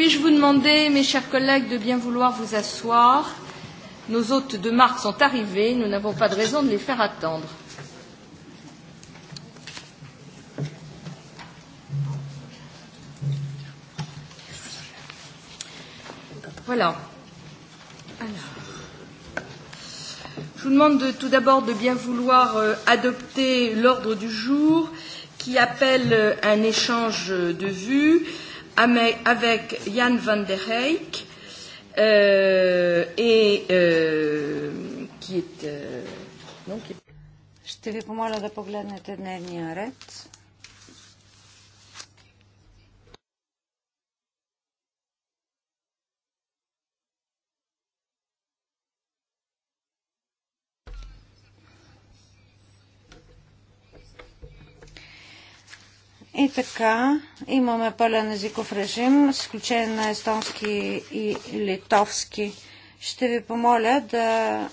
Puis-je vous demander, mes chers collègues, de bien vouloir vous asseoir Nos hôtes de marque sont arrivés, nous n'avons pas de raison de les faire attendre. Voilà. Alors, je vous demande de, tout d'abord de bien vouloir euh, adopter l'ordre du jour qui appelle un échange de vues euh, avec Jan van der Heijk, euh, et, euh, qui est, euh, non, qui... Ще ви помоля да погледнете дневния ред. И така, имаме пълен езиков режим, с изключение на естонски и литовски. Ще ви помоля да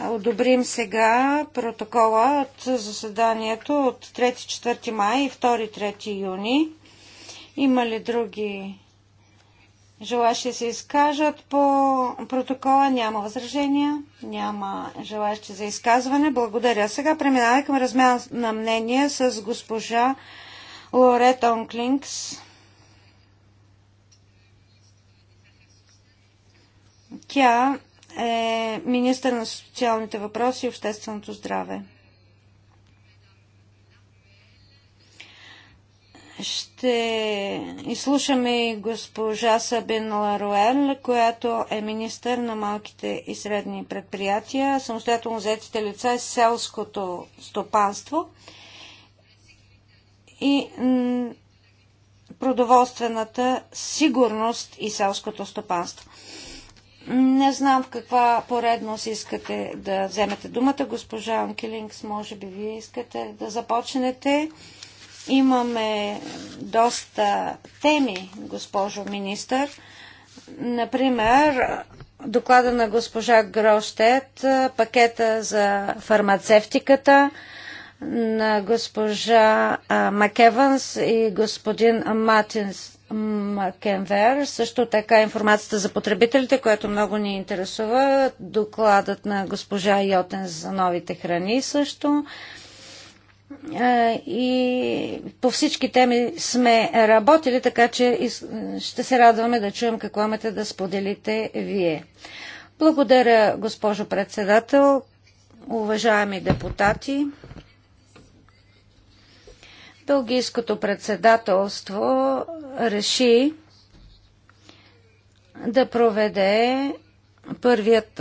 одобрим сега протокола от заседанието от 3-4 май и 2-3 юни. Има ли други желащи се изкажат по протокола? Няма възражения, няма желащи за изказване. Благодаря. Сега преминаваме към размяна на мнение с госпожа Лорет Онклингс. Тя е министър на социалните въпроси и общественото здраве. Ще изслушаме и госпожа Сабин Ларуел, която е министър на малките и средни предприятия, самостоятелно заетите лица и селското стопанство и продоволствената сигурност и селското стопанство. Не знам в каква поредност искате да вземете думата. Госпожа Анкелингс, може би вие искате да започнете. Имаме доста теми, госпожо министър. Например, доклада на госпожа Гроштет, пакета за фармацевтиката, на госпожа Макеванс и господин Матинс Макенвер. Също така информацията за потребителите, която много ни интересува. Докладът на госпожа Йотен за новите храни също. И по всички теми сме работили, така че ще се радваме да чуем какво имате да споделите вие. Благодаря, госпожо председател, уважаеми депутати. Белгийското председателство реши да проведе първият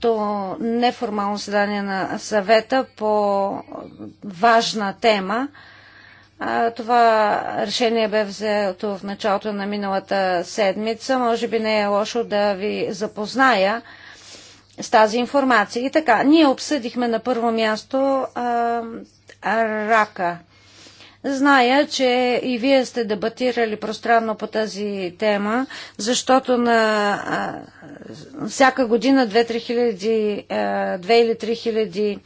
то неформално заседание на съвета по важна тема. Това решение бе взето в началото на миналата седмица. Може би не е лошо да ви запозная с тази информация. И така, ние обсъдихме на първо място а, рака. Зная, че и вие сте дебатирали пространно по тази тема, защото на а, всяка година 2-3 хиляди, 2 или 3 хиляди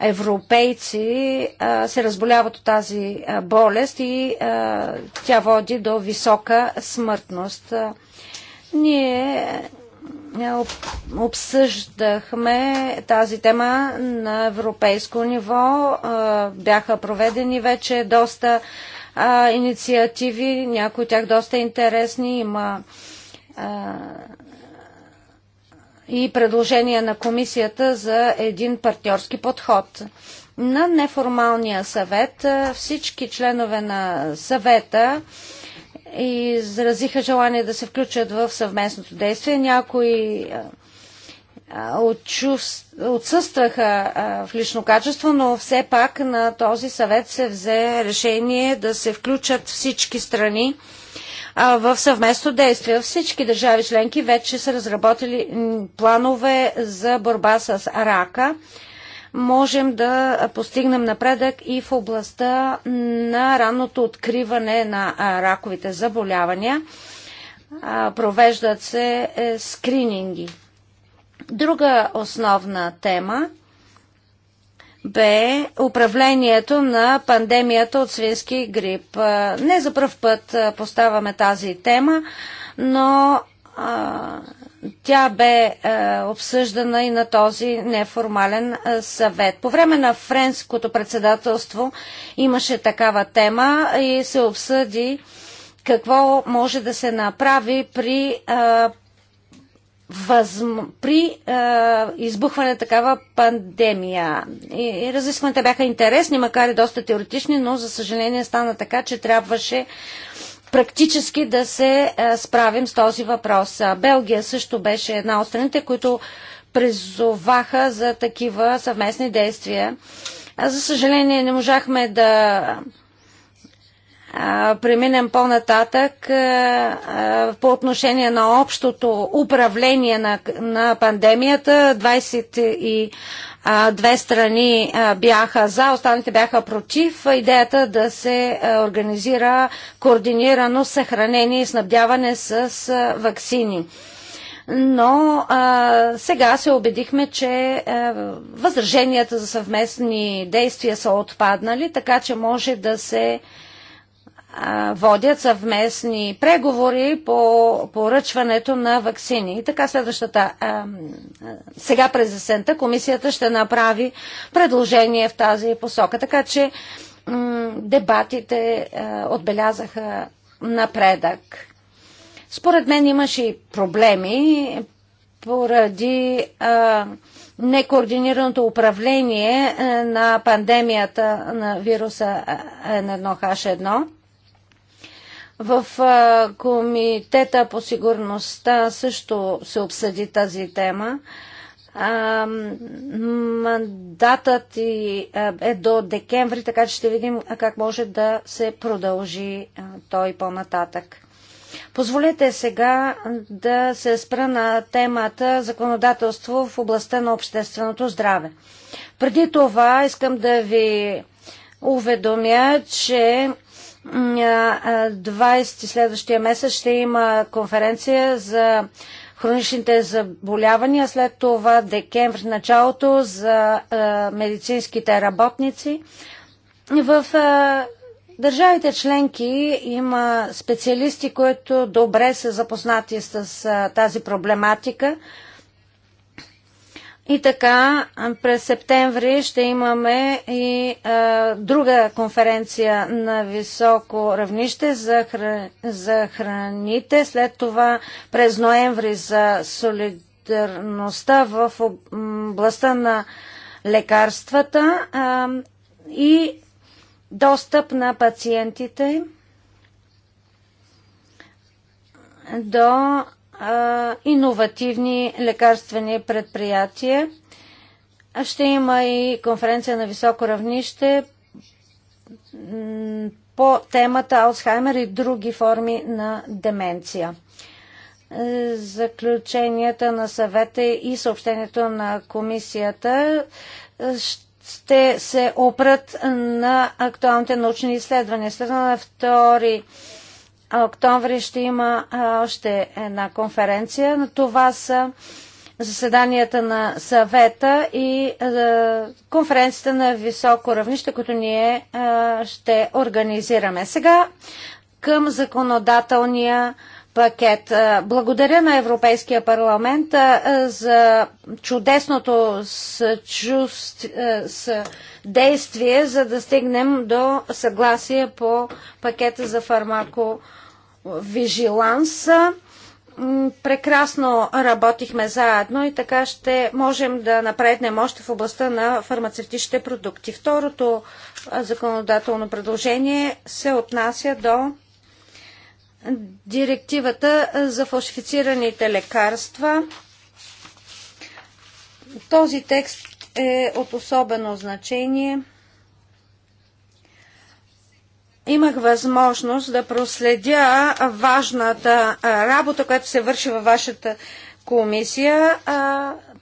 европейци а, се разболяват от тази а, болест и а, тя води до висока смъртност. Ние обсъждахме тази тема на европейско ниво. Бяха проведени вече доста инициативи, някои от тях доста интересни. Има и предложения на комисията за един партньорски подход. На неформалния съвет всички членове на съвета и заразиха желание да се включат в съвместното действие. Някои отсъстваха в лично качество, но все пак на този съвет се взе решение да се включат всички страни в съвместно действие. Всички държави членки вече са разработили планове за борба с рака можем да постигнем напредък и в областта на ранното откриване на раковите заболявания. Провеждат се е, скрининги. Друга основна тема бе управлението на пандемията от свински грип. Не за първ път поставяме тази тема, но тя бе а, е, обсъждана и на този неформален а, е, съвет. По време на френското председателство имаше такава тема и се обсъди какво може да се направи при, а, е, възм... при а, избухване на такава пандемия. И, и разискванията бяха интересни, макар и доста теоретични, но за съжаление стана така, че трябваше практически да се е, справим с този въпрос. Белгия също беше една от страните, които призоваха за такива съвместни действия. За съжаление не можахме да преминем по-нататък по отношение на общото управление на, на пандемията. 20 и Две страни бяха за, останалите бяха против идеята да се организира координирано съхранение и снабдяване с вакцини но а, сега се убедихме, че а, възраженията за съвместни действия са отпаднали, така че може да се водят съвместни преговори по поръчването на вакцини. И така следващата, а, сега през есента, комисията ще направи предложение в тази посока. Така че дебатите а, отбелязаха напредък. Според мен имаше и проблеми поради а, некоординираното управление на пандемията на вируса N1H1 в Комитета по сигурността също се обсъди тази тема. А, мандатът е до декември, така че ще видим как може да се продължи той по-нататък. Позволете сега да се спра на темата законодателство в областта на общественото здраве. Преди това искам да ви уведомя, че 20 следващия месец ще има конференция за хроничните заболявания, след това декември началото за медицинските работници. В Държавите членки има специалисти, които добре са запознати с тази проблематика. И така, през септември ще имаме и а, друга конференция на високо равнище за, хра... за храните, след това през ноември за солидарността в областта на лекарствата а, и достъп на пациентите до иновативни лекарствени предприятия. Ще има и конференция на високо равнище по темата Алцхаймер и други форми на деменция. Е, заключенията на съвета и съобщението на комисията е, ще се опрат на актуалните научни изследвания. След на 2 октомври ще има още една конференция, но това са заседанията на съвета и конференцията на високо равнище, които ние ще организираме. Сега към законодателния пакет. Благодаря на Европейския парламент за чудесното съчувств... действие, за да стигнем до съгласие по пакета за фармако Вижиланса. Прекрасно работихме заедно и така ще можем да напреднем още в областта на фармацевтичните продукти. Второто законодателно предложение се отнася до директивата за фалшифицираните лекарства. Този текст е от особено значение – имах възможност да проследя важната работа, която се върши във вашата комисия.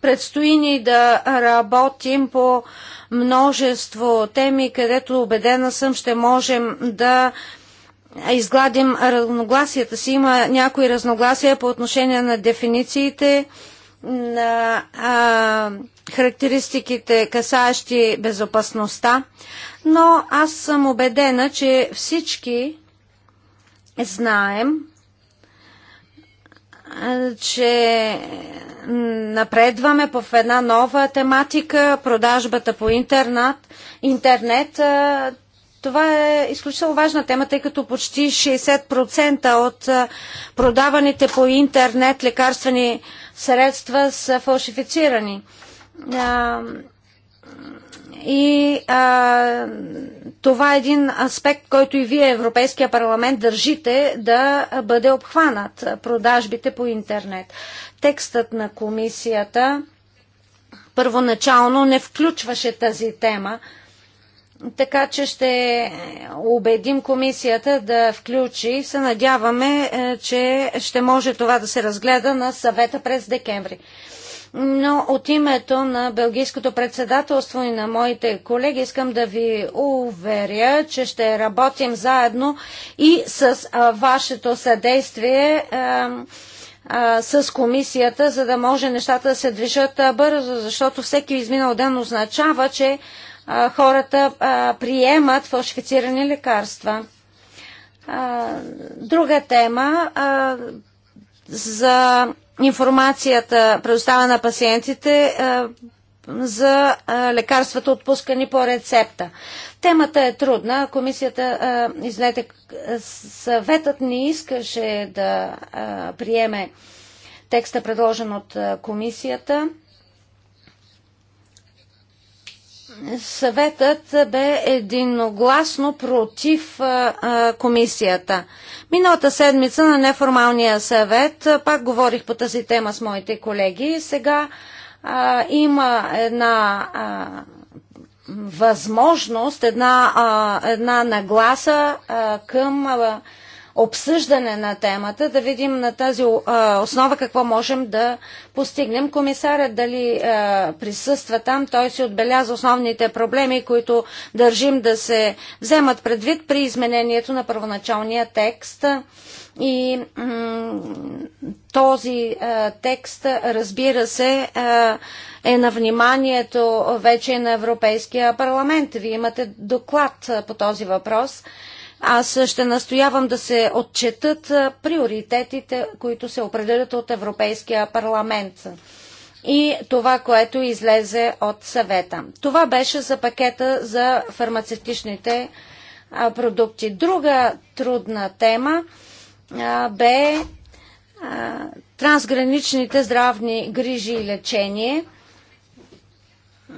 Предстои ни да работим по множество теми, където убедена съм, ще можем да изгладим разногласията си. Има някои разногласия по отношение на дефинициите, на а, характеристиките, касаещи безопасността, но аз съм убедена, че всички знаем, че напредваме в една нова тематика, продажбата по интернет. интернет това е изключително важна тема, тъй като почти 60% от продаваните по интернет лекарствени средства са фалшифицирани. А, и а, това е един аспект, който и вие, Европейския парламент, държите да бъде обхванат продажбите по интернет. Текстът на комисията първоначално не включваше тази тема така че ще убедим комисията да включи. Се надяваме, е, че ще може това да се разгледа на съвета през декември. Но от името на Белгийското председателство и на моите колеги искам да ви уверя, че ще работим заедно и с вашето съдействие е, е, с комисията, за да може нещата да се движат бързо, защото всеки изминал ден означава, че хората приемат фалшифицирани лекарства. Друга тема за информацията, предоставена на пациентите за лекарствата, отпускани по рецепта. Темата е трудна. Комисията, извинете, съветът не искаше да приеме текста, предложен от комисията. съветът бе единогласно против комисията. Миналата седмица на неформалния съвет пак говорих по тази тема с моите колеги. Сега а, има една а, възможност, една, а, една нагласа а, към а, обсъждане на темата, да видим на тази основа какво можем да постигнем. Комисарят дали присъства там, той си отбеляза основните проблеми, които държим да се вземат предвид при изменението на първоначалния текст. И този а, текст, разбира се, а, е на вниманието вече на Европейския парламент. Вие имате доклад а, по този въпрос. Аз ще настоявам да се отчетат приоритетите, които се определят от Европейския парламент и това, което излезе от съвета. Това беше за пакета за фармацевтичните продукти. Друга трудна тема бе трансграничните здравни грижи и лечение.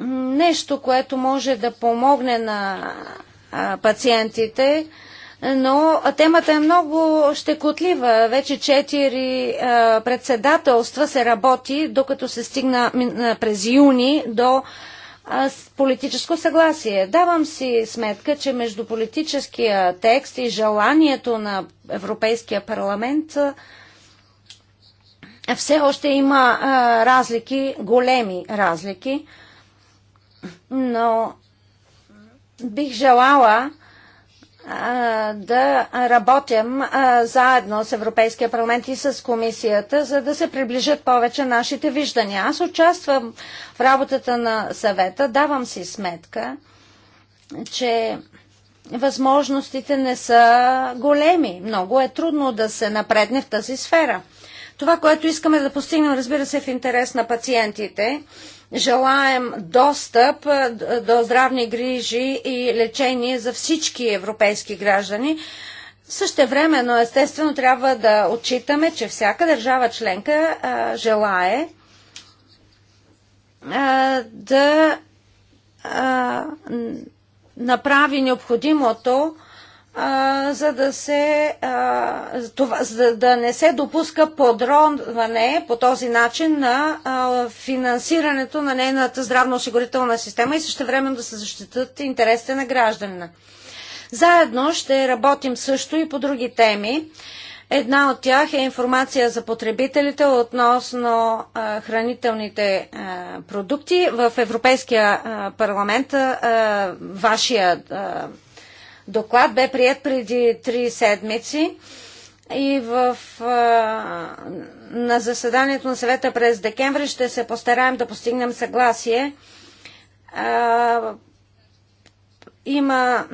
Нещо, което може да помогне на а, пациентите но темата е много щекотлива. Вече четири председателства се работи, докато се стигна през юни до политическо съгласие. Давам си сметка, че между политическия текст и желанието на Европейския парламент все още има а, разлики, големи разлики, но бих желала да работим заедно с Европейския парламент и с комисията, за да се приближат повече нашите виждания. Аз участвам в работата на съвета, давам си сметка, че възможностите не са големи. Много е трудно да се напредне в тази сфера. Това, което искаме да постигнем, разбира се, е в интерес на пациентите, желаем достъп до здравни грижи и лечение за всички европейски граждани. Също време, но естествено трябва да отчитаме, че всяка държава членка а, желае а, да а, направи необходимото а, а, за, да се, а, това, за да не се допуска подронване по този начин на а, финансирането на нейната здравноосигурителна система и също време да се защитат интересите на гражданина. Заедно ще работим също и по други теми. Една от тях е информация за потребителите относно а, хранителните а, продукти. В Европейския а, парламент вашия доклад бе прият преди три седмици и в, на заседанието на съвета през декември ще се постараем да постигнем съгласие. Има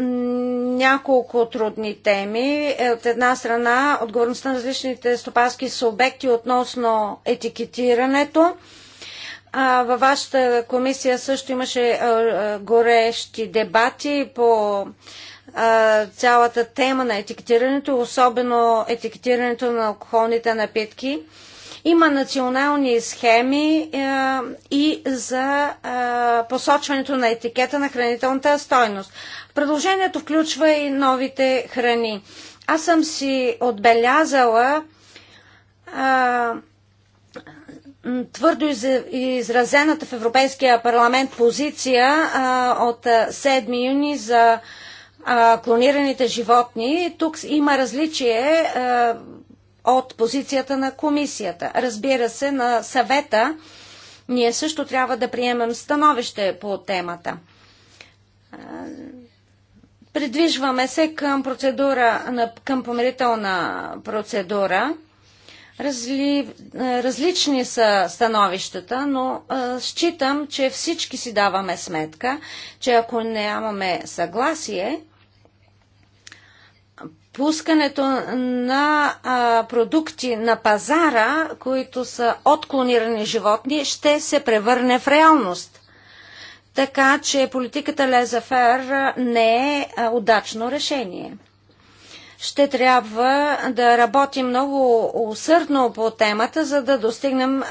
няколко трудни теми. Е, от една страна отговорността на различните стопански субекти относно етикетирането. А, във вашата комисия също имаше а, горещи дебати по цялата тема на етикетирането, особено етикетирането на алкохолните напитки. Има национални схеми е, и за посочването на етикета на хранителната стойност. Предложението включва и новите храни. Аз съм си отбелязала твърдо изразената в Европейския парламент позиция от 7 юни за а, клонираните животни, тук има различие а, е, от позицията на комисията. Разбира се, на съвета ние също трябва да приемем становище по темата. Придвижваме се към процедура, към помирителна процедура. Разли, е, различни са становищата, но а, е, считам, че всички си даваме сметка, че ако нямаме съгласие, пускането на а, продукти на пазара, които са от клонирани животни, ще се превърне в реалност. Така че политиката Лезафер не е удачно решение ще трябва да работим много усърдно по темата, за да достигнем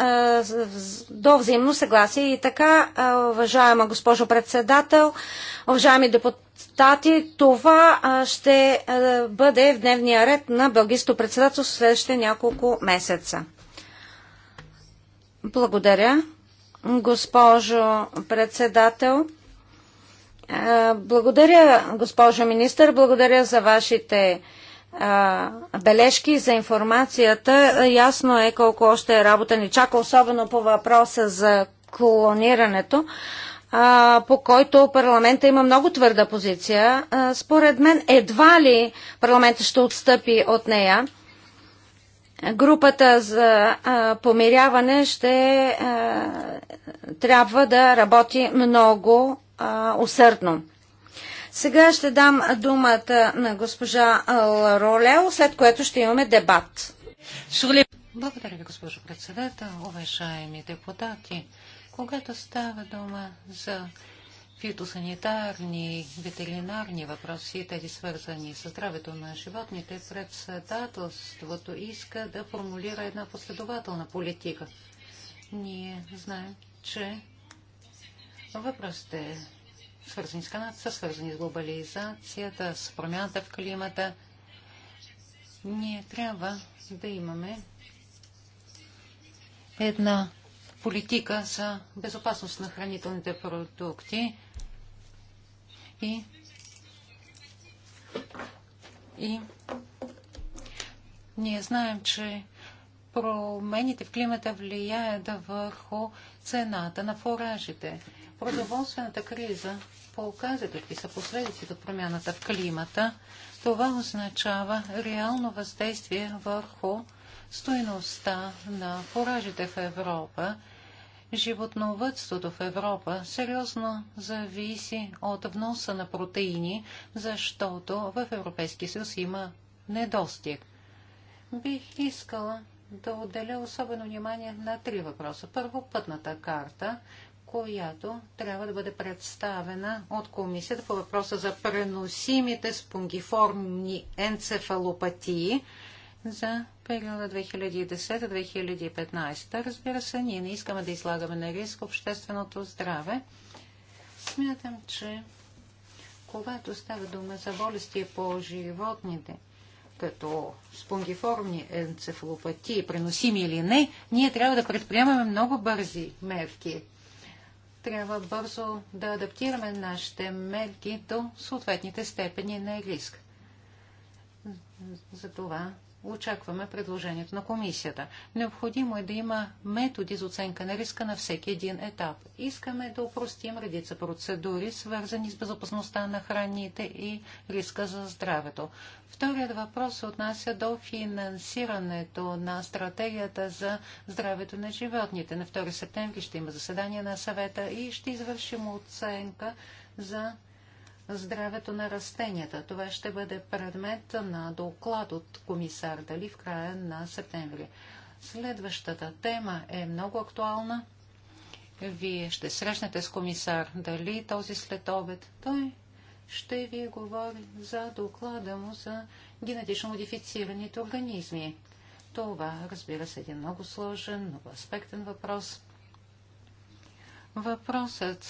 до взаимно съгласие. И така, уважаема госпожо председател, уважаеми депутати, това ще бъде в дневния ред на Белгийското председател в следващите няколко месеца. Благодаря, госпожо председател. Благодаря, госпожо министър, благодаря за вашите бележки за информацията. Ясно е колко още е работа ни чака, особено по въпроса за клонирането, по който парламента има много твърда позиция. според мен едва ли парламента ще отстъпи от нея. Групата за помиряване ще трябва да работи много усърдно. Сега ще дам думата на госпожа Ролео, след което ще имаме дебат. Благодаря ви, госпожо председател, уважаеми депутати. Когато става дума за фитосанитарни, ветеринарни въпроси, тези свързани с здравето на животните, председателството иска да формулира една последователна политика. Ние знаем, че въпросите свързани с Канада, са свързани с глобализацията, с промяната в климата. Ние трябва да имаме една политика за безопасност на хранителните продукти и, и ние знаем, че промените в климата влияят върху цената на фуражите. Продоволствената криза показа какви са последиците от промяната в климата, това означава реално въздействие върху стоеността на фуражите в Европа. Животновътството в Европа сериозно зависи от вноса на протеини, защото в Европейския съюз има недостиг. Бих искала да отделя особено внимание на три въпроса. Първо, пътната карта която трябва да бъде представена от комисията по въпроса за преносимите спонгиформни енцефалопатии за периода 2010-2015. Разбира се, ние не искаме да излагаме на риск общественото здраве. Смятам, че когато става дума за болести по животните, като спонгиформни енцефалопатии, преносими или не, ние трябва да предприемаме много бързи мерки трябва бързо да адаптираме нашите мерки до съответните степени на риск. Затова очакваме предложението на комисията. Необходимо е да има методи за оценка на риска на всеки един етап. Искаме да упростим редица процедури, свързани с безопасността на храните и риска за здравето. Вторият въпрос се отнася до финансирането на стратегията за здравето на животните. На 2 септември ще има заседание на съвета и ще извършим оценка за здравето на растенията. Това ще бъде предмет на доклад от комисар Дали в края на септември. Следващата тема е много актуална. Вие ще срещнете с комисар Дали този след обед. Той ще ви говори за доклада му за генетично модифицираните организми. Това, разбира се, е един много сложен, много аспектен въпрос. Въпросът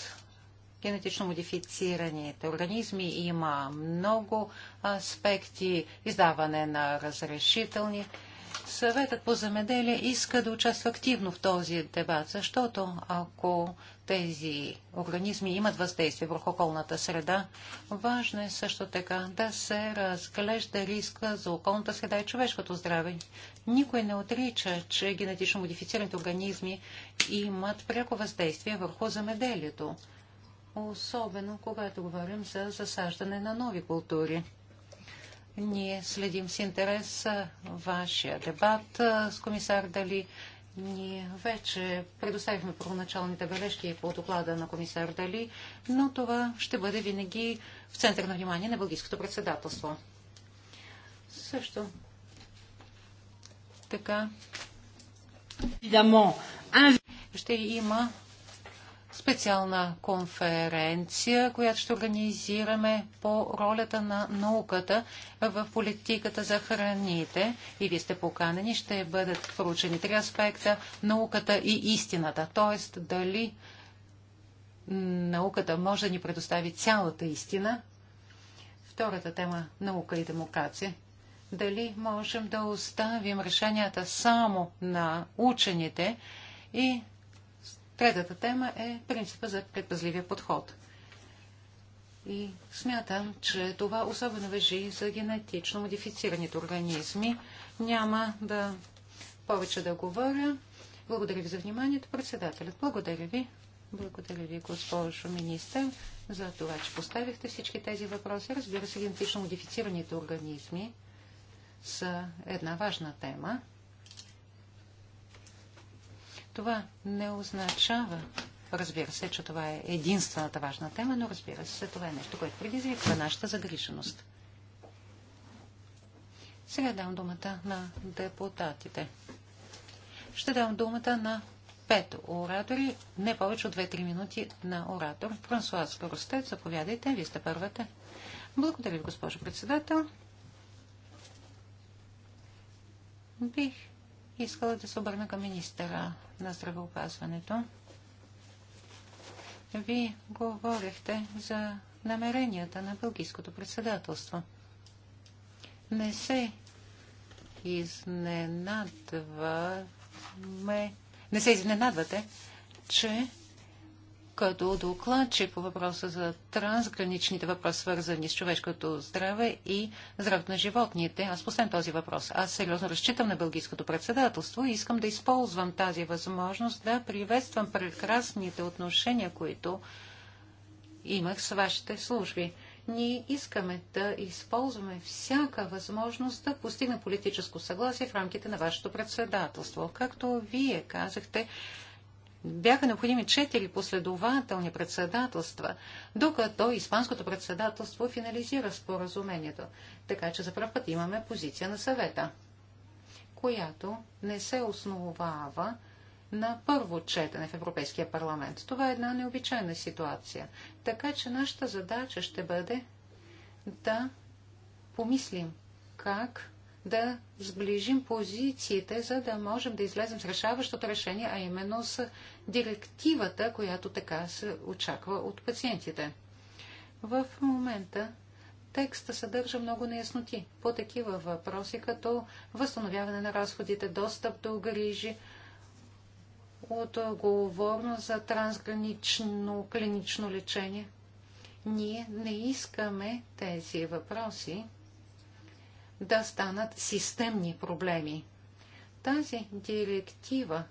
генетично модифицираните организми. Има много аспекти, издаване на разрешителни. Съветът по земеделие иска да участва активно в този дебат, защото ако тези организми имат въздействие върху околната среда, важно е също така да се разглежда риска за околната среда и човешкото здраве. Никой не отрича, че генетично модифицираните организми имат пряко въздействие върху земеделието особено когато говорим за засаждане на нови култури. Ние следим с интерес вашия дебат с комисар Дали. Ние вече предоставихме първоначалните бележки по доклада на комисар Дали, но това ще бъде винаги в център на внимание на Бългийското председателство. Също така. Ще има специална конференция, която ще организираме по ролята на науката в политиката за храните. И вие сте поканени, ще бъдат проучени три аспекта – науката и истината. Тоест, дали науката може да ни предостави цялата истина. Втората тема – наука и демокрация. Дали можем да оставим решенията само на учените и Третата тема е принципа за предпазливия подход. И смятам, че това особено въжи за генетично модифицираните организми. Няма да повече да говоря. Благодаря ви за вниманието, председателят. Благодаря ви. Благодаря ви, госпожо министър, за това, че поставихте всички тези въпроси. Разбира се, генетично модифицираните организми са една важна тема. Това не означава, разбира се, че това е единствената важна тема, но разбира се, това е нещо, което предизвиква нашата загриженост. Сега дам думата на депутатите. Ще дам думата на пет оратори, не повече от 2-3 минути на оратор. Франсуа Скоростет, заповядайте, вие сте първата. Благодаря ви, госпожо председател. Бих искала да се обърна към министъра на здравеопазването. Ви говорихте за намеренията на Бългийското председателство. Не се изненадваме, не се изненадвате, че като докладчик по въпроса за трансграничните въпроси, свързани с човешкото здраве и здравето на животните. Аз поставям този въпрос. Аз сериозно разчитам на Бългийското председателство и искам да използвам тази възможност да приветствам прекрасните отношения, които имах с вашите служби. Ние искаме да използваме всяка възможност да постигна политическо съгласие в рамките на вашето председателство. Както вие казахте, бяха необходими четири последователни председателства, докато Испанското председателство финализира споразумението. Така че за първ път имаме позиция на съвета, която не се основава на първо четене в Европейския парламент. Това е една необичайна ситуация. Така че нашата задача ще бъде да помислим как да сближим позициите, за да можем да излезем с решаващото решение, а именно с директивата, която така се очаква от пациентите. В момента текста съдържа много неясноти по такива въпроси, като възстановяване на разходите, достъп до грижи, отговорност за трансгранично клинично лечение. Ние не искаме тези въпроси да станат системни проблеми. Тази директива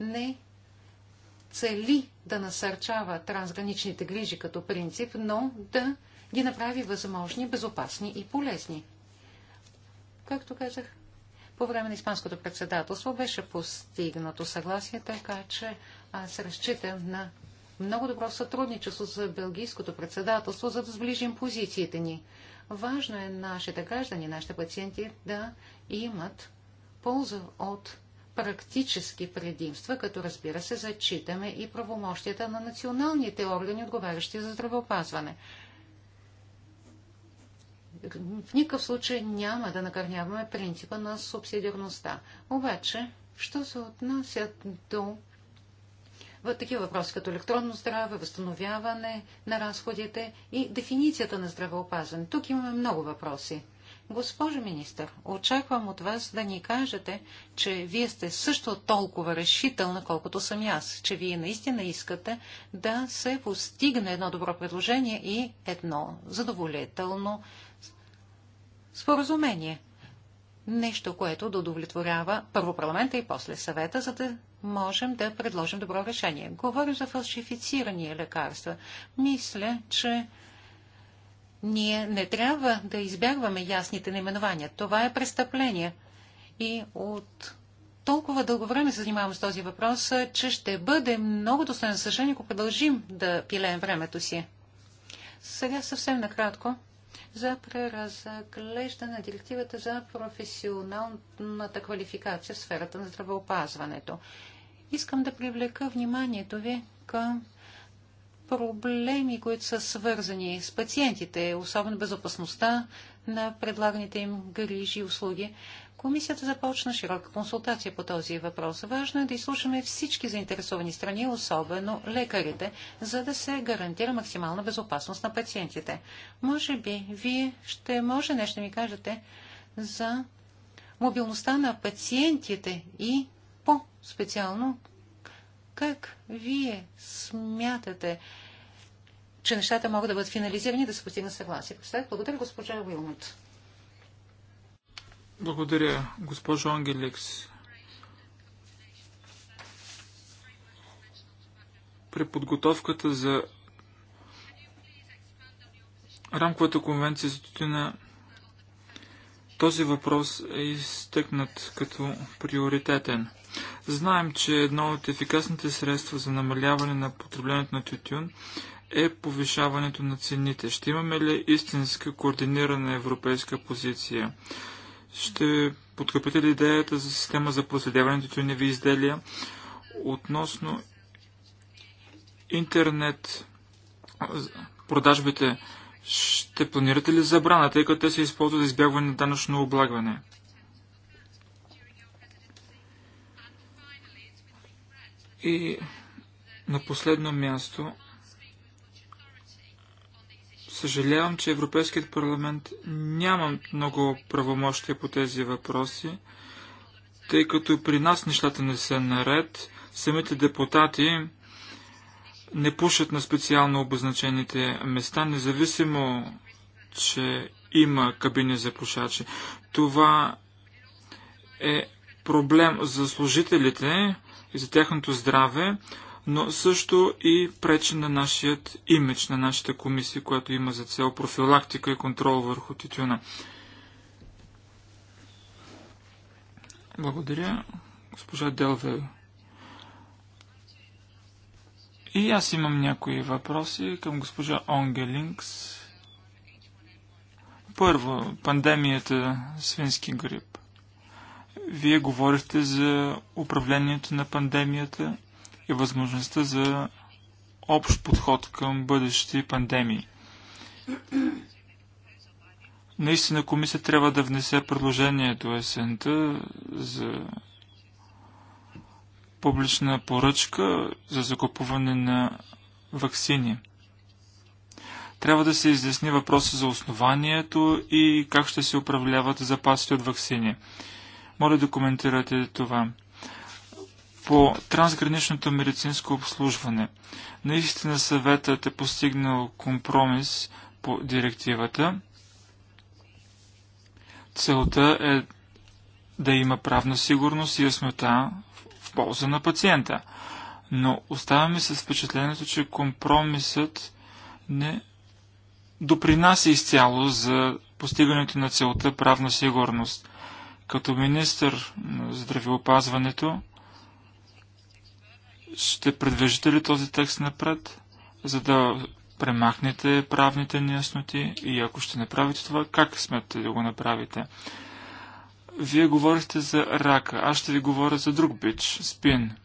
не цели да насърчава трансграничните грижи като принцип, но да ги направи възможни, безопасни и полезни. Както казах, по време на Испанското председателство беше постигнато съгласие, така че аз разчитам на много добро сътрудничество за Белгийското председателство, за да сближим позициите ни. Важно е нашите граждани, нашите пациенти да имат полза от практически предимства, като разбира се зачитаме и правомощията на националните органи, отговарящи за здравеопазване. В никакъв случай няма да накърняваме принципа на субсидиарността. Обаче, що се отнася до в такива въпроси като електронно здраве, възстановяване на разходите и дефиницията на здравеопазване. Тук имаме много въпроси. Госпожо министър, очаквам от вас да ни кажете, че вие сте също толкова решителна, колкото съм аз, че вие наистина искате да се постигне едно добро предложение и едно задоволително споразумение. Нещо, което да удовлетворява първо парламента и после съвета, за да можем да предложим добро решение. Говорим за фалшифицирани лекарства. Мисля, че ние не трябва да избягваме ясните наименования. Това е престъпление. И от толкова дълго време се занимавам с този въпрос, че ще бъде много достойно съжаление, ако продължим да пилеем времето си. Сега съвсем накратко за преразглеждане на директивата за професионалната квалификация в сферата на здравеопазването. Искам да привлека вниманието ви към проблеми, които са свързани с пациентите, особено безопасността на предлаганите им грижи и услуги. Комисията започна широка консултация по този въпрос. Важно е да изслушаме всички заинтересовани страни, особено лекарите, за да се гарантира максимална безопасност на пациентите. Може би вие ще може нещо да ми кажете за мобилността на пациентите и по-специално как вие смятате, че нещата могат да бъдат финализирани да се постигне съгласие. Благодаря, госпожа Уилмут. Благодаря, госпожо Ангеликс. При подготовката за рамковата конвенция за тютюна този въпрос е изтъкнат като приоритетен. Знаем, че едно от ефикасните средства за намаляване на потреблението на тютюн е повишаването на цените. Ще имаме ли истинска координирана европейска позиция? Ще подкрепите ли идеята за система за на тюневи изделия относно интернет продажбите? Ще планирате ли забрана, тъй като те се използват за избягване на данъчно облагване? И на последно място Съжалявам, че Европейският парламент няма много правомощия по тези въпроси, тъй като при нас нещата не са наред. Самите депутати не пушат на специално обозначените места, независимо, че има кабини за пушачи. Това е проблем за служителите и за тяхното здраве, но също и пречи на нашият имидж, на нашата комисия, която има за цел профилактика и контрол върху тютюна. Благодаря, госпожа Делве. И аз имам някои въпроси към госпожа Онгелингс. Първо, пандемията свински грип. Вие говорихте за управлението на пандемията и възможността за общ подход към бъдещи пандемии. Наистина комисия трябва да внесе предложението есента за публична поръчка за закупуване на вакцини. Трябва да се изясни въпроса за основанието и как ще се управляват запасите от вакцини. Моля да коментирате това по трансграничното медицинско обслужване. Наистина съветът е постигнал компромис по директивата. Целта е да има правна сигурност и яснота в полза на пациента. Но оставаме с впечатлението, че компромисът не допринася изцяло за постигането на целта правна сигурност. Като министър на здравеопазването, ще предвиждате ли този текст напред, за да премахнете правните неясноти и ако ще направите това, как смятате да го направите? Вие говорихте за рака, аз ще ви говоря за друг бич, спин.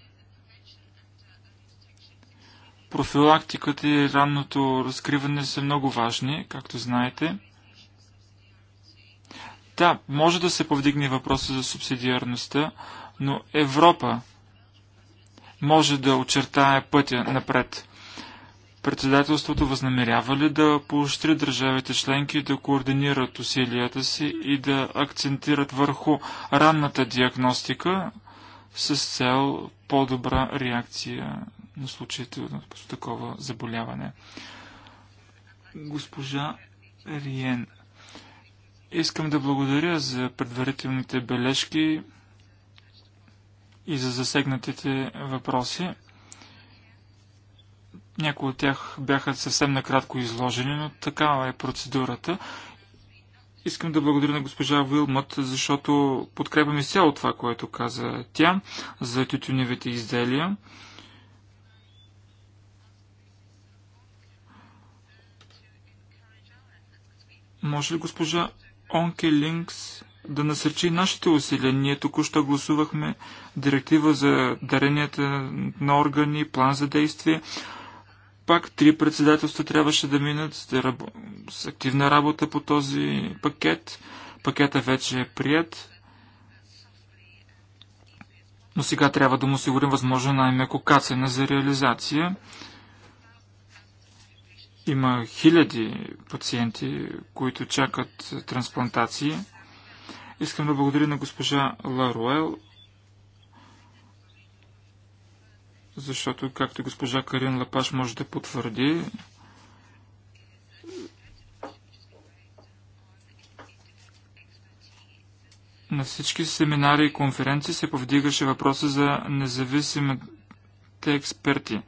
Профилактиката и ранното разкриване са много важни, както знаете. Да, може да се повдигне въпроса за субсидиарността, но Европа може да очертае пътя напред. Председателството възнамерява ли да поощри държавите членки да координират усилията си и да акцентират върху ранната диагностика с цел по-добра реакция на случаите с такова заболяване? Госпожа Риен, искам да благодаря за предварителните бележки и за засегнатите въпроси. Някои от тях бяха съвсем накратко изложени, но такава е процедурата. Искам да благодаря на госпожа Вилмът, защото подкрепяме цяло това, което каза тя за тютюневите изделия. Може ли госпожа Онке Линкс да насърчи нашите усилия. Ние току-що гласувахме директива за даренията на органи, план за действие. Пак три председателства трябваше да минат с активна работа по този пакет. Пакета вече е прият. Но сега трябва да му осигурим възможно най-меко кацане за реализация. Има хиляди пациенти, които чакат трансплантации. Искам да благодаря на госпожа Ларуел, защото, както госпожа Карин Лапаш може да потвърди, на всички семинари и конференции се повдигаше въпроса за независимите експерти.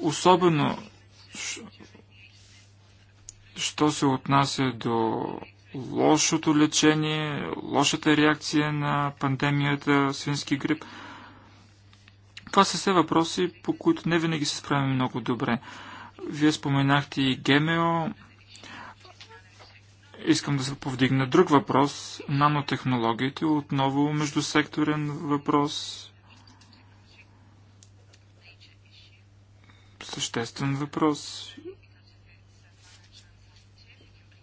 Особено, що се отнася до лошото лечение, лошата реакция на пандемията свински грип. Това са все въпроси, по които не винаги се справяме много добре. Вие споменахте и ГМО. Искам да се повдигна друг въпрос. Нанотехнологиите, отново междусекторен въпрос. Съществен въпрос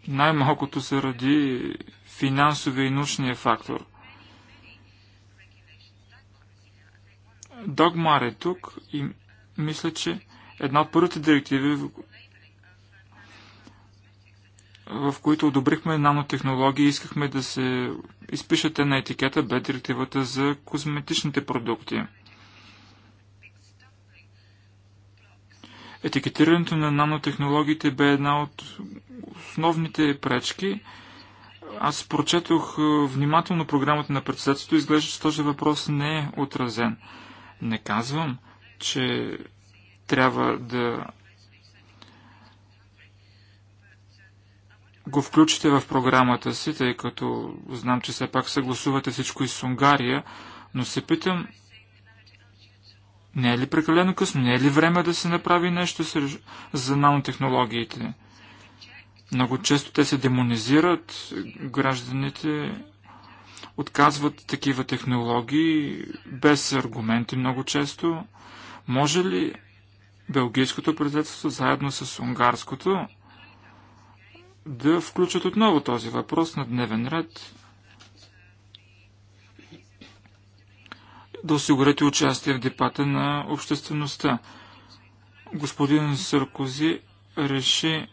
най-малкото заради финансовия и научния фактор. Догмар е тук и мисля, че една от първите директиви, в... които одобрихме нанотехнологии и искахме да се изпишете на етикета, бе директивата за козметичните продукти – Етикетирането на нанотехнологиите бе една от основните пречки. Аз прочетох е, внимателно програмата на председателството и изглежда, че този въпрос не е отразен. Не казвам, че трябва да го включите в програмата си, тъй като знам, че все пак съгласувате всичко и с Унгария, но се питам не е ли прекалено късно? Не е ли време да се направи нещо за нанотехнологиите? Много често те се демонизират, гражданите отказват такива технологии без аргументи много често. Може ли Белгийското председателство заедно с унгарското да включат отново този въпрос на дневен ред да осигурите участие в депата на обществеността. Господин Саркози реши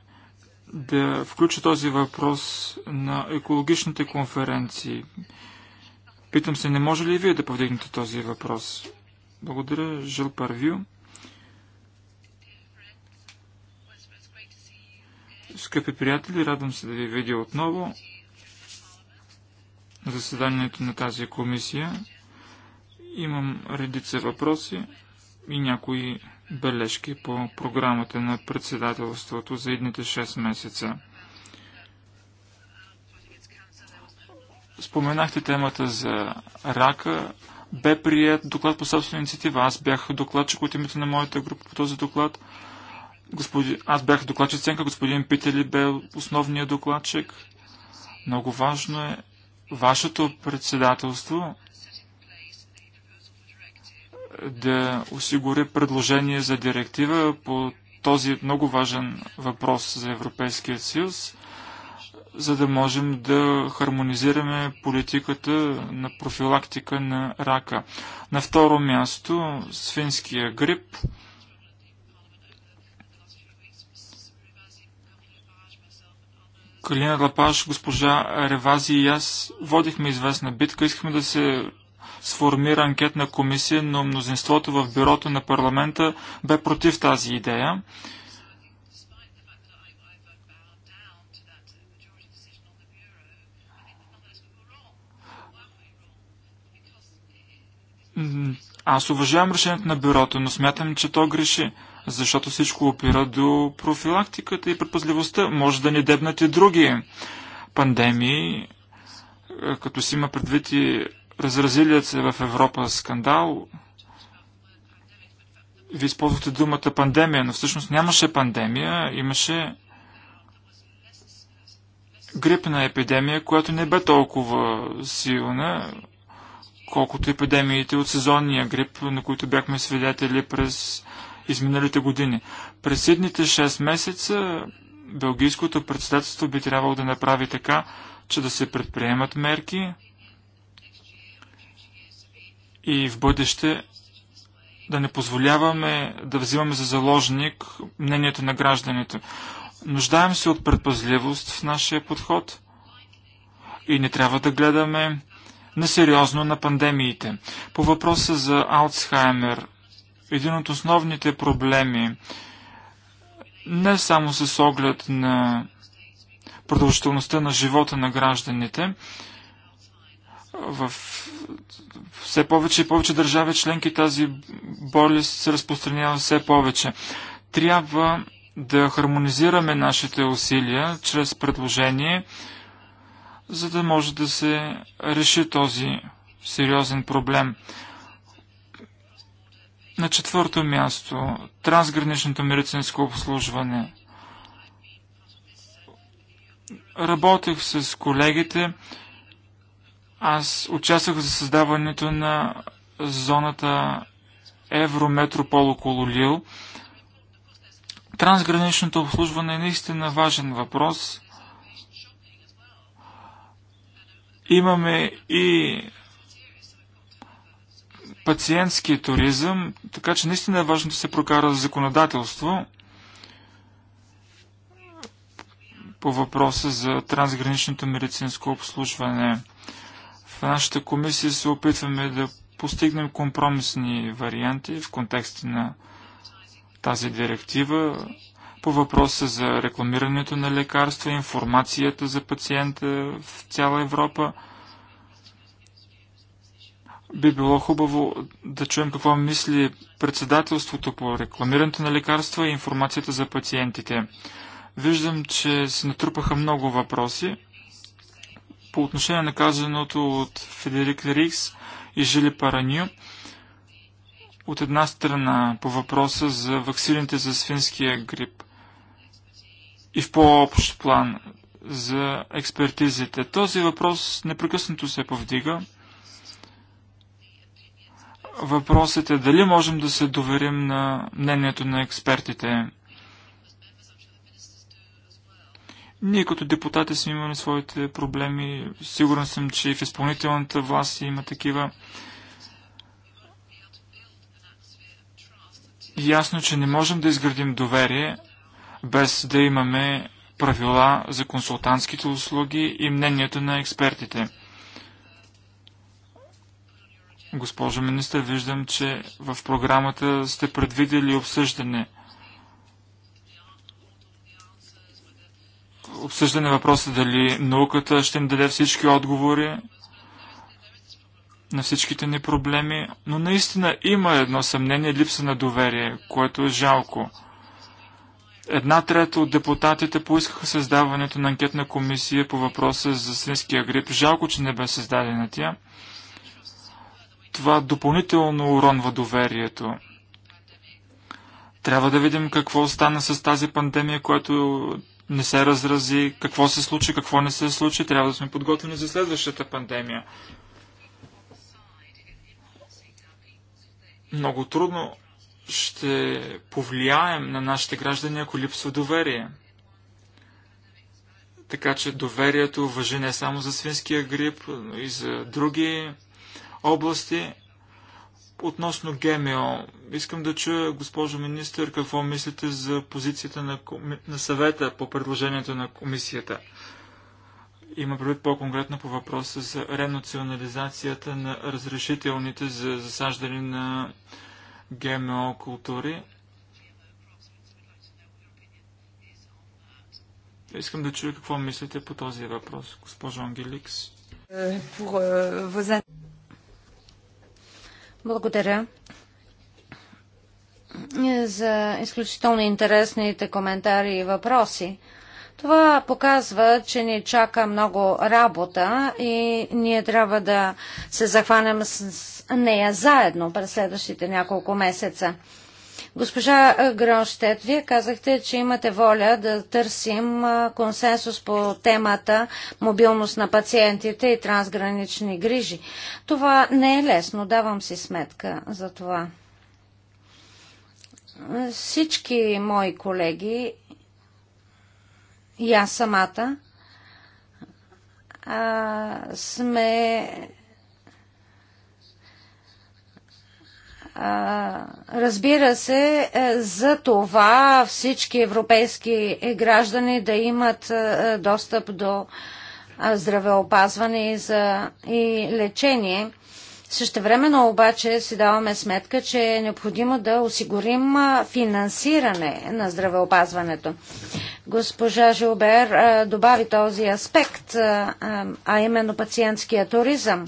да включи този въпрос на екологичните конференции. Питам се, не може ли вие да повдигнете този въпрос? Благодаря, Жил Парвю. Скъпи приятели, радвам се да ви видя отново на заседанието на тази комисия. Имам редица въпроси и някои бележки по програмата на председателството за едните 6 месеца. Споменахте темата за рака. Бе прият доклад по собствена инициатива. Аз бях докладчик от името на моята група по този доклад. Господи... Аз бях докладчик Ценка, господин Пители бе основният докладчик. Много важно е вашето председателство да осигури предложение за директива по този много важен въпрос за Европейския съюз, за да можем да хармонизираме политиката на профилактика на рака. На второ място свинския грип. Калина Лапаш, госпожа Ревази и аз водихме известна битка. Искахме да се сформира анкетна комисия, но мнозинството в бюрото на парламента бе против тази идея. Аз уважавам решението на бюрото, но смятам, че то греши, защото всичко опира до профилактиката и предпазливостта. Може да ни дебнат и други пандемии, като си има предвид и разразилият се в Европа скандал, ви използвате думата пандемия, но всъщност нямаше пандемия, имаше грипна епидемия, която не бе толкова силна, колкото епидемиите от сезонния грип, на които бяхме свидетели през изминалите години. През следните 6 месеца Белгийското председателство би трябвало да направи така, че да се предприемат мерки, и в бъдеще да не позволяваме да взимаме за заложник мнението на гражданите. Нуждаем се от предпазливост в нашия подход и не трябва да гледаме несериозно на пандемиите. По въпроса за Алцхаймер, един от основните проблеми, не само с оглед на продължителността на живота на гражданите, в все повече и повече държави членки тази болест се разпространява все повече. Трябва да хармонизираме нашите усилия чрез предложение, за да може да се реши този сериозен проблем. На четвърто място трансграничното медицинско обслужване. Работех с колегите, аз участвах за създаването на зоната Еврометропол около Лил. Трансграничното обслужване е наистина важен въпрос. Имаме и пациентски туризъм, така че наистина е важно да се прокара законодателство по въпроса за трансграничното медицинско обслужване нашата комисия се опитваме да постигнем компромисни варианти в контекста на тази директива по въпроса за рекламирането на лекарства, информацията за пациента в цяла Европа. Би било хубаво да чуем какво мисли председателството по рекламирането на лекарства и информацията за пациентите. Виждам, че се натрупаха много въпроси по отношение на казаното от Федерик Рикс и Жили Параню. От една страна по въпроса за ваксините за свинския грип и в по-общ план за експертизите. Този въпрос непрекъснато се повдига. Въпросът е дали можем да се доверим на мнението на експертите. Ние като депутати сме имали своите проблеми. Сигурен съм, че и в изпълнителната власт има такива. Ясно, че не можем да изградим доверие без да имаме правила за консултантските услуги и мнението на експертите. Госпожо министър, виждам, че в програмата сте предвидели обсъждане – обсъждане въпроса дали науката ще ни даде всички отговори на всичките ни проблеми, но наистина има едно съмнение липса на доверие, което е жалко. Една трета от депутатите поискаха създаването на анкетна комисия по въпроса за свинския грип. Жалко, че не бе създадена тя. Това допълнително уронва доверието. Трябва да видим какво стана с тази пандемия, която не се разрази, какво се случи, какво не се случи, трябва да сме подготвени за следващата пандемия. Много трудно ще повлияем на нашите граждани, ако липсва доверие. Така че доверието въжи не само за свинския грип, но и за други области. Относно ГМО, искам да чуя, госпожо министър, какво мислите за позицията на, коми... на съвета по предложението на комисията. Има предвид по-конкретно по въпроса за ренационализацията на разрешителните за засаждане на ГМО култури. Искам да чуя какво мислите по този въпрос, госпожо Ангеликс. Е, е, благодаря за изключително интересните коментари и въпроси. Това показва, че ни чака много работа и ние трябва да се захванем с нея заедно през следващите няколко месеца. Госпожа Гронштет, вие казахте, че имате воля да търсим консенсус по темата мобилност на пациентите и трансгранични грижи. Това не е лесно, давам си сметка за това. Всички мои колеги и аз самата а, сме Разбира се, е, за това всички европейски граждани да имат е, достъп до е, здравеопазване и, лечение Същевременно обаче си даваме сметка, че е необходимо да осигурим финансиране на здравеопазването. Госпожа Жилбер добави този аспект, а именно пациентския туризъм.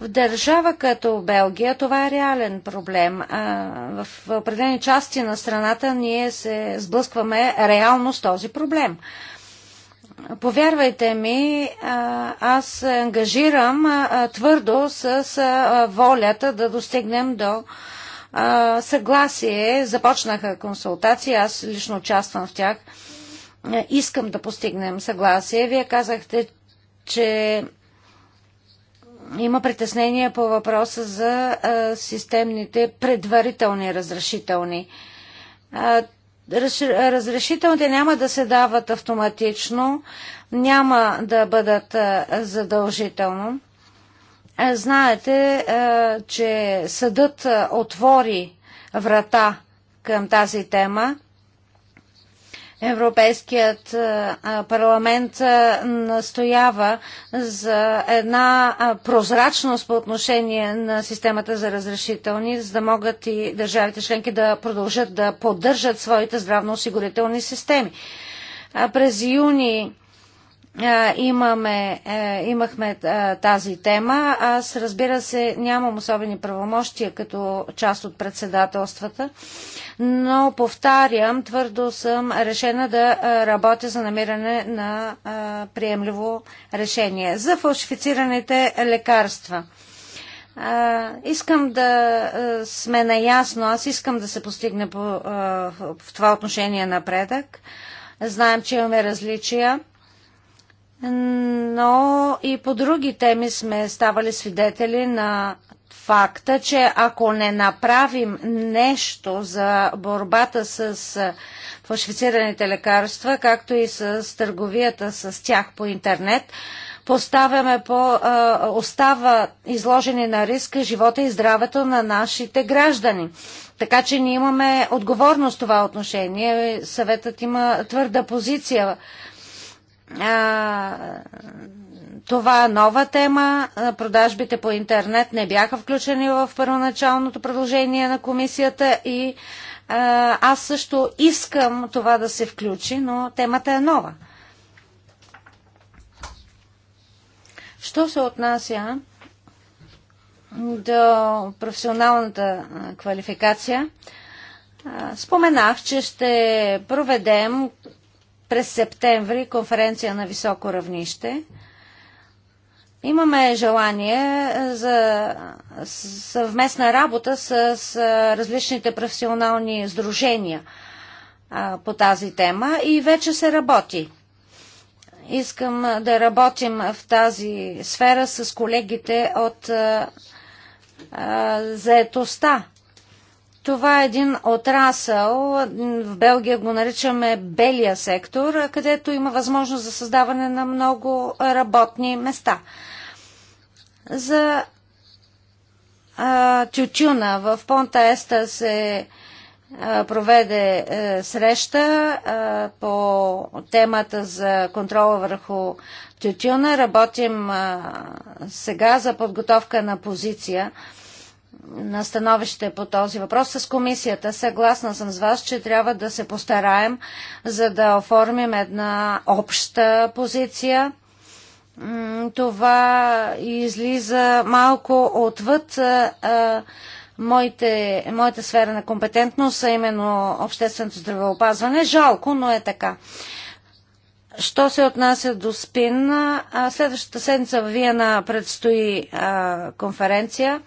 В държава като Белгия това е реален проблем. В определени части на страната ние се сблъскваме реално с този проблем. Повярвайте ми, аз ангажирам твърдо с волята да достигнем до съгласие. Започнаха консултации, аз лично участвам в тях. Искам да постигнем съгласие. Вие казахте, че има притеснение по въпроса за системните предварителни разрешителни. Разрешителните няма да се дават автоматично, няма да бъдат задължително. Знаете, че съдът отвори врата към тази тема Европейският парламент настоява за една прозрачност по отношение на системата за разрешителни, за да могат и държавите членки да продължат да поддържат своите здравноосигурителни системи. През юни имаме, е, имахме е, тази тема. Аз, разбира се, нямам особени правомощия като част от председателствата, но повтарям, твърдо съм решена да е, работя за намиране на приемливо решение. За фалшифицираните лекарства. искам да сме наясно, аз искам да се постигне в това отношение напредък. Знаем, че имаме различия но и по други теми сме ставали свидетели на факта, че ако не направим нещо за борбата с фалшифицираните лекарства, както и с търговията с тях по интернет, поставяме по, а, остава изложени на риск живота и здравето на нашите граждани. Така че ние имаме отговорност в това отношение. Съветът има твърда позиция това е нова тема. Продажбите по интернет не бяха включени в първоначалното предложение на комисията и а, аз също искам това да се включи, но темата е нова. Що се отнася до професионалната квалификация, споменах, че ще проведем през септември конференция на високо равнище. Имаме желание е, за съвместна работа с е, различните професионални сдружения по тази тема и вече се работи. Искам е, да работим в тази сфера с колегите от заетостта това е един отрасъл, в Белгия го наричаме белия сектор, където има възможност за създаване на много работни места. За а, тютюна в Понта Еста се а, проведе е, а, среща по темата за контрола върху тютюна. Работим сега за подготовка на позиция на становище по този въпрос с комисията. Съгласна съм с вас, че трябва да се постараем, за да оформим една обща позиция. Това излиза малко отвъд моите, моята сфера на компетентност, а именно общественото здравеопазване. Жалко, но е така. Що се отнася до СПИН, следващата седмица в Виена предстои конференция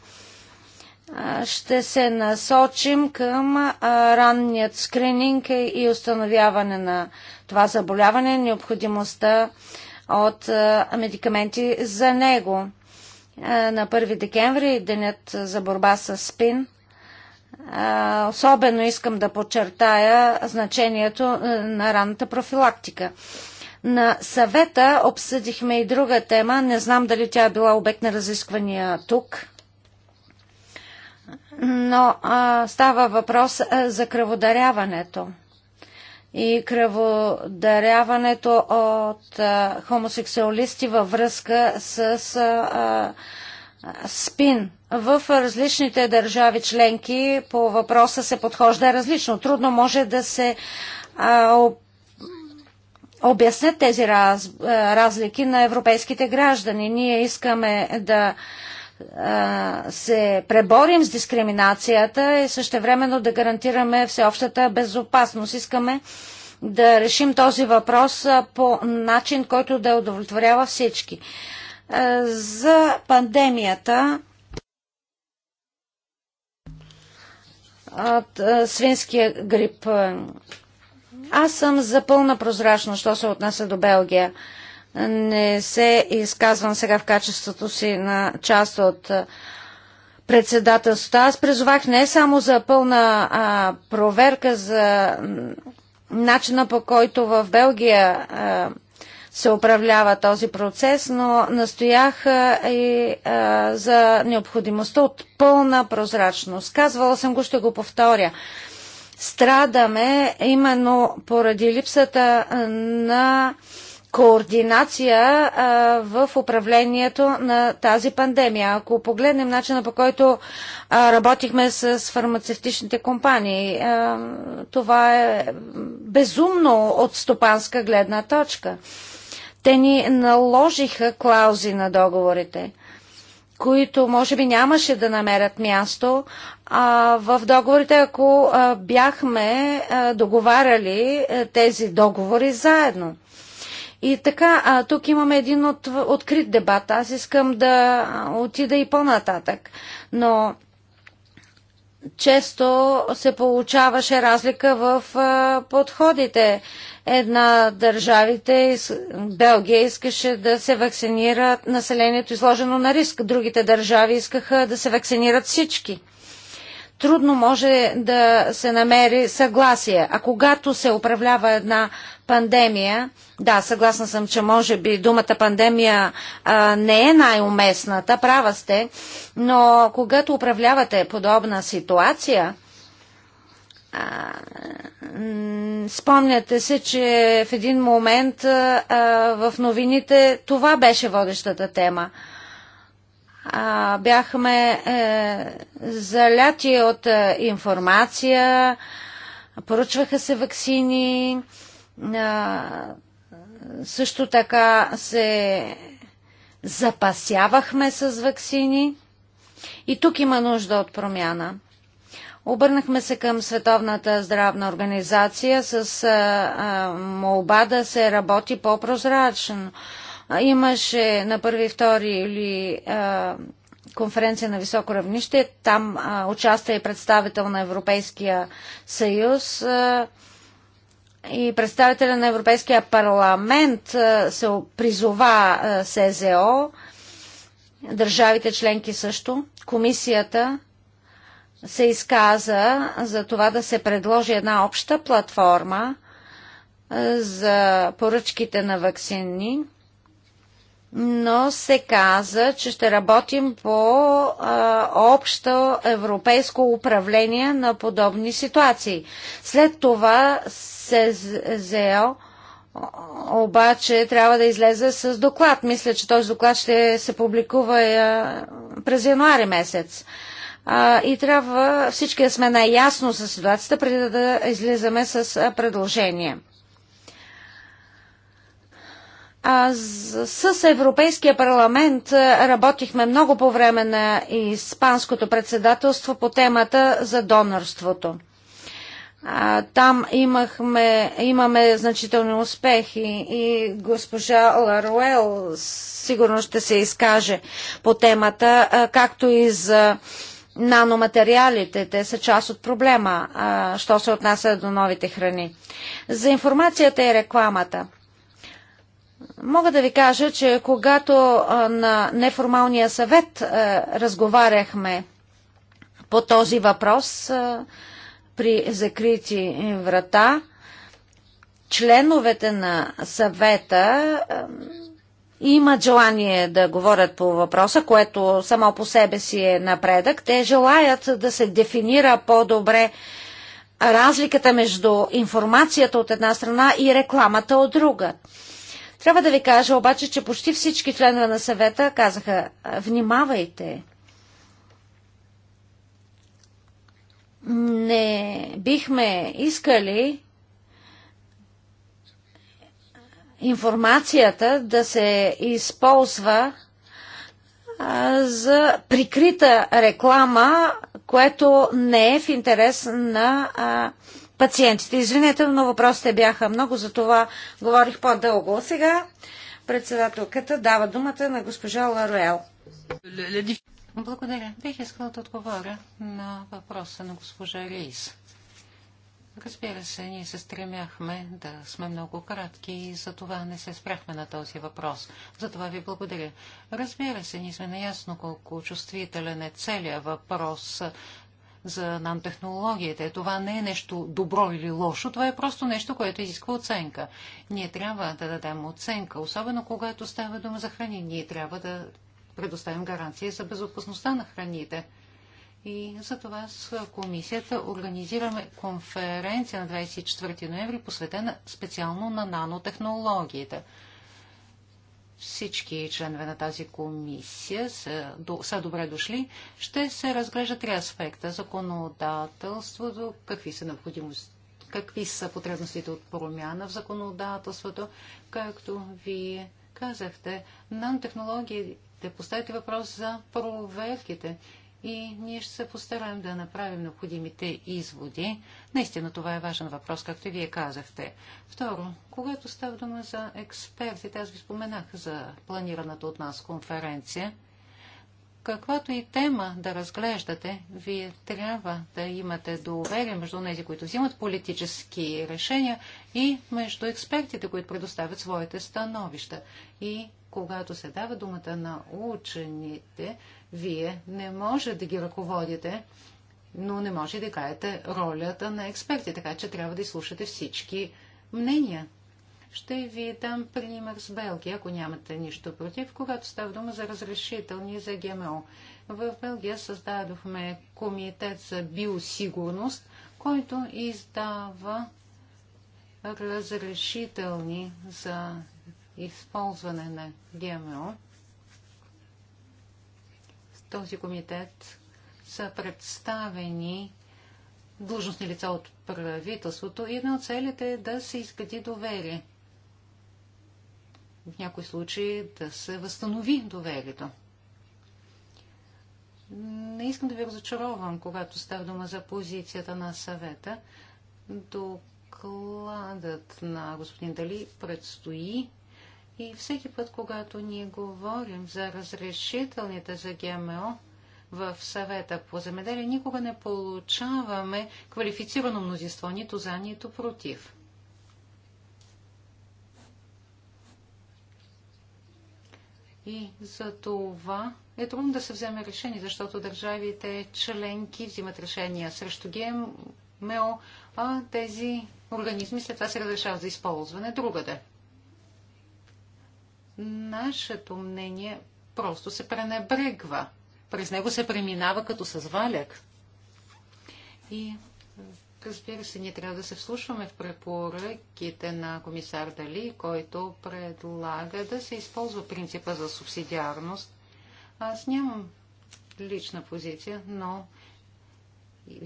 ще се насочим към ранният скрининг и установяване на това заболяване, необходимостта от медикаменти за него. На 1 декември, е денят за борба с спин, особено искам да подчертая значението на ранната профилактика. На съвета обсъдихме и друга тема, не знам дали тя е била обект на разисквания тук – но а, става въпрос а, за кръводаряването. И кръводаряването от а, хомосексуалисти във връзка с а, а, спин. В различните държави членки по въпроса се подхожда различно. Трудно може да се а, обяснят тези раз, разлики на европейските граждани. Ние искаме да а, се преборим с дискриминацията и е същевременно да гарантираме всеобщата безопасност. Искаме да решим този въпрос по начин, който да удовлетворява всички. За пандемията от свинския грип. Аз съм за пълна прозрачност, що се отнася до Белгия не се изказвам сега в качеството си на част от председателството. Аз призовах не само за пълна а, проверка за начина по който в Белгия а, се управлява този процес, но настоях и а, за необходимостта от пълна прозрачност. Казвала съм го, ще го повторя страдаме именно поради липсата на координация а, в управлението на тази пандемия. Ако погледнем начина по който а, работихме с фармацевтичните компании, а, това е безумно от стопанска гледна точка. Те ни наложиха клаузи на договорите които може би нямаше да намерят място а, в договорите, ако а, бяхме а, договаряли а, тези договори заедно. И така, а, тук имаме един от, открит дебат. Аз искам да отида и по-нататък. Но често се получаваше разлика в а, подходите. Една държавите, Белгия искаше да се вакцинира населението изложено на риск. Другите държави искаха да се вакцинират всички трудно може да се намери съгласие. А когато се управлява една пандемия, да, съгласна съм, че може би думата пандемия а, не е най-уместната, права сте, но когато управлявате подобна ситуация, а, спомняте се, че в един момент а, в новините това беше водещата тема. А, а, бяхме е, заляти от е, информация, поръчваха се вакцини, е, също така се запасявахме с вакцини. И тук има нужда от промяна. Обърнахме се към Световната здравна организация с а, е, а, е, молба да се работи по-прозрачно. Имаше на първи, втори или конференция на високо равнище. Там участва и представител на Европейския съюз и представителя на Европейския парламент се призова СЗО, държавите членки също, комисията се изказа за това да се предложи една обща платформа за поръчките на вакцини но се каза, че ще работим по а, общо европейско управление на подобни ситуации. След това се взел, обаче трябва да излезе с доклад. Мисля, че този доклад ще се публикува а, през януари месец. А, и трябва всички да сме наясно с ситуацията, преди да излизаме с предложение. А с Европейския парламент е, работихме много по време на Испанското председателство по темата за донорството. там имахме, имаме значителни успехи и госпожа Ларуел сигурно ще се изкаже по темата, както и за наноматериалите. Те са част от проблема, що се отнася до новите храни. За информацията и рекламата – Мога да ви кажа, че когато на неформалния съвет разговаряхме по този въпрос при закрити врата, членовете на съвета имат желание да говорят по въпроса, което само по себе си е напредък. Те желаят да се дефинира по-добре разликата между информацията от една страна и рекламата от друга. Трябва да ви кажа обаче, че почти всички членове на съвета казаха, внимавайте, не бихме искали информацията да се използва за прикрита реклама, което не е в интерес на а, пациентите. Извинете, но въпросите бяха много, за това говорих по-дълго. Сега председателката дава думата на госпожа Ларуел. Благодаря. Бих искала да отговоря на въпроса на госпожа Рейс. Разбира се, ние се стремяхме да сме много кратки и за това не се спряхме на този въпрос. За това ви благодаря. Разбира се, ние сме наясно колко чувствителен е целият въпрос за нанотехнологията. Това не е нещо добро или лошо, това е просто нещо, което изисква оценка. Ние трябва да дадем оценка, особено когато става дума за храни. Ние трябва да предоставим гаранции за безопасността на храните. И за това с комисията организираме конференция на 24 ноември, посветена специално на нанотехнологията всички членове на тази комисия са, до, са добре дошли, ще се разглежда три аспекта. Законодателството, какви са необходимости какви са потребностите от промяна в законодателството, както вие казахте, нанотехнологиите, поставите въпрос за проверките и ние ще се постараем да направим необходимите изводи. Наистина това е важен въпрос, както и вие казахте. Второ, когато става дума за експертите, аз ви споменах за планираната от нас конференция, каквато и тема да разглеждате, вие трябва да имате доверие между тези, които взимат политически решения и между експертите, които предоставят своите становища. И когато се дава думата на учените, вие не може да ги ръководите, но не може да кажете ролята на експерти, така че трябва да изслушате всички мнения. Ще ви дам пример с Белгия, ако нямате нищо против, когато става дума за разрешителни за ГМО. В Белгия създадохме комитет за биосигурност, който издава разрешителни за използване на ГМО този комитет са представени длъжностни лица от правителството и една от целите е да се изгради доверие. В някои случаи да се възстанови доверието. Не искам да ви разочаровам, когато става дума за позицията на съвета. Докладът на господин Дали предстои и всеки път, когато ние говорим за разрешителните за ГМО в съвета по земеделие, никога не получаваме квалифицирано мнозинство нито за, нито против. И за това е трудно да се вземе решение, защото държавите членки взимат решения срещу ГМО, а тези организми след това се разрешават за използване другаде. Да нашето мнение просто се пренебрегва. През него се преминава като с валяк. И разбира се, ние трябва да се вслушваме в препоръките на комисар Дали, който предлага да се използва принципа за субсидиарност. Аз нямам лична позиция, но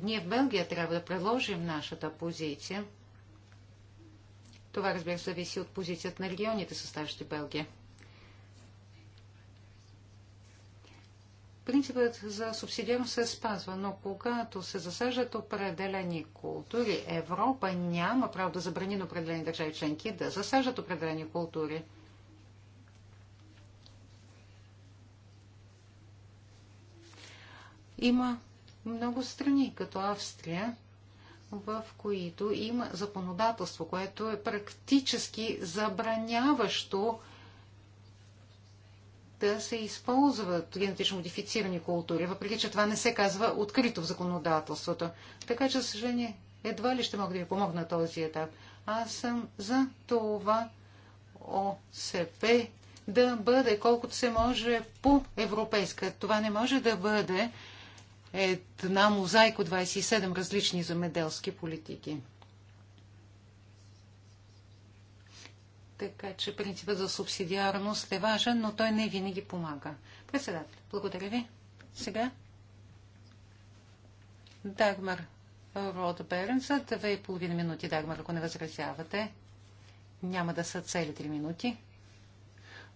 ние в Белгия трябва да предложим нашата позиция – това, разбира се, зависи от позицията на регионите, съставящи Белгия. Принципът за субсидиарност се спазва, но когато се засаждат определени култури, Европа няма право да забрани на определени държави членки да засаждат определени култури. Има много страни, като Австрия, в които има законодателство, което е практически забраняващо да се използват генетично модифицирани култури, въпреки че това не се казва открито в законодателството. Така че, за съжаление, едва ли ще мога да ви помогна на този етап. Аз съм за това ОСП да бъде колкото се може по-европейска. Това не може да бъде една мозайка от 27 различни замеделски политики. Така че принципът за субсидиарност е важен, но той не винаги помага. Председател, благодаря ви. Сега Дагмар Род Беренса, 2,5 минути. Дагмар, ако не възразявате, няма да са цели 3 минути.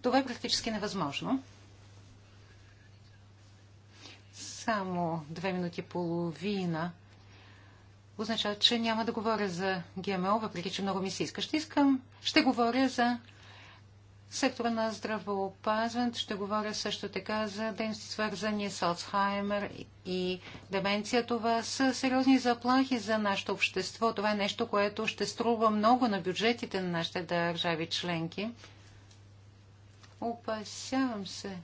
Това е практически невъзможно. само две минути и половина, означава, че няма да говоря за ГМО, въпреки че много ми се иска. Ще искам, ще говоря за сектора на здравоопазването, ще говоря също така за дейности, свързани с Алцхаймер и деменция. Това са сериозни заплахи за нашето общество. Това е нещо, което ще струва много на бюджетите на нашите държави членки. Опасявам се,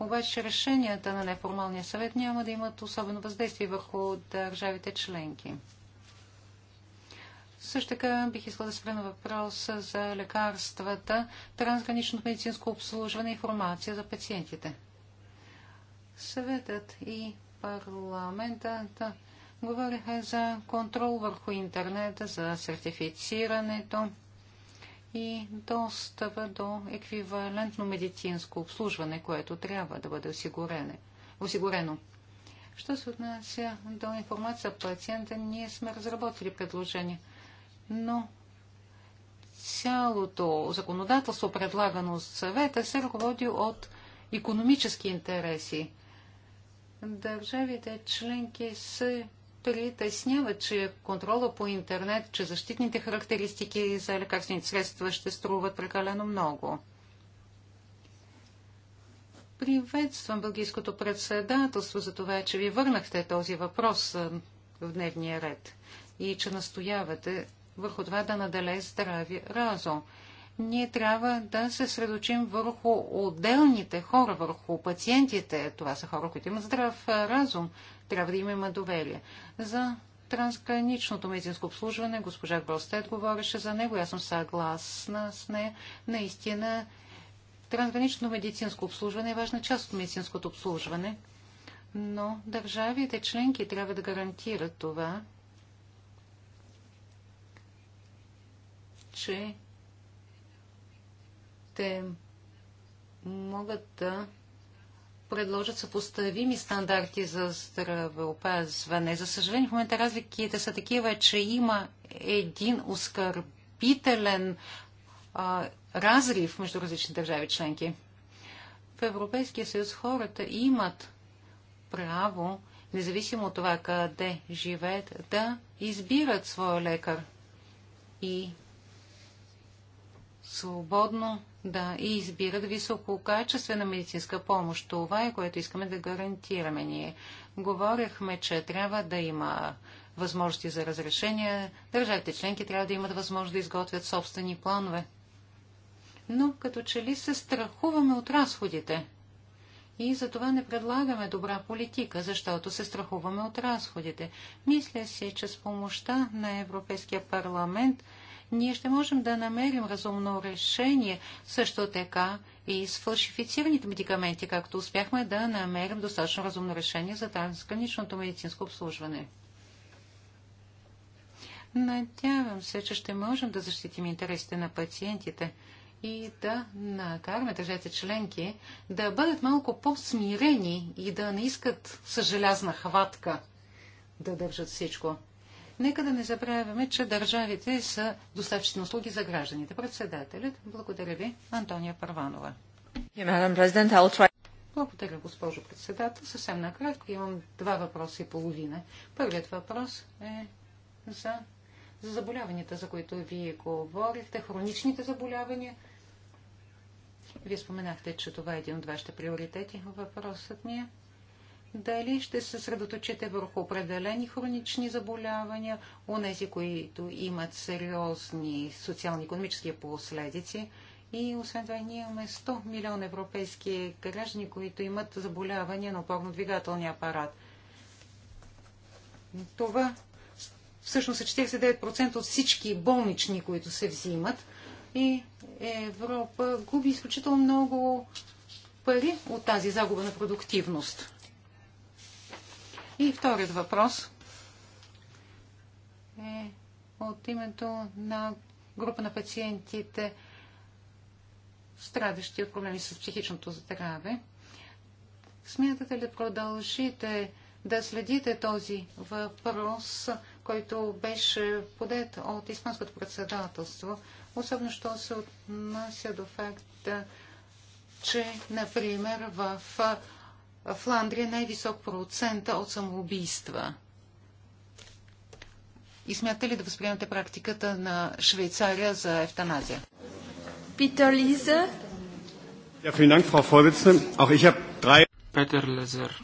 обаче решенията на неформалния съвет няма да имат особено въздействие върху държавите членки. Също така бих искала да спра на въпроса за лекарствата, трансграничното медицинско обслужване и информация за пациентите. Съветът и парламентът говориха за контрол върху интернета, за сертифицирането и достъпа до еквивалентно медицинско обслужване, което трябва да бъде осигурено. Що се отнася до информация за пациента, ние сме разработили предложение, но цялото законодателство, предлагано от съвета, се ръководи от економически интереси. Държавите членки се притесняват, че контрола по интернет, че защитните характеристики за лекарствените средства ще струват прекалено много. Приветствам Бългийското председателство за това, че ви върнахте този въпрос в дневния ред и че настоявате върху това да наделе здрави разум. Ние трябва да се средочим върху отделните хора, върху пациентите. Това са хора, които имат здрав разум, трябва да имаме има доверие. За трансграничното медицинско обслужване, госпожа Гростет говореше за него, аз съм съгласна с нея. Наистина, трансграничното медицинско обслужване е важна част от медицинското обслужване, но държавите членки трябва да гарантират това, че те могат да предложат съпоставими стандарти за здравеопазване. За съжаление, в момента разликите са такива, че има един оскърбителен а, разрив между различни държави членки. В Европейския съюз хората имат право, независимо от това къде живеят, да избират своя лекар и свободно да и избират висококачествена медицинска помощ. Това е, което искаме да гарантираме ние. Говорихме, че трябва да има възможности за разрешение. Държавите членки трябва да имат възможност да изготвят собствени планове. Но като че ли се страхуваме от разходите. И за това не предлагаме добра политика, защото се страхуваме от разходите. Мисля си, че с помощта на Европейския парламент – ние ще можем да намерим разумно решение, също така и с фалшифицираните медикаменти, както успяхме да намерим достатъчно разумно решение за трансграничното медицинско обслужване. Надявам се, че ще можем да защитим интересите на пациентите и да накараме държавите членки да бъдат малко по-смирени и да не искат с желязна хватка да държат всичко. Нека да не забравяме, че държавите са доставчици услуги за гражданите. Председателят, благодаря ви, Антония Парванова. Благодаря, госпожо председател. Съвсем накратко имам два въпроса и половина. Първият въпрос е за, за заболяванията, за които вие говорихте, хроничните заболявания. Вие споменахте, че това е един от вашите приоритети. Въпросът ми е дали ще се съсредоточите върху определени хронични заболявания, у нези, които имат сериозни социално-економически последици. И освен това ние имаме 100 милиона европейски граждани, които имат заболявания на опорно-двигателния апарат. Това всъщност е 49% от всички болнични, които се взимат. И Европа губи изключително много пари от тази загуба на продуктивност. И вторият въпрос е от името на група на пациентите, страдащи от проблеми с психичното здраве. Смятате ли продължите да следите този въпрос, който беше подет от Испанското председателство, особено що се отнася до факта, че, например, в Фландрия най-висок е процент от самоубийства. И смятате ли да възприемате практиката на Швейцария за Ефтаназия? Питер Лиза. Петър Лезер.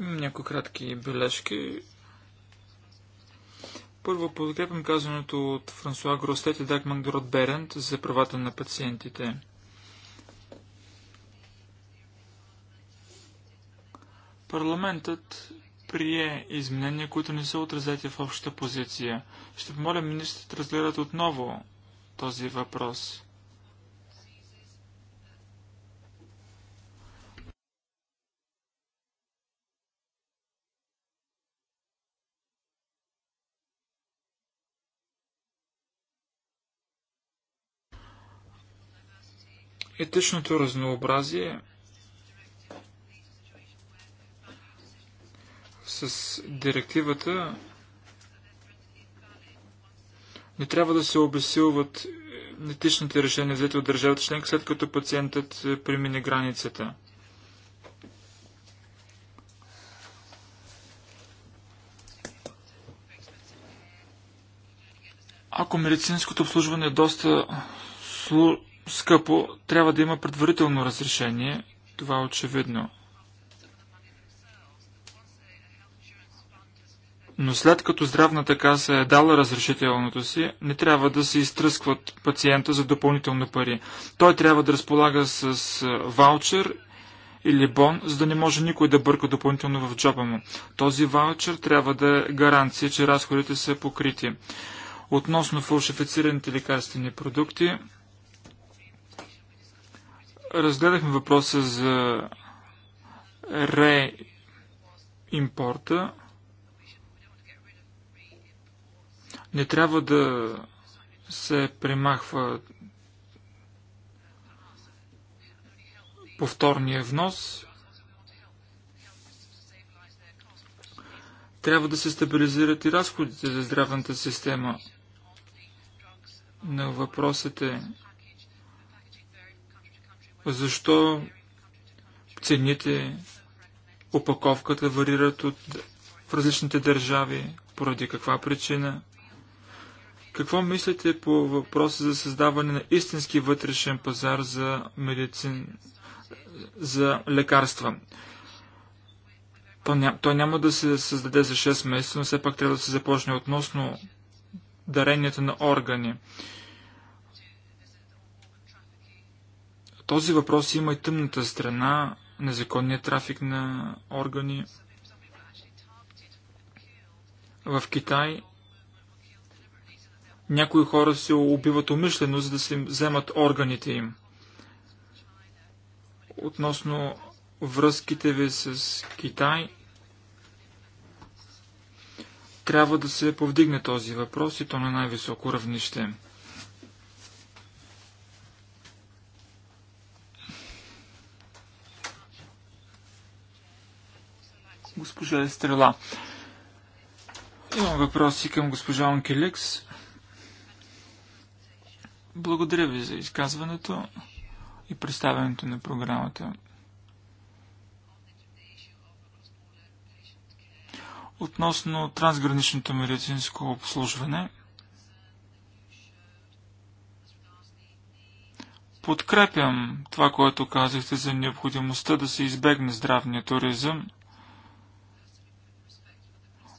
Имам някои кратки бележки. Първо подкрепям казаното от Франсуа Гростет и Дагман Берент за правата на пациентите. Парламентът прие изменения, които не са отразети в общата позиция. Ще помоля министрите да разгледат отново този въпрос. Етичното разнообразие – с директивата не трябва да се обесилват етичните решения, взети от държавата членка, след като пациентът е, премине границата. Ако медицинското обслужване е доста скъпо, трябва да има предварително разрешение. Това е очевидно. Но след като здравната каса е дала разрешителното си, не трябва да се изтръскват пациента за допълнително пари. Той трябва да разполага с ваучер или бон, за да не може никой да бърка допълнително в джоба му. Този ваучер трябва да е гаранция, че разходите са покрити. Относно фалшифицираните лекарствени продукти, разгледахме въпроса за реимпорта. Не трябва да се премахва повторния внос. Трябва да се стабилизират и разходите за здравната система. Но въпросът е защо цените, опаковката варират от в различните държави, поради каква причина. Какво мислите по въпроса за създаване на истински вътрешен пазар за, медицин... за лекарства? Той, Той няма да се създаде за 6 месеца, но все пак трябва да се започне относно даренията на органи. Този въпрос има и тъмната страна, незаконният трафик на органи. В Китай някои хора се убиват умишлено, за да се вземат органите им. Относно връзките ви с Китай, трябва да се повдигне този въпрос и то на най-високо равнище. Госпожа Стрела, Имам въпроси към госпожа Онкеликс. Благодаря ви за изказването и представянето на програмата. Относно трансграничното медицинско обслужване, подкрепям това, което казахте за необходимостта да се избегне здравния туризъм.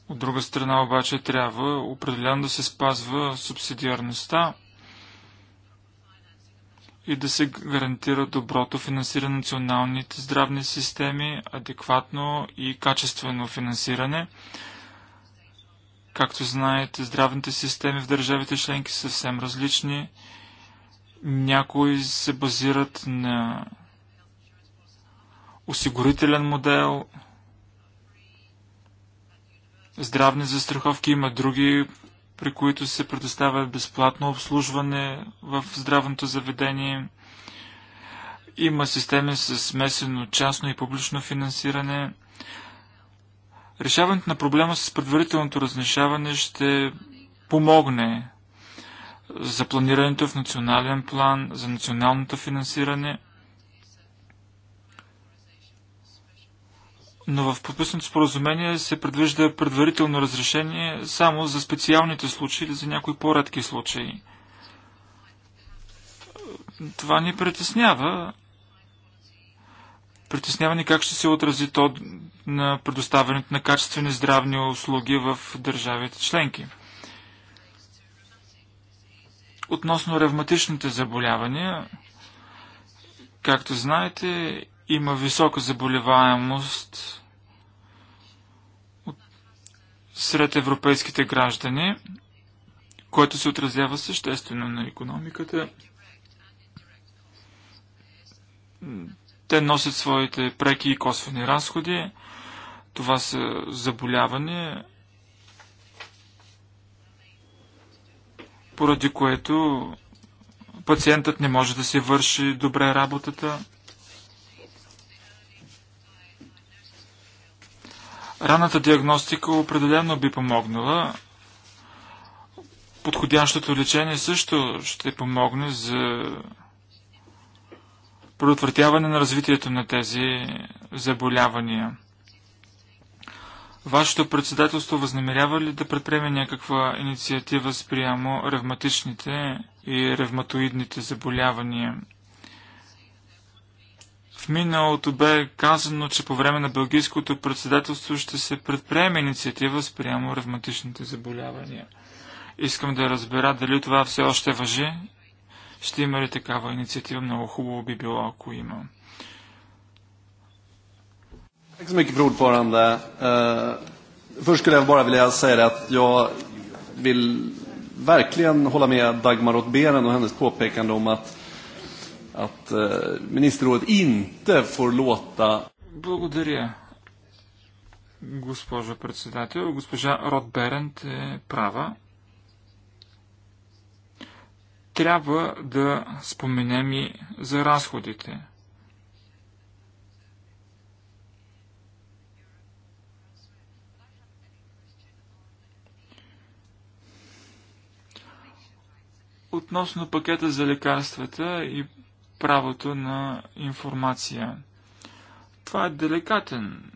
От друга страна обаче трябва определено да се спазва субсидиарността – и да се гарантира доброто финансиране на националните здравни системи, адекватно и качествено финансиране. Както знаете, здравните системи в държавите членки са съвсем различни. Някои се базират на осигурителен модел, здравни застраховки, има други, при които се предоставя безплатно обслужване в здравното заведение. Има системи с смесено частно и публично финансиране. Решаването на проблема с предварителното разрешаване ще помогне за планирането в национален план, за националното финансиране. но в подписаното споразумение се предвижда предварително разрешение само за специалните случаи или за някои по-редки случаи. Това ни притеснява. Притеснява ни как ще се отрази то на предоставянето на качествени здравни услуги в държавите членки. Относно ревматичните заболявания, както знаете, има висока заболеваемост сред европейските граждани, което се отразява съществено на економиката. Те носят своите преки и косвени разходи. Това са заболявания, поради което пациентът не може да си върши добре работата. Ранната диагностика определено би помогнала. Подходящото лечение също ще помогне за предотвратяване на развитието на тези заболявания. Вашето председателство възнамерява ли да предприеме някаква инициатива спрямо ревматичните и ревматоидните заболявания? миналото бе казано, че по време на бългийското председателство ще се предприеме инициатива спрямо ревматичните заболявания. Искам да разбера дали това все още въжи. Ще има ли такава инициатива? Много хубаво би било, ако има. Eh, först skulle jag bara vilja säga att jag vill verkligen hålla med Dagmar benen och hennes påpekande om att att eh, ministerrådet inte får låta... Благодаря, госпожа председател. Госпожа Род Берент е права. Трябва да споменем и за разходите. относно пакета за лекарствата и правото на информация. Това е деликатен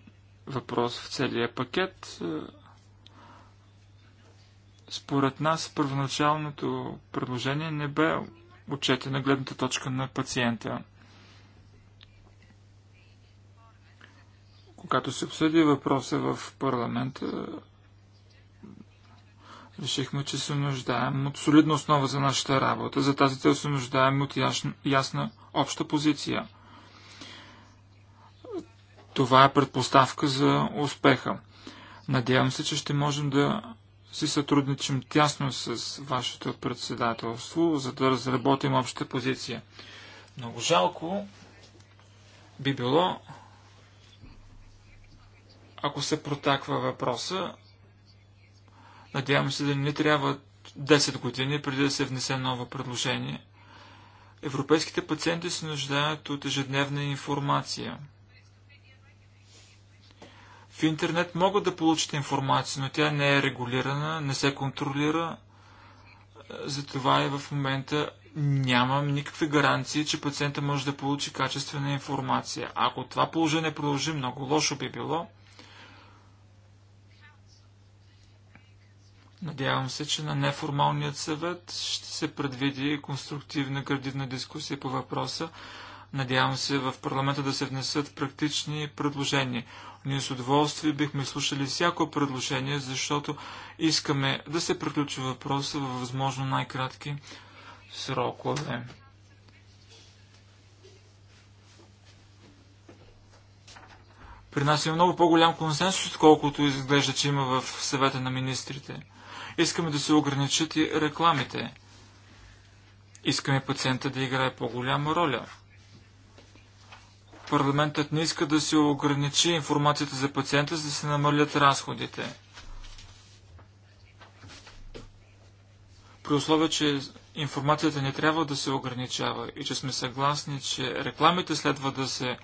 въпрос в целия пакет. Според нас първоначалното предложение не бе на гледната точка на пациента. Когато се обсъди въпроса в парламента, Решихме, че се нуждаем от солидна основа за нашата работа. За тази цел се нуждаем от ясна, ясна обща позиция. Това е предпоставка за успеха. Надявам се, че ще можем да си сътрудничим тясно с вашето председателство, за да разработим обща позиция. Много жалко би било, ако се протаква въпроса, Надявам се да не трябва 10 години преди да се внесе ново предложение. Европейските пациенти се нуждаят от ежедневна информация. В интернет могат да получат информация, но тя не е регулирана, не се контролира. Затова и в момента нямам никакви гаранции, че пациента може да получи качествена информация. Ако това положение продължи, много лошо би било. Надявам се, че на неформалният съвет ще се предвиди конструктивна градивна дискусия по въпроса. Надявам се в парламента да се внесат практични предложения. Ние с удоволствие бихме слушали всяко предложение, защото искаме да се приключи въпроса във възможно най-кратки срокове. При нас има много по-голям консенсус, отколкото изглежда, че има в съвета на министрите. Искаме да се ограничат и рекламите. Искаме пациента да играе по-голяма роля. Парламентът не иска да се ограничи информацията за пациента, за да се намалят разходите. При условие, че информацията не трябва да се ограничава и че сме съгласни, че рекламите следва да се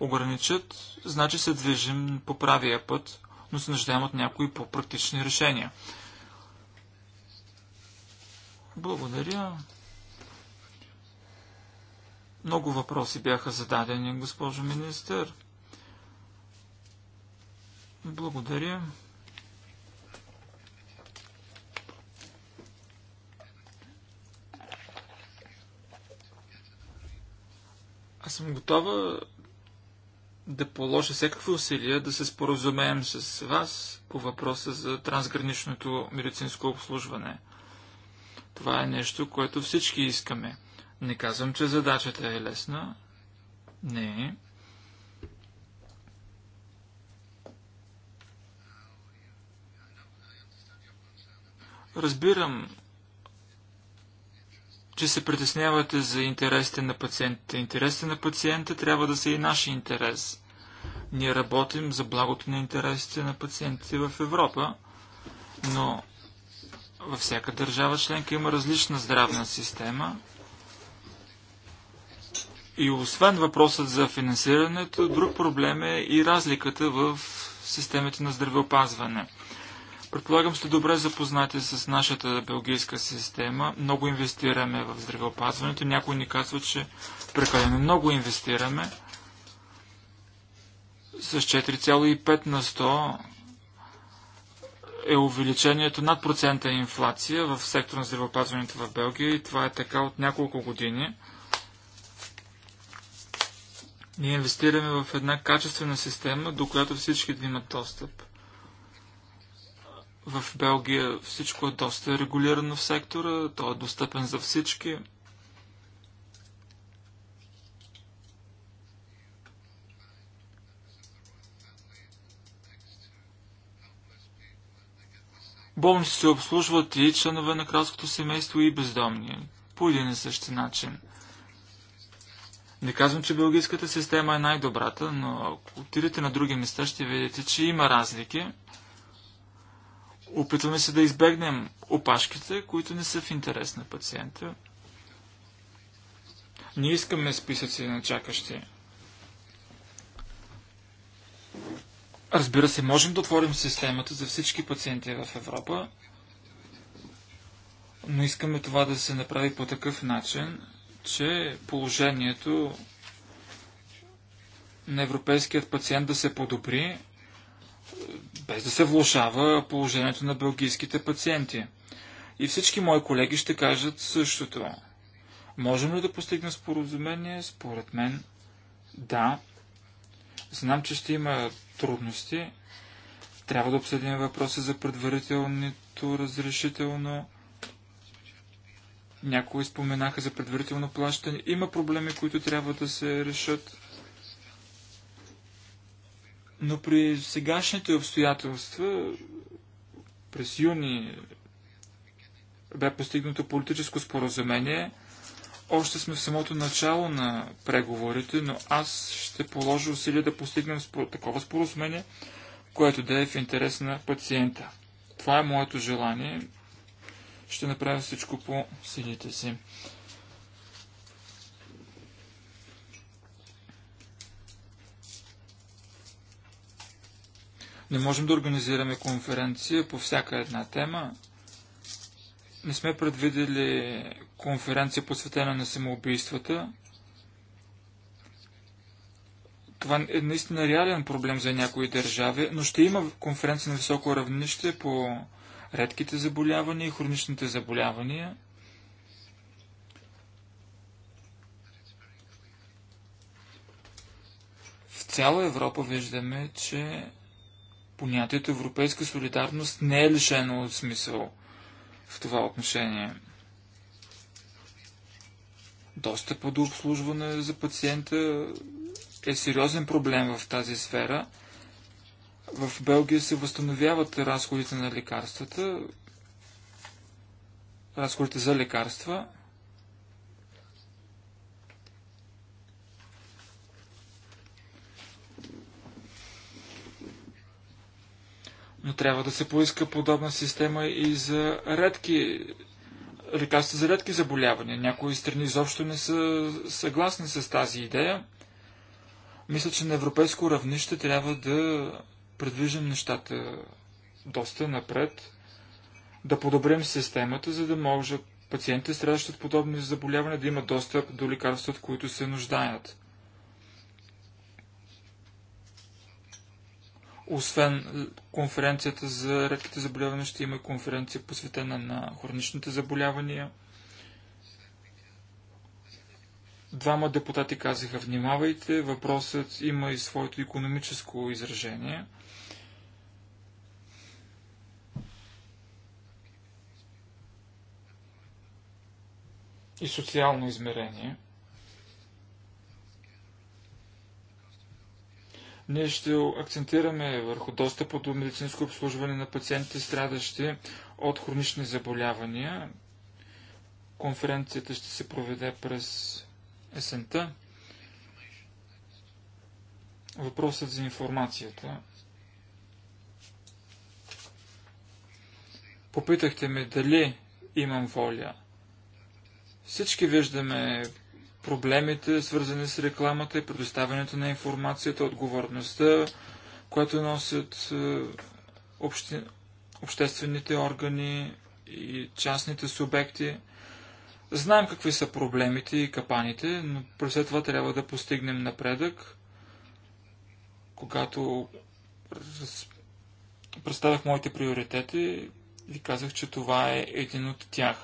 ограничат, значи се движим по правия път, но се нуждаем от някои по-практични решения. Благодаря. Много въпроси бяха зададени, госпожо министър. Благодаря. Аз съм готова да положа всякакви усилия да се споразумеем с вас по въпроса за трансграничното медицинско обслужване – това е нещо, което всички искаме. Не казвам, че задачата е лесна. Не. Разбирам, че се притеснявате за интересите на пациентите. Интересите на пациента трябва да са и наши интерес. Ние работим за благото на интересите на пациентите в Европа, но във всяка държава членка има различна здравна система. И освен въпросът за финансирането, друг проблем е и разликата в системите на здравеопазване. Предполагам сте добре запознати с нашата белгийска система. Много инвестираме в здравеопазването. Някой ни казва, че прекалено много инвестираме. С 4,5 на 100 е увеличението над процента инфлация в сектора на здравеопазването в Белгия и това е така от няколко години. Ние инвестираме в една качествена система, до която всички да имат достъп. В Белгия всичко е доста регулирано в сектора, то е достъпен за всички. Болници се обслужват и членове на кралското семейство и бездомни. По един и същи начин. Не казвам, че белгийската система е най-добрата, но ако отидете на други места, ще видите, че има разлики. Опитваме се да избегнем опашките, които не са в интерес на пациента. Не искаме списъци на чакащи. Разбира се, можем да отворим системата за всички пациенти в Европа, но искаме това да се направи по такъв начин, че положението на европейският пациент да се подобри, без да се влушава положението на белгийските пациенти. И всички мои колеги ще кажат същото. Можем ли да постигнем споразумение? Според мен, да. Знам, че ще има трудности. Трябва да обсъдим въпроса за предварителното разрешително. Някои споменаха за предварително плащане. Има проблеми, които трябва да се решат. Но при сегашните обстоятелства, през юни бе постигнато политическо споразумение, още сме в самото начало на преговорите, но аз ще положа усилия да постигнем такова споразумение, което да е в интерес на пациента. Това е моето желание. Ще направя всичко по силите си. Не можем да организираме конференция по всяка една тема, не сме предвидели конференция посветена на самоубийствата. Това е наистина реален проблем за някои държави, но ще има конференция на високо равнище по редките заболявания и хроничните заболявания. В цяла Европа виждаме, че понятието европейска солидарност не е лишено от смисъл в това отношение. Достъпа до обслужване за пациента е сериозен проблем в тази сфера. В Белгия се възстановяват разходите на лекарствата, разходите за лекарства – Но трябва да се поиска подобна система и за редки лекарства за редки заболявания. Някои страни изобщо не са съгласни с тази идея. Мисля, че на европейско равнище трябва да предвижим нещата доста напред, да подобрим системата, за да може пациентите, страдащи от подобни заболявания, да имат достъп до лекарства, от които се нуждаят. Освен е, конференцията за редките заболявания, ще има и конференция посветена на хроничните заболявания. Двама депутати казаха, внимавайте, въпросът има и своето економическо изражение. И социално измерение – Ние ще акцентираме върху достъпа до медицинско обслужване на пациентите, страдащи от хронични заболявания. Конференцията ще се проведе през есента. Въпросът за информацията. Попитахте ме дали имам воля. Всички виждаме проблемите, свързани с рекламата и предоставянето на информацията, отговорността, която носят е, обще... обществените органи и частните субекти. Знаем какви са проблемите и капаните, но през това трябва да постигнем напредък. Когато представях моите приоритети, и казах, че това е един от тях.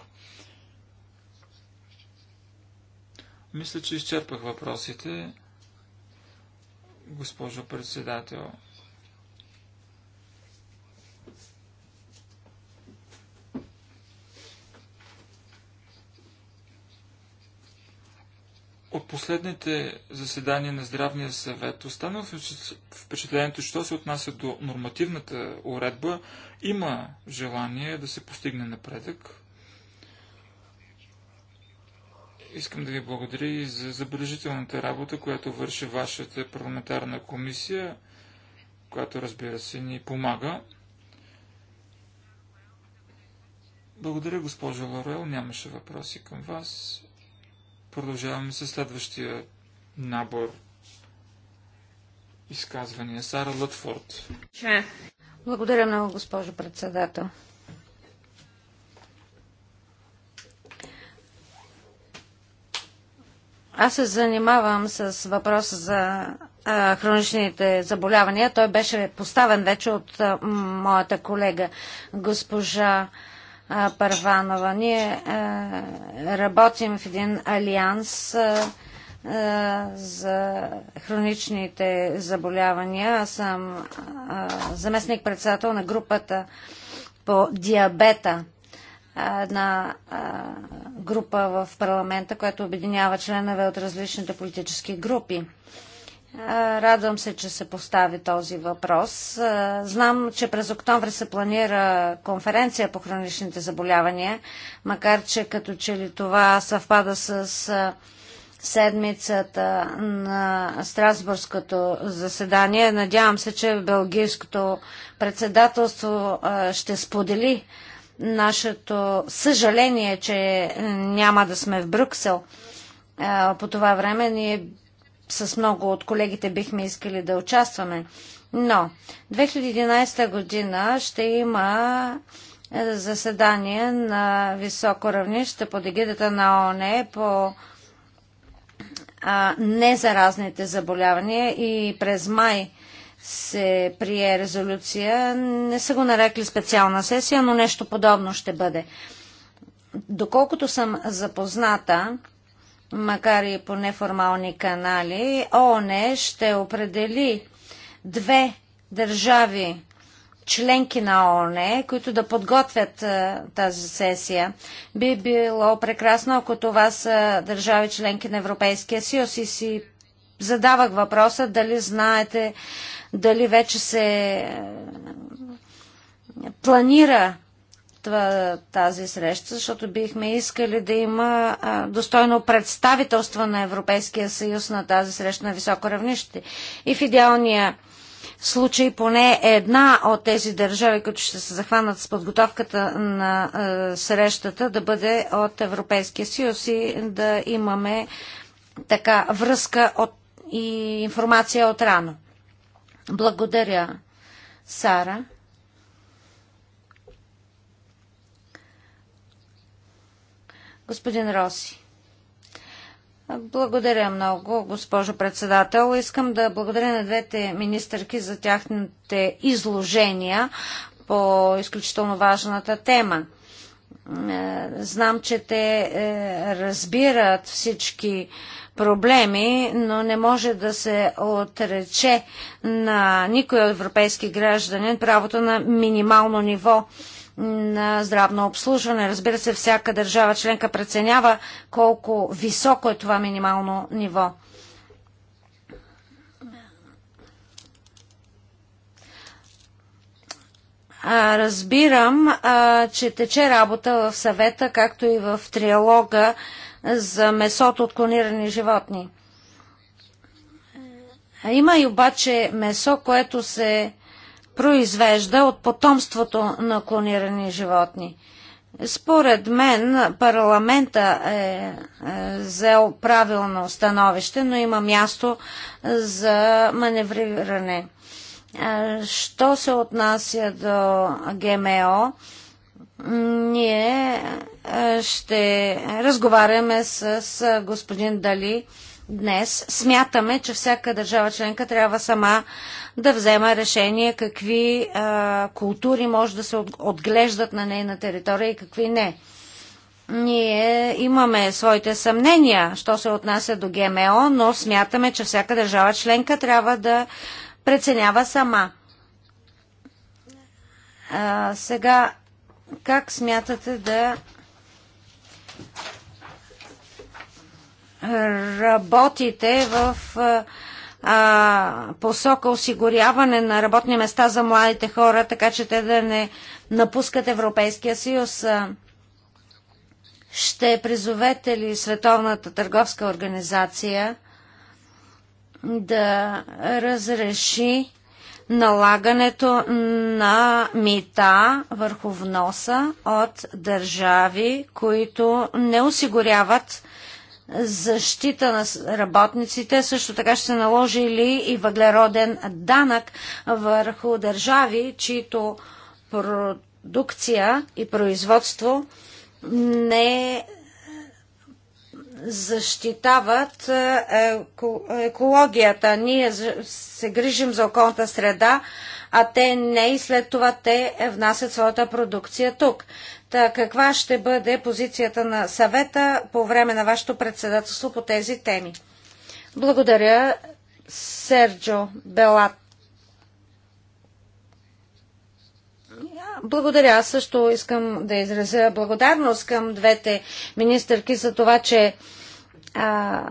Мисля, че изчерпах въпросите, госпожо председател. От последните заседания на Здравния съвет останал впечатлението, че то се отнася до нормативната уредба. Има желание да се постигне напредък. Искам да ви благодаря и за забележителната работа, която върши вашата парламентарна комисия, която разбира се ни помага. Благодаря, госпожо Лорел. Нямаше въпроси към вас. Продължаваме с следващия набор изказвания. Сара Лътфорд. Благодаря много, госпожо председател. Аз се занимавам с въпроса за а, хроничните заболявания. Той беше поставен вече от а, моята колега госпожа а, Парванова. Ние работим в един алианс за хроничните заболявания. Аз съм заместник-председател на групата по диабета една група в парламента, която обединява членове от различните политически групи. Радвам се, че се постави този въпрос. Знам, че през октомври се планира конференция по хроничните заболявания, макар че като че ли това съвпада с седмицата на Страсбургското заседание. Надявам се, че Белгийското председателство ще сподели нашето съжаление, че няма да сме в Брюксел по това време. Ние с много от колегите бихме искали да участваме. Но 2011 година ще има заседание на високо равнище под егидата на ООН по незаразните заболявания и през май се прие резолюция. Не са го нарекли специална сесия, но нещо подобно ще бъде. Доколкото съм запозната, макар и по неформални канали, ООН ще определи две държави членки на ООН, които да подготвят тази сесия. Би било прекрасно, ако това са държави членки на Европейския съюз и си задавах въпроса дали знаете дали вече се е, планира това, тази среща, защото бихме искали да има достойно представителство на Европейския съюз на тази среща на високо равнище. И в идеалния случай поне една от тези държави, които ще се захванат с подготовката на срещата, да бъде от Европейския съюз и да имаме така връзка от, и информация от рано. Благодаря, Сара. Господин Роси. Благодаря много, госпожо председател. Искам да благодаря на двете министърки за тяхните изложения по изключително важната тема. Е, знам, че те е, разбират всички проблеми, но не може да се отрече на никой европейски гражданин правото на минимално ниво на здравно обслужване. Разбира се, всяка държава членка преценява колко високо е това минимално ниво. разбирам, че тече работа в съвета, както и в триалога за месото от клонирани животни. Има и обаче месо, което се произвежда от потомството на клонирани животни. Според мен парламента е, е взел правилно становище, но има място за маневриране. Що се отнася до ГМО, ние ще разговаряме с господин Дали днес. Смятаме, че всяка държава членка трябва сама да взема решение какви а, култури може да се отглеждат на нейна територия и какви не. Ние имаме своите съмнения, що се отнася до ГМО, но смятаме, че всяка държава членка трябва да преценява сама. А, сега как смятате да работите в а, посока осигуряване на работни места за младите хора, така че те да не напускат Европейския съюз? Ще призовете ли Световната търговска организация да разреши налагането на мита върху вноса от държави, които не осигуряват защита на работниците. Също така ще се наложи ли и въглероден данък върху държави, чието продукция и производство не е защитават е, екологията. Ние се грижим за околната среда, а те не и след това те внасят своята продукция тук. Та каква ще бъде позицията на съвета по време на вашето председателство по тези теми? Благодаря, Серджо Белат. Благодаря. Аз също искам да изразя благодарност към двете министърки за това, че а,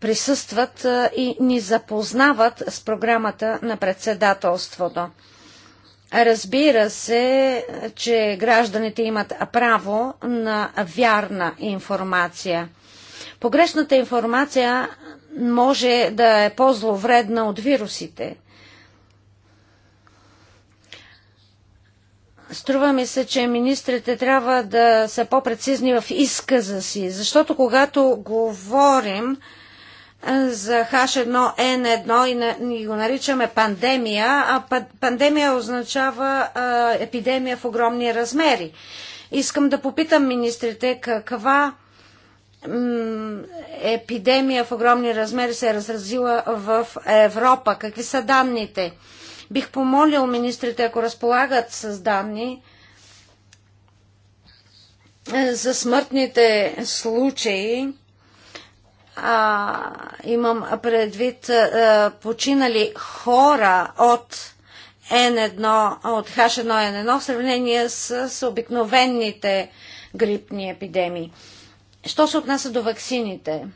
присъстват а, и ни запознават с програмата на председателството. Разбира се, че гражданите имат право на вярна информация. Погрешната информация може да е по-зловредна от вирусите. Струва ми се, че министрите трябва да са по-прецизни в изказа си, защото когато говорим за H1N1 и го наричаме пандемия, а пандемия означава епидемия в огромни размери. Искам да попитам министрите каква епидемия в огромни размери се е разразила в Европа. Какви са данните? Бих помолил министрите, ако разполагат с данни е, за смъртните случаи, а, имам предвид а, е, починали хора от N1, от H1N1 в сравнение с, с обикновените грипни епидемии. Що се отнася до ваксините?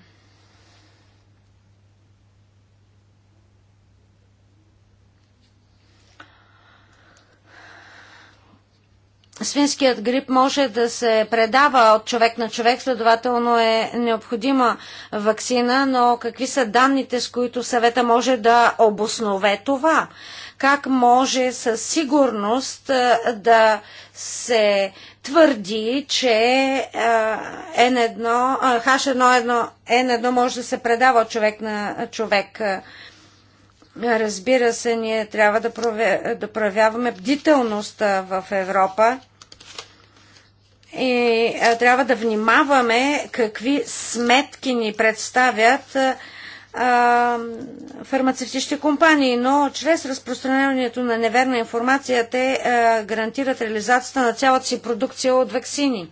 свинският грип може да се предава от човек на човек, следователно е необходима вакцина, но какви са данните, с които съвета може да обоснове това? Как може със сигурност да се твърди, че N1, H1N1 може да се предава от човек на човек? Разбира се, ние трябва да проявяваме бдителност в Европа и а, трябва да внимаваме какви сметки ни представят а, фармацевтични компании, но чрез разпространението на неверна информация те а, гарантират реализацията на цялата си продукция от вакцини.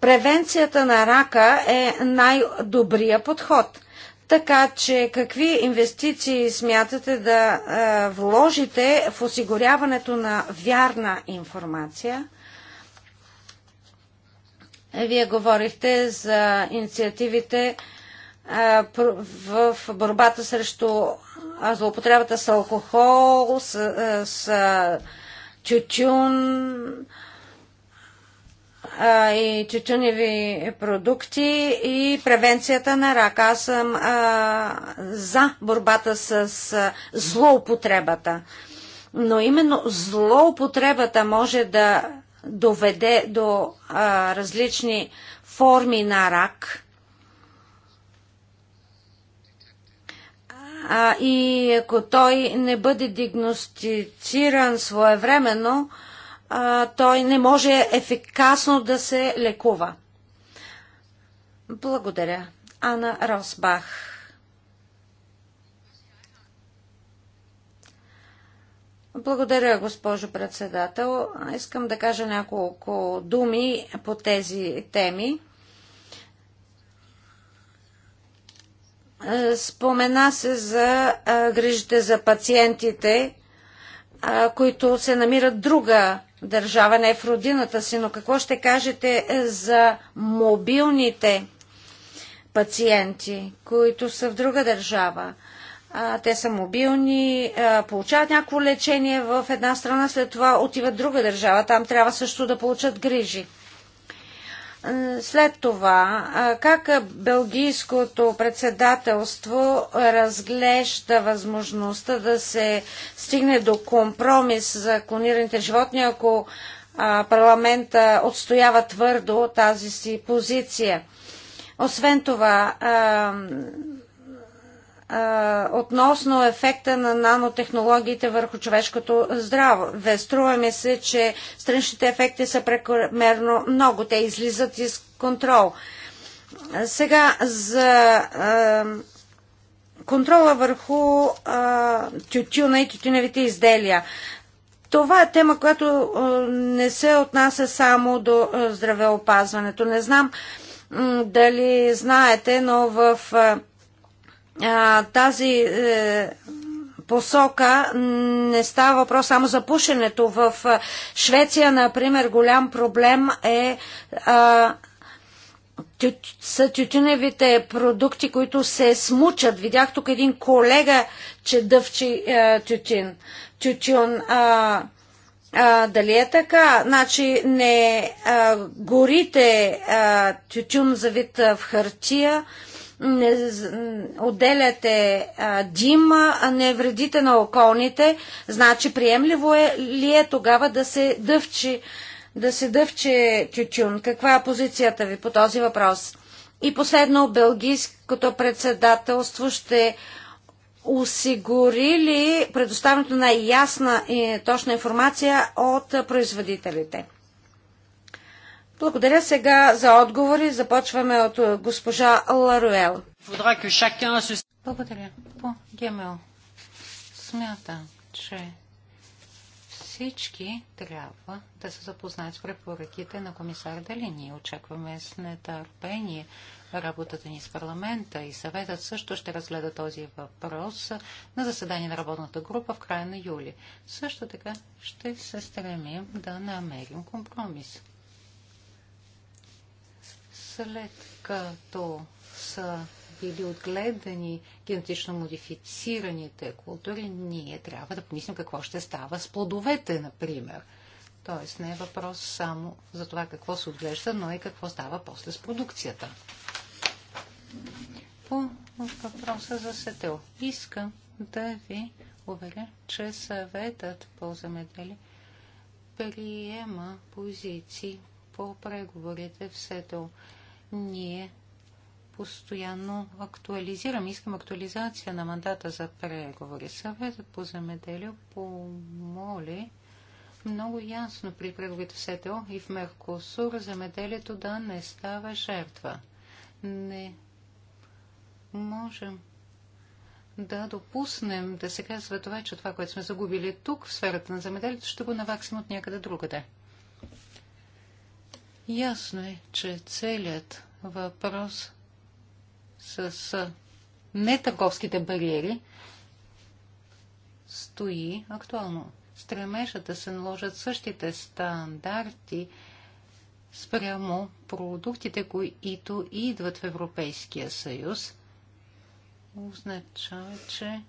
Превенцията на рака е най-добрия подход. Така че какви инвестиции смятате да а, вложите в осигуряването на вярна информация? Вие говорихте за инициативите в борбата срещу злоупотребата с алкохол, с, с чучун и чучуневи продукти и превенцията на рак. Аз съм а, за борбата с а, злоупотребата. Но именно злоупотребата може да доведе до а, различни форми на рак. А, и ако той не бъде диагностициран своевременно, а, той не може ефикасно да се лекува. Благодаря. Ана Росбах. Благодаря, госпожо председател. Искам да кажа няколко думи по тези теми. Е, спомена се за е, грижите за пациентите, е, които се намират друга държава, не в родината си, но какво ще кажете за мобилните пациенти, които са в друга държава? те са мобилни, получават някакво лечение в една страна, след това отиват в друга държава. Там трябва също да получат грижи. След това, как Белгийското председателство разглежда възможността да се стигне до компромис за клонираните животни, ако парламента отстоява твърдо тази си позиция? Освен това, относно ефекта на нанотехнологиите върху човешкото здраве. Струва ми се, че страничните ефекти са прекомерно много. Те излизат из контрол. Сега за а, контрола върху а, тютюна и тютюневите изделия. Това е тема, която а, не се отнася само до здравеопазването. Не знам дали знаете, но в а, а, тази е, посока не става въпрос само за пушенето. В е, Швеция, например, голям проблем е а, тю, са тютюневите продукти, които се смучат. Видях тук един колега, че дъвчи е, тютин. Тютюн. А, а, дали е така? Значи не а, горите а, тютюн за вид в хартия, а, не отделяте а, дим, а не вредите на околните, значи приемливо е ли е тогава да се дъвчи, да се дъвче тютюн? Каква е позицията ви по този въпрос? И последно, белгийското председателство ще осигури ли предоставянето на ясна и точна информация от производителите? Благодаря сега за отговори. Започваме от е, госпожа Ларуел. Благодаря. По ГМО смятам, че всички трябва да се запознаят с препоръките на комисар Дали. Ние очакваме с нетърпение работата ни с парламента и съветът също ще разгледа този въпрос на заседание на работната група в края на юли. Също така ще се стремим да намерим компромис. След като са били отгледани генетично модифицираните култури, ние трябва да помислим какво ще става с плодовете, например. Тоест не е въпрос само за това какво се отглежда, но и какво става после с продукцията. По въпроса за сетел. Искам да ви уверя, че съветът по замедели приема позиции по преговорите в сетел ние постоянно актуализираме, искам актуализация на мандата за преговори. Съветът по земеделие помоли много ясно при преговорите в СТО и в Меркосур земеделието да не става жертва. Не можем да допуснем да се казва това, че това, което сме загубили тук в сферата на земеделието, ще го наваксим от някъде другаде. Да. Ясно е, че целият въпрос с нетърговските бариери стои актуално. Стремежа да се наложат същите стандарти спрямо продуктите, които идват в Европейския съюз, означава, че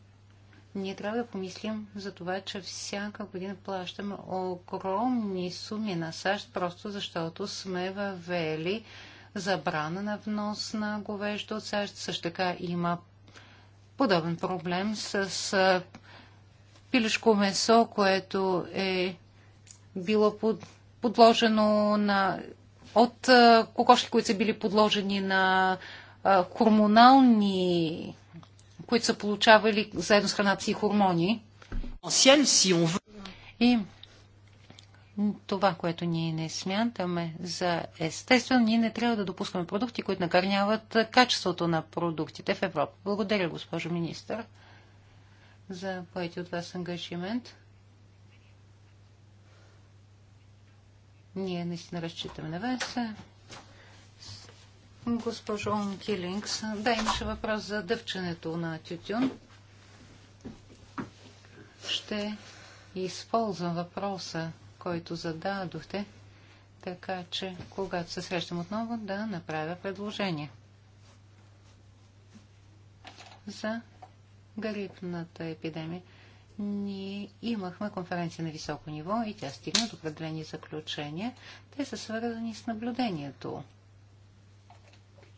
ние трябва да помислим за това, че всяка година плащаме огромни суми на САЩ, просто защото сме въвели забрана на внос на говеждо от САЩ. Също така има подобен проблем с пилешко месо, което е било под, подложено на от кокошки, които са били подложени на хормонални които са получавали заедно с храната си хормони. И това, което ние не смятаме за естествено, ние не трябва да допускаме продукти, които накърняват качеството на продуктите в Европа. Благодаря, госпожо министър, за поети от вас ангажимент. Ние наистина разчитаме на вас. Госпожо Килингс, да, имаше въпрос за дъвченето на тютюн. Ще използвам въпроса, който зададохте, така че, когато се срещам отново, да направя предложение. За грипната епидемия ние имахме конференция на високо ниво и тя стигна до определени заключения. Те са свързани с наблюдението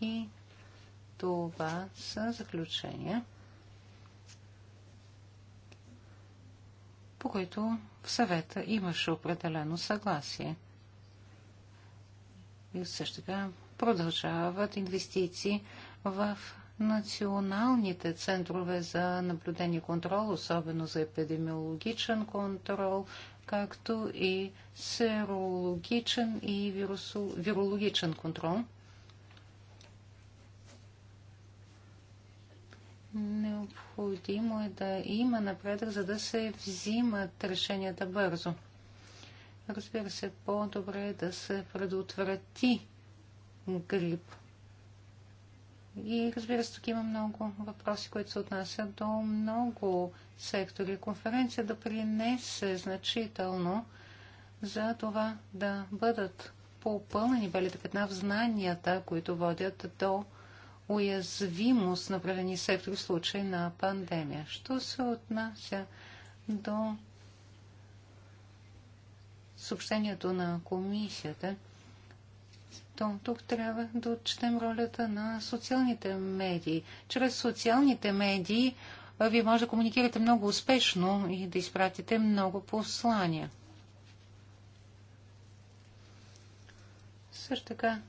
и това са заключения, по които в съвета имаше определено съгласие. И също така продължават инвестиции в националните центрове за наблюдение и контрол, особено за епидемиологичен контрол, както и серологичен и вирусо... вирологичен контрол. Необходимо е да има напредък, за да се взимат решенията бързо. Разбира се, по-добре е да се предотврати грип. И разбира се, тук има много въпроси, които се отнасят до много сектори. Конференция да принесе значително за това да бъдат попълнени белите петна в знанията, които водят до уязвимост на определени сектори в случай на пандемия. Що се отнася до съобщението на комисията, то тук трябва да отчетем ролята на социалните медии. Чрез социалните медии вие може да комуникирате много успешно и да изпратите много послания. Също така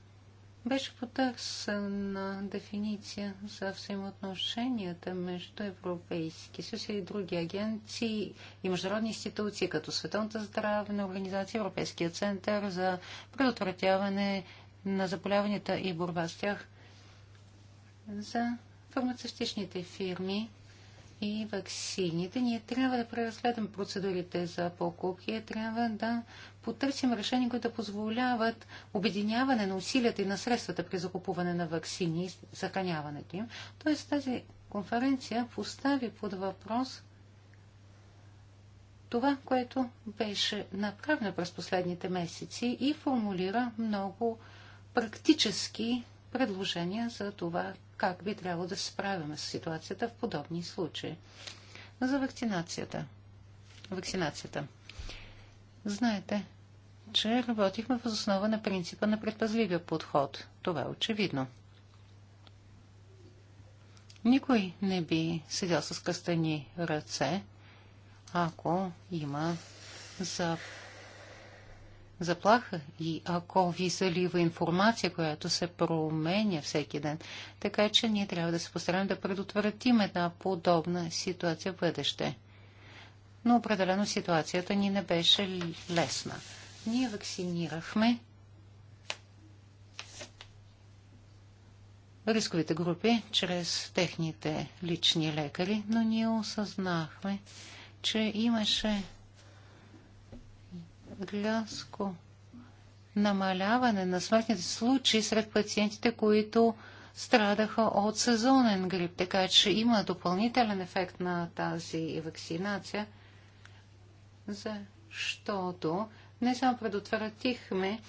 беше потърсена дефиниция за взаимоотношенията между Европейски съюз и други агенции и международни институции, като Световната здравна организация, Европейския център за предотвратяване на заболяванията и борба с тях, за фармацевтичните фирми и ваксините, ние трябва да преразгледаме процедурите за покупки, трябва да потърсим решения, които позволяват обединяване на усилията и на средствата при закупуване на ваксини и съхраняването им. Тоест тази конференция постави под въпрос това, което беше направено през последните месеци и формулира много практически предложения за това как би трябвало да се справяме с ситуацията в подобни случаи. За вакцинацията. Вакцинацията. Знаете, че работихме в основа на принципа на предпазливия подход. Това е очевидно. Никой не би седял с къстани ръце, ако има за заплаха и ако ви залива информация, която се променя всеки ден. Така че ние трябва да се постараем да предотвратим една подобна ситуация в бъдеще. Но определено ситуацията ни не беше лесна. Ние вакцинирахме рисковите групи чрез техните лични лекари, но ние осъзнахме, че имаше рязко намаляване на смъртните случаи сред пациентите, които страдаха от сезонен грип. Така че има допълнителен ефект на тази вакцинация, защото не само предотвратихме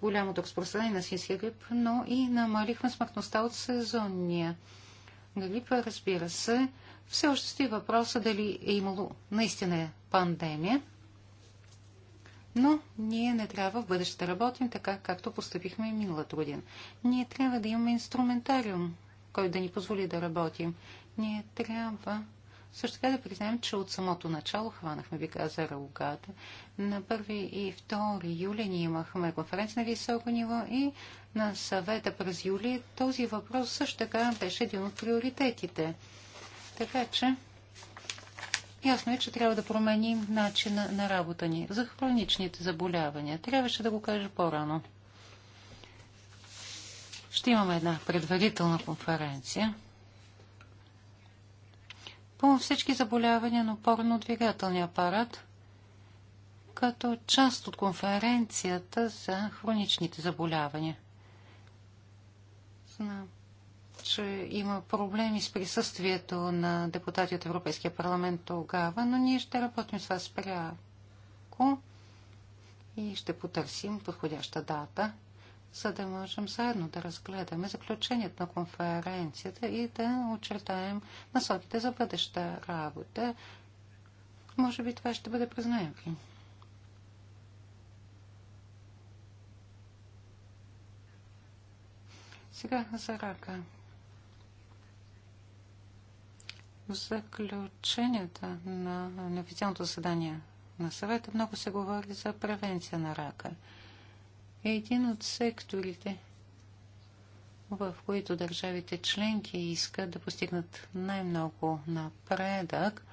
голямото разпространение на синския грип, но и намалихме смъртността от сезонния грип. Разбира се, все още стои въпроса дали е имало наистина пандемия – но ние не трябва в бъдеще да работим така, както поступихме и миналата година. Ние трябва да имаме инструментариум, който да ни позволи да работим. Ние трябва също така да признаем, че от самото начало хванахме бика за рогата. На 1 и 2 юли ние имахме конференция на високо ниво и на съвета през юли този въпрос също така беше един от приоритетите. Така че Ясно е, че трябва да променим начина на работа ни за хроничните заболявания. Трябваше да го кажа по-рано. Ще имаме една предварителна конференция по всички заболявания на опорно-двигателния апарат, като част от конференцията за хроничните заболявания. Знам, че има проблеми с присъствието на депутати от Европейския парламент тогава, но ние ще работим с вас пряко и ще потърсим подходяща дата, за да можем заедно да разгледаме заключението на конференцията и да очертаем насоките за бъдеща работа. Може би това ще бъде през ноември. Сега за рака заключенията на неофициалното заседание на съвета много се говори за превенция на рака. Е един от секторите, в които държавите членки искат да постигнат най-много напредък,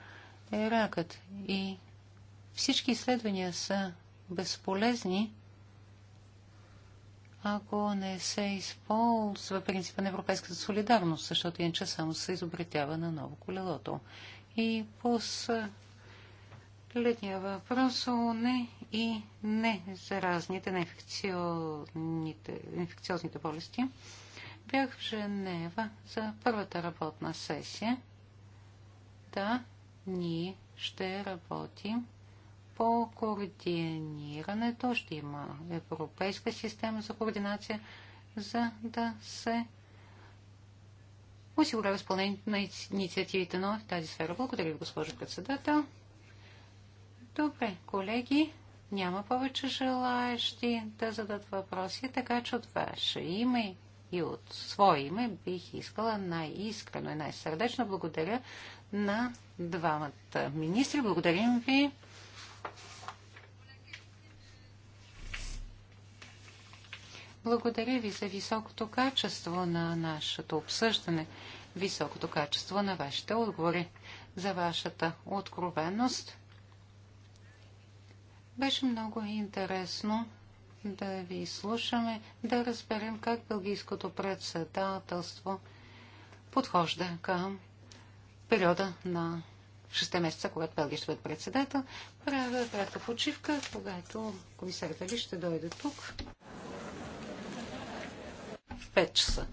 е ракът. И всички изследвания са безполезни, ако не се използва принципа на европейската солидарност, защото иначе само се изобретява на ново колелото. И следния въпрос о не и не заразните, инфекционните, инфекциозните болести. Бях в Женева за първата работна сесия. Да, ние ще работим по координирането. Ще има европейска система за координация, за да се осигурява изпълнението на инициативите на тази сфера. Благодаря ви, госпожо председател. Добре, колеги, няма повече желаящи да зададат въпроси, така че от ваше име и от свое име бих искала най-искрено и най-сърдечно благодаря на двамата министри. Благодарим ви. Благодаря ви за високото качество на нашето обсъждане, високото качество на вашите отговори, за вашата откровеност. Беше много интересно да ви слушаме, да разберем как Белгийското председателство подхожда към периода на 6 месеца, когато Белгия ще бъде председател. Правя кратка почивка, когато комисарите ви ще дойде тук в 5 часа.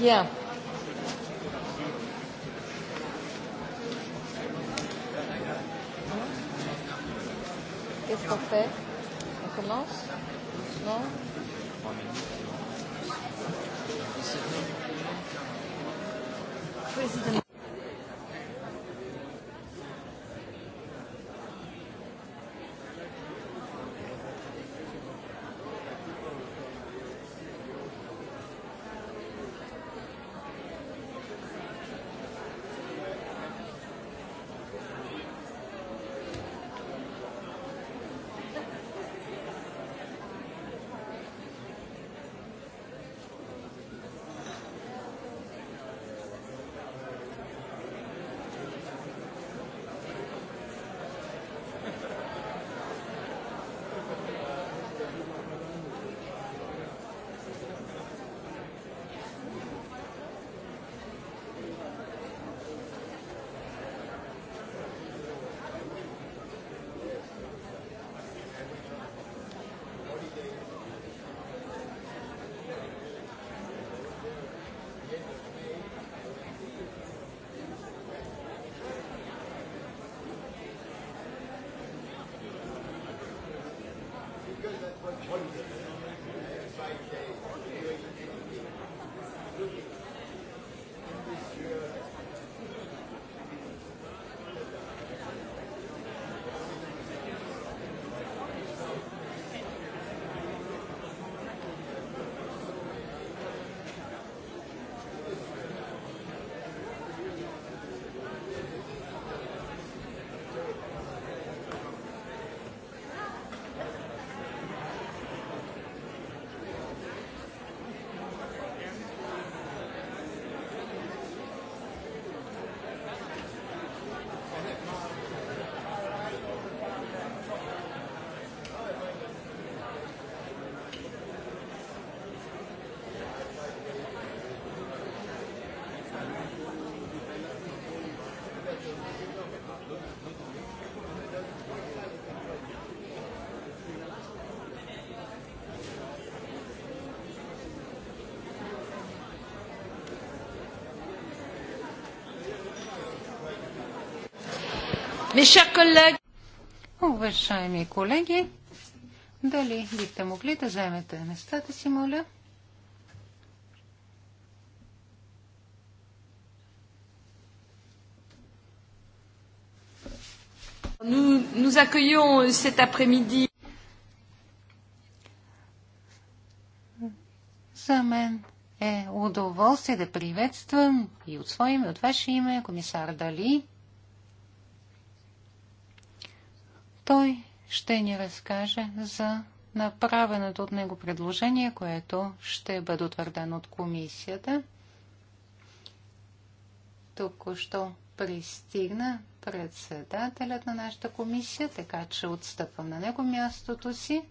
Yeah. Уважаеми колеги, дали бихте могли да вземете местата си, моля? Nous, nous cet За мен е удоволствие да приветствам и от своя име, от ваше име, комисар Дали. Той ще ни разкаже за направеното от него предложение, което ще бъде утвърдено от комисията. Току-що пристигна председателят на нашата комисия, така че отстъпвам на него мястото си.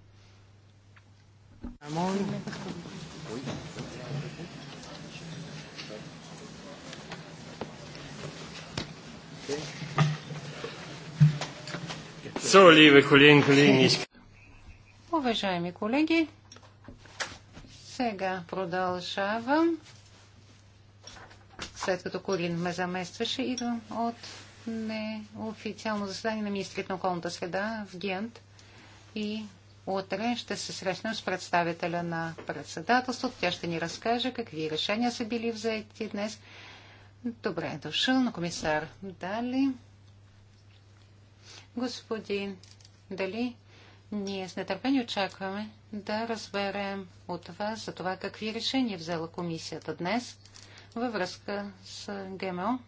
Okay. Уважаеми колеги, сега продължавам. След като Корин ме заместваше, идвам от неофициално заседание на министрите на околната среда в Гент и утре ще се срещнем с представителя на председателството. Тя ще ни разкаже какви решения са били взети днес. Добре е дошъл на комисар Дали. Господин Дали, ние с нетърпение очакваме да разберем от вас за това какви решения е взела комисията днес във връзка с ГМО.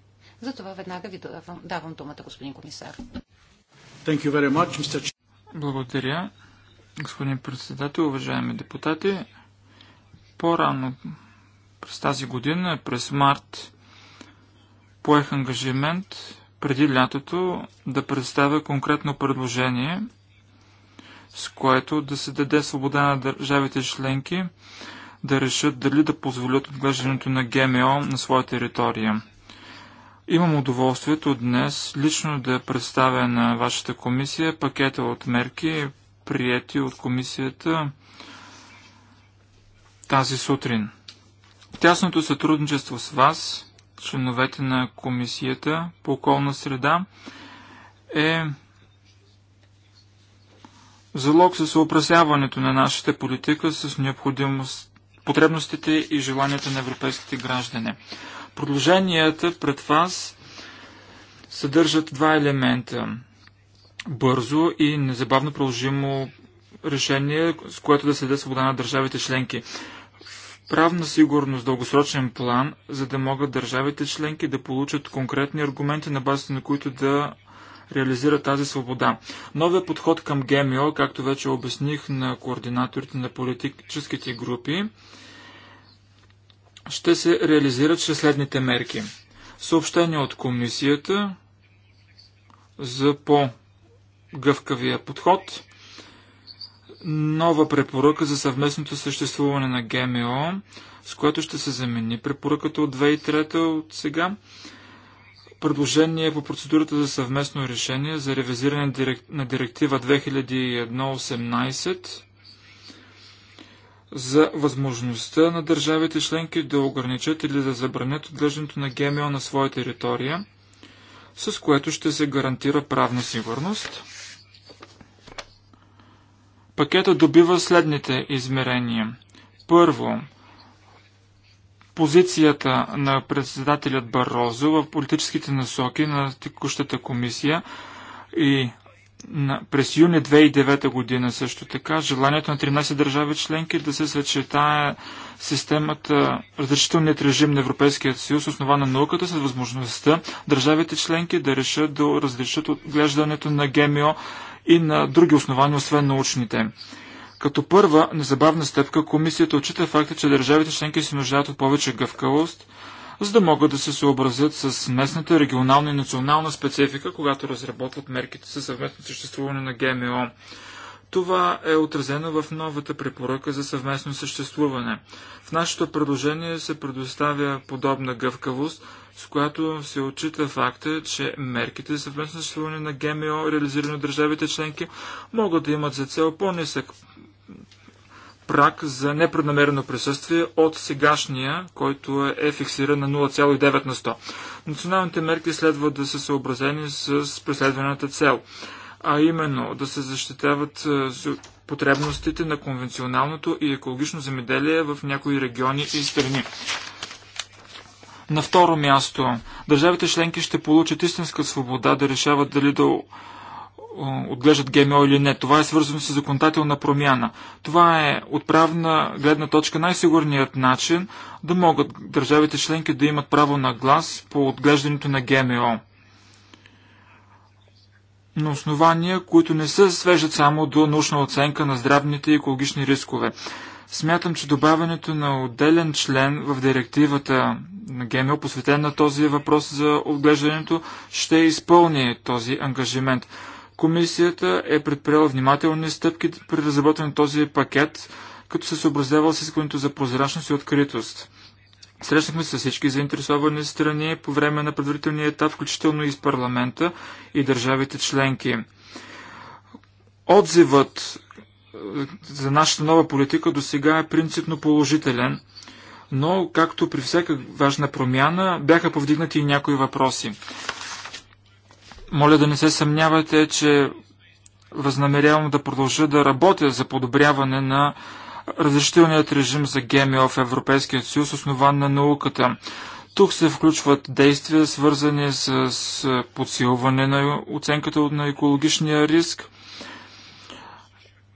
За това веднага ви давам, давам думата, господин комисар. Thank you very much, Mr. Благодаря, господин председател, уважаеми депутати. По-рано през тази година, през март, поех ангажимент преди лятото да представя конкретно предложение, с което да се даде свобода на държавите членки да решат дали да позволят отглеждането на ГМО на своя територия. Имам удоволствието днес лично да представя на вашата комисия пакета от мерки, прияти от комисията тази сутрин. Тясното сътрудничество с вас членовете на Комисията по околна среда е залог за съобразяването на нашата политика с необходимост, потребностите и желанията на европейските граждани. Продълженията пред вас съдържат два елемента. Бързо и незабавно приложимо решение, с което да се даде свобода на държавите членки правна сигурност дългосрочен план, за да могат държавите членки да получат конкретни аргументи, на базата на които да реализира тази свобода. Новия подход към ГМО, както вече обясних на координаторите на политическите групи, ще се реализира чрез следните мерки. Съобщение от комисията за по-гъвкавия подход, нова препоръка за съвместното съществуване на ГМО, с което ще се замени препоръката от 2003 от сега. Предложение по процедурата за съвместно решение за ревизиране на директива 2001-18 за възможността на държавите членки да ограничат или да забранят отглеждането на ГМО на своя територия, с което ще се гарантира правна сигурност. Пакетът добива следните измерения. Първо, позицията на председателят Барозо в политическите насоки на текущата комисия и на, през юни 2009 година също така желанието на 13 държави членки да се съчетае системата, разрешителният режим на Европейския съюз, основа на науката, с възможността държавите членки да решат да разрешат отглеждането на ГМО и на други основания, освен научните. Като първа незабавна стъпка, комисията отчита факта, че държавите членки се нуждаят от повече гъвкавост, за да могат да се съобразят с местната, регионална и национална специфика, когато разработват мерките за съвместно съществуване на ГМО. Това е отразено в новата препоръка за съвместно съществуване. В нашето предложение се предоставя подобна гъвкавост, с която се отчита факта, че мерките за съвместно свиване на ГМО, реализирани от държавите членки, могат да имат за цел по-нисък прак за непреднамерено присъствие от сегашния, който е, е фиксиран на 0,9 на 100. Националните мерки следва да са съобразени с преследваната цел, а именно да се защитават е, потребностите на конвенционалното и екологично земеделие в някои региони и страни. На второ място, държавите членки ще получат истинска свобода да решават дали да отглеждат ГМО или не. Това е свързано с законодателна промяна. Това е отправна гледна точка най-сигурният начин да могат държавите членки да имат право на глас по отглеждането на ГМО. На основания, които не се свежат само до научна оценка на здравните и екологични рискове. Смятам, че добавянето на отделен член в директивата на ГМО, посветен на този въпрос за отглеждането, ще изпълни този ангажимент. Комисията е предприела внимателни стъпки при разработване на този пакет, като се съобразява с искането за прозрачност и откритост. Срещнахме се с всички заинтересовани страни по време на предварителния етап, включително и с парламента и държавите членки. Отзивът за нашата нова политика до сега е принципно положителен, но както при всяка важна промяна бяха повдигнати и някои въпроси. Моля да не се съмнявате, че възнамерявам да продължа да работя за подобряване на разрешителният режим за ГМО в Европейския съюз, основан на науката. Тук се включват действия, свързани с подсилване на оценката на екологичния риск,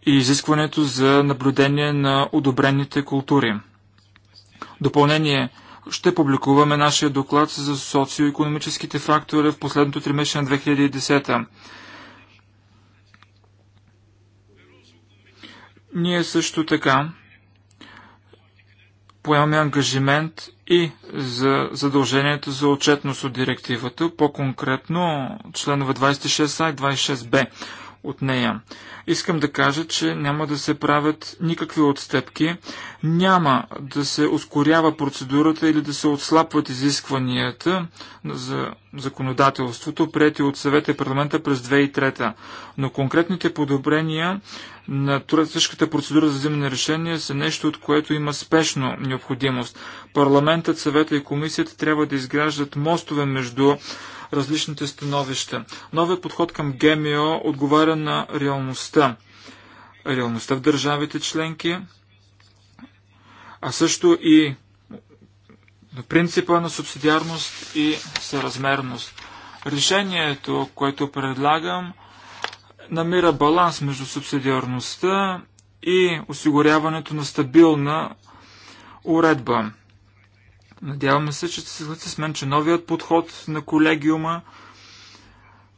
и изискването за наблюдение на одобрените култури. Допълнение ще публикуваме нашия доклад за социо-економическите фактори в последното тримесечие на 2010 Ние също така поемаме ангажимент и за задължението за отчетност от директивата, по-конкретно членове 26А и 26Б от нея. Искам да кажа, че няма да се правят никакви отстъпки, няма да се ускорява процедурата или да се отслабват изискванията за законодателството, прияти от съвета и парламента през 2003 Но конкретните подобрения на турецката процедура за взимане решение са нещо, от което има спешно необходимост. Парламентът, съвета и комисията трябва да изграждат мостове между различните становища. Новият подход към ГМО отговаря на реалността. Реалността в държавите членки, а също и на принципа на субсидиарност и съразмерност. Решението, което предлагам, намира баланс между субсидиарността и осигуряването на стабилна уредба. Надяваме се, че ще се съгласи с мен, че новият подход на колегиума,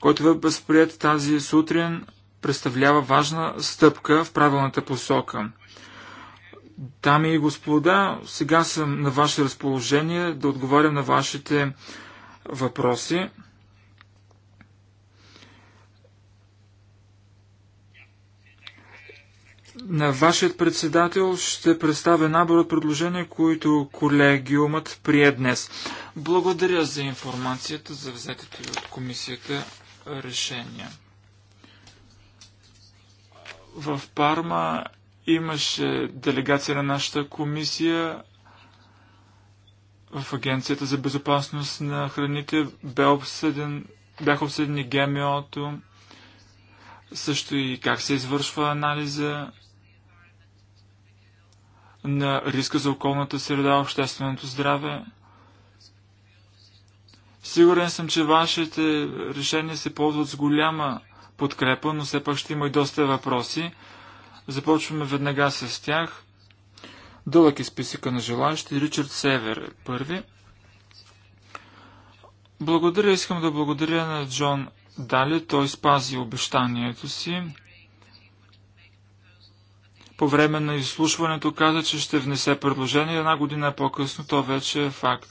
който бе възприят тази сутрин, представлява важна стъпка в правилната посока. Дами и господа, сега съм на ваше разположение да отговарям на вашите въпроси. на вашият председател ще представя набор от предложения, които колегиумът прие днес. Благодаря за информацията за взетите от комисията решения. В Парма имаше делегация на нашата комисия в Агенцията за безопасност на храните. Бе обсъден, бяха обсъдени ГМО-то, също и как се извършва анализа на риска за околната среда, общественото здраве. Сигурен съм, че вашите решения се ползват с голяма подкрепа, но все пак ще има и доста въпроси. Започваме веднага с тях. Дълъг е списъка на желаящи. Ричард Север е първи. Благодаря, искам да благодаря на Джон Дали. Той спази обещанието си по време на изслушването каза, че ще внесе предложение. Една година по-късно то вече е факт.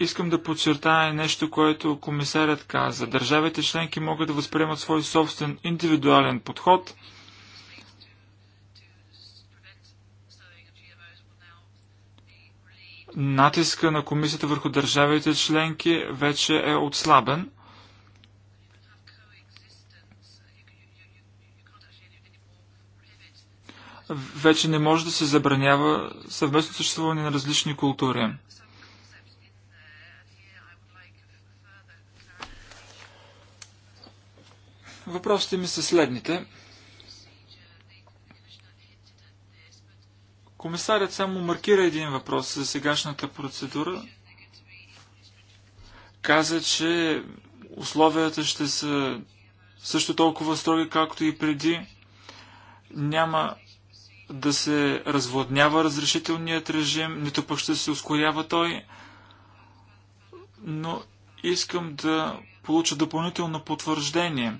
Искам да подчертая нещо, което комисарят каза. Държавите членки могат да възприемат свой собствен индивидуален подход – натиска на комисията върху държавите членки вече е отслабен. Вече не може да се забранява съвместно съществуване на различни култури. Въпросите ми са следните. Комисарят само маркира един въпрос за сегашната процедура. Каза, че условията ще са също толкова строги, както и преди. Няма да се разводнява разрешителният режим, нито пък ще се ускорява той. Но искам да получа допълнително потвърждение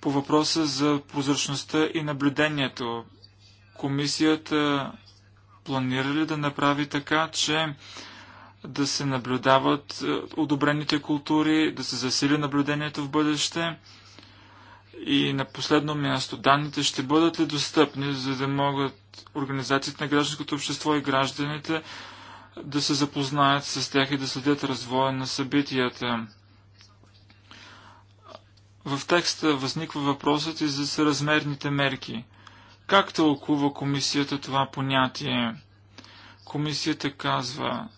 по въпроса за прозрачността и наблюдението. Комисията планира ли да направи така, че да се наблюдават е, одобрените култури, да се засили наблюдението в бъдеще? И на последно място, данните ще бъдат ли достъпни, за да могат организациите на гражданското общество и гражданите да се запознаят с тях и да следят развоя на събитията? В текста възниква въпросът и за съразмерните мерки. Как тълкува комисията това понятие? Комисията казва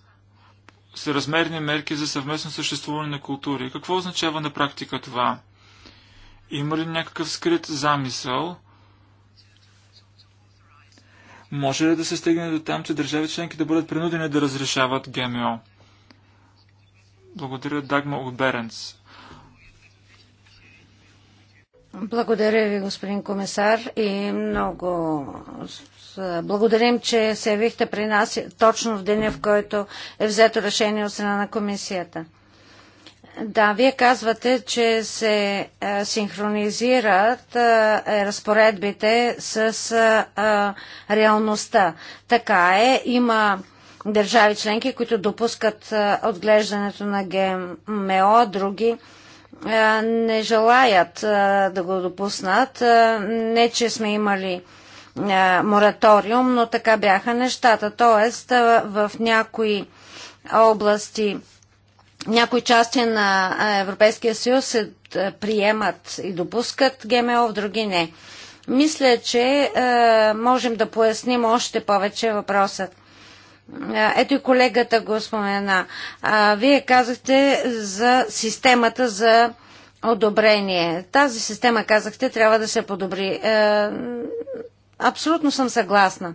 съразмерни мерки за съвместно съществуване на култури. Какво означава на практика това? Има ли някакъв скрит замисъл? Може ли да се стигне до там, че държави членки да бъдат принудени да разрешават ГМО? Благодаря Дагма Беренц. Благодаря ви, господин комисар, и много благодарим, че се явихте при нас точно в деня, в който е взето решение от страна на комисията. Да, вие казвате, че се е, синхронизират е, е, разпоредбите с реалността. Така е, има държави членки, които допускат отглеждането на ГМО, други – не желаят да го допуснат. Не, че сме имали мораториум, но така бяха нещата. Тоест, в някои области, някои части на Европейския съюз се приемат и допускат ГМО, в други не. Мисля, че можем да поясним още повече въпросът. Ето и колегата го спомена. Вие казахте за системата за одобрение. Тази система, казахте, трябва да се подобри. Е, абсолютно съм съгласна.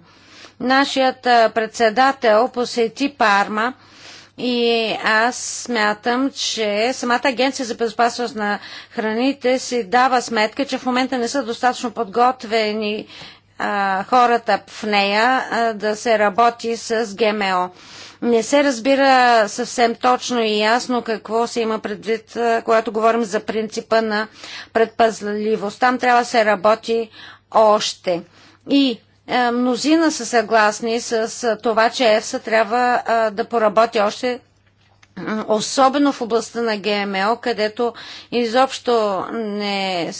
Нашият председател посети Парма и аз смятам, че самата агенция за безопасност на храните си дава сметка, че в момента не са достатъчно подготвени хората в нея да се работи с ГМО. Не се разбира съвсем точно и ясно какво се има предвид, когато говорим за принципа на предпазливост. Там трябва да се работи още. И мнозина са съгласни с това, че ЕФСА трябва да поработи още особено в областта на ГМО, където изобщо не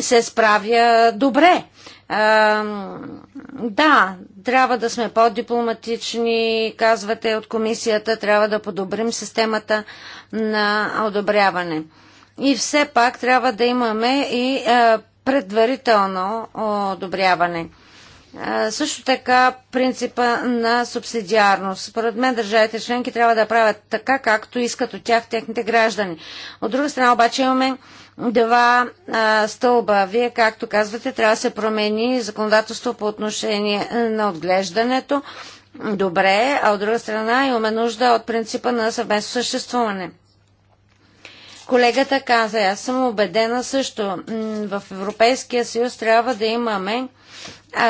се справя добре да, трябва да сме по-дипломатични, казвате от комисията, трябва да подобрим системата на одобряване. И все пак трябва да имаме и предварително одобряване. Също така принципа на субсидиарност. Според мен държавите членки трябва да правят така, както искат от тях техните граждани. От друга страна обаче имаме два а, стълба. Вие, както казвате, трябва да се промени законодателство по отношение на отглеждането. Добре, а от друга страна имаме нужда от принципа на съвместно съществуване. Колегата каза, аз съм убедена също, в Европейския съюз трябва да имаме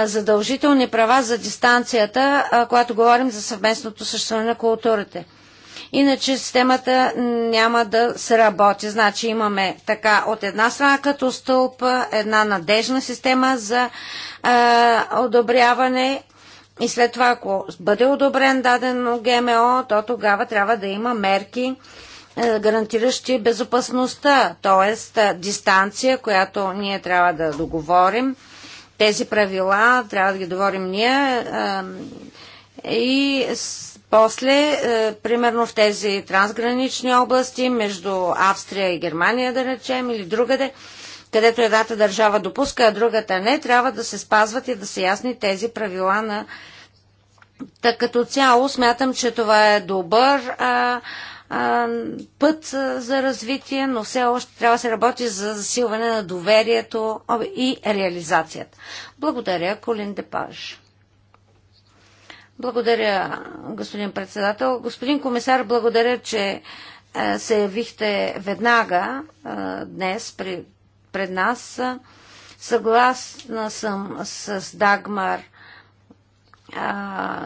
задължителни права за дистанцията, когато говорим за съвместното съществуване на културите иначе системата няма да сработи. Значи имаме така от една страна като стълб една надежна система за а, одобряване и след това, ако бъде одобрен дадено ГМО, то тогава трябва да има мерки, гарантиращи безопасността, т.е. дистанция, която ние трябва да договорим. Тези правила трябва да ги договорим ние и после, е, примерно в тези трансгранични области, между Австрия и Германия, да речем, или другаде, където едната държава допуска, а другата не, трябва да се спазват и да са ясни тези правила на. Та като цяло смятам, че това е добър а, а, път за развитие, но все още трябва да се работи за засилване на доверието и реализацията. Благодаря, Колин Депаж. Благодаря, господин председател. Господин комисар, благодаря, че е, се явихте веднага е, днес пред нас. Съгласна съм с Дагмар. Е,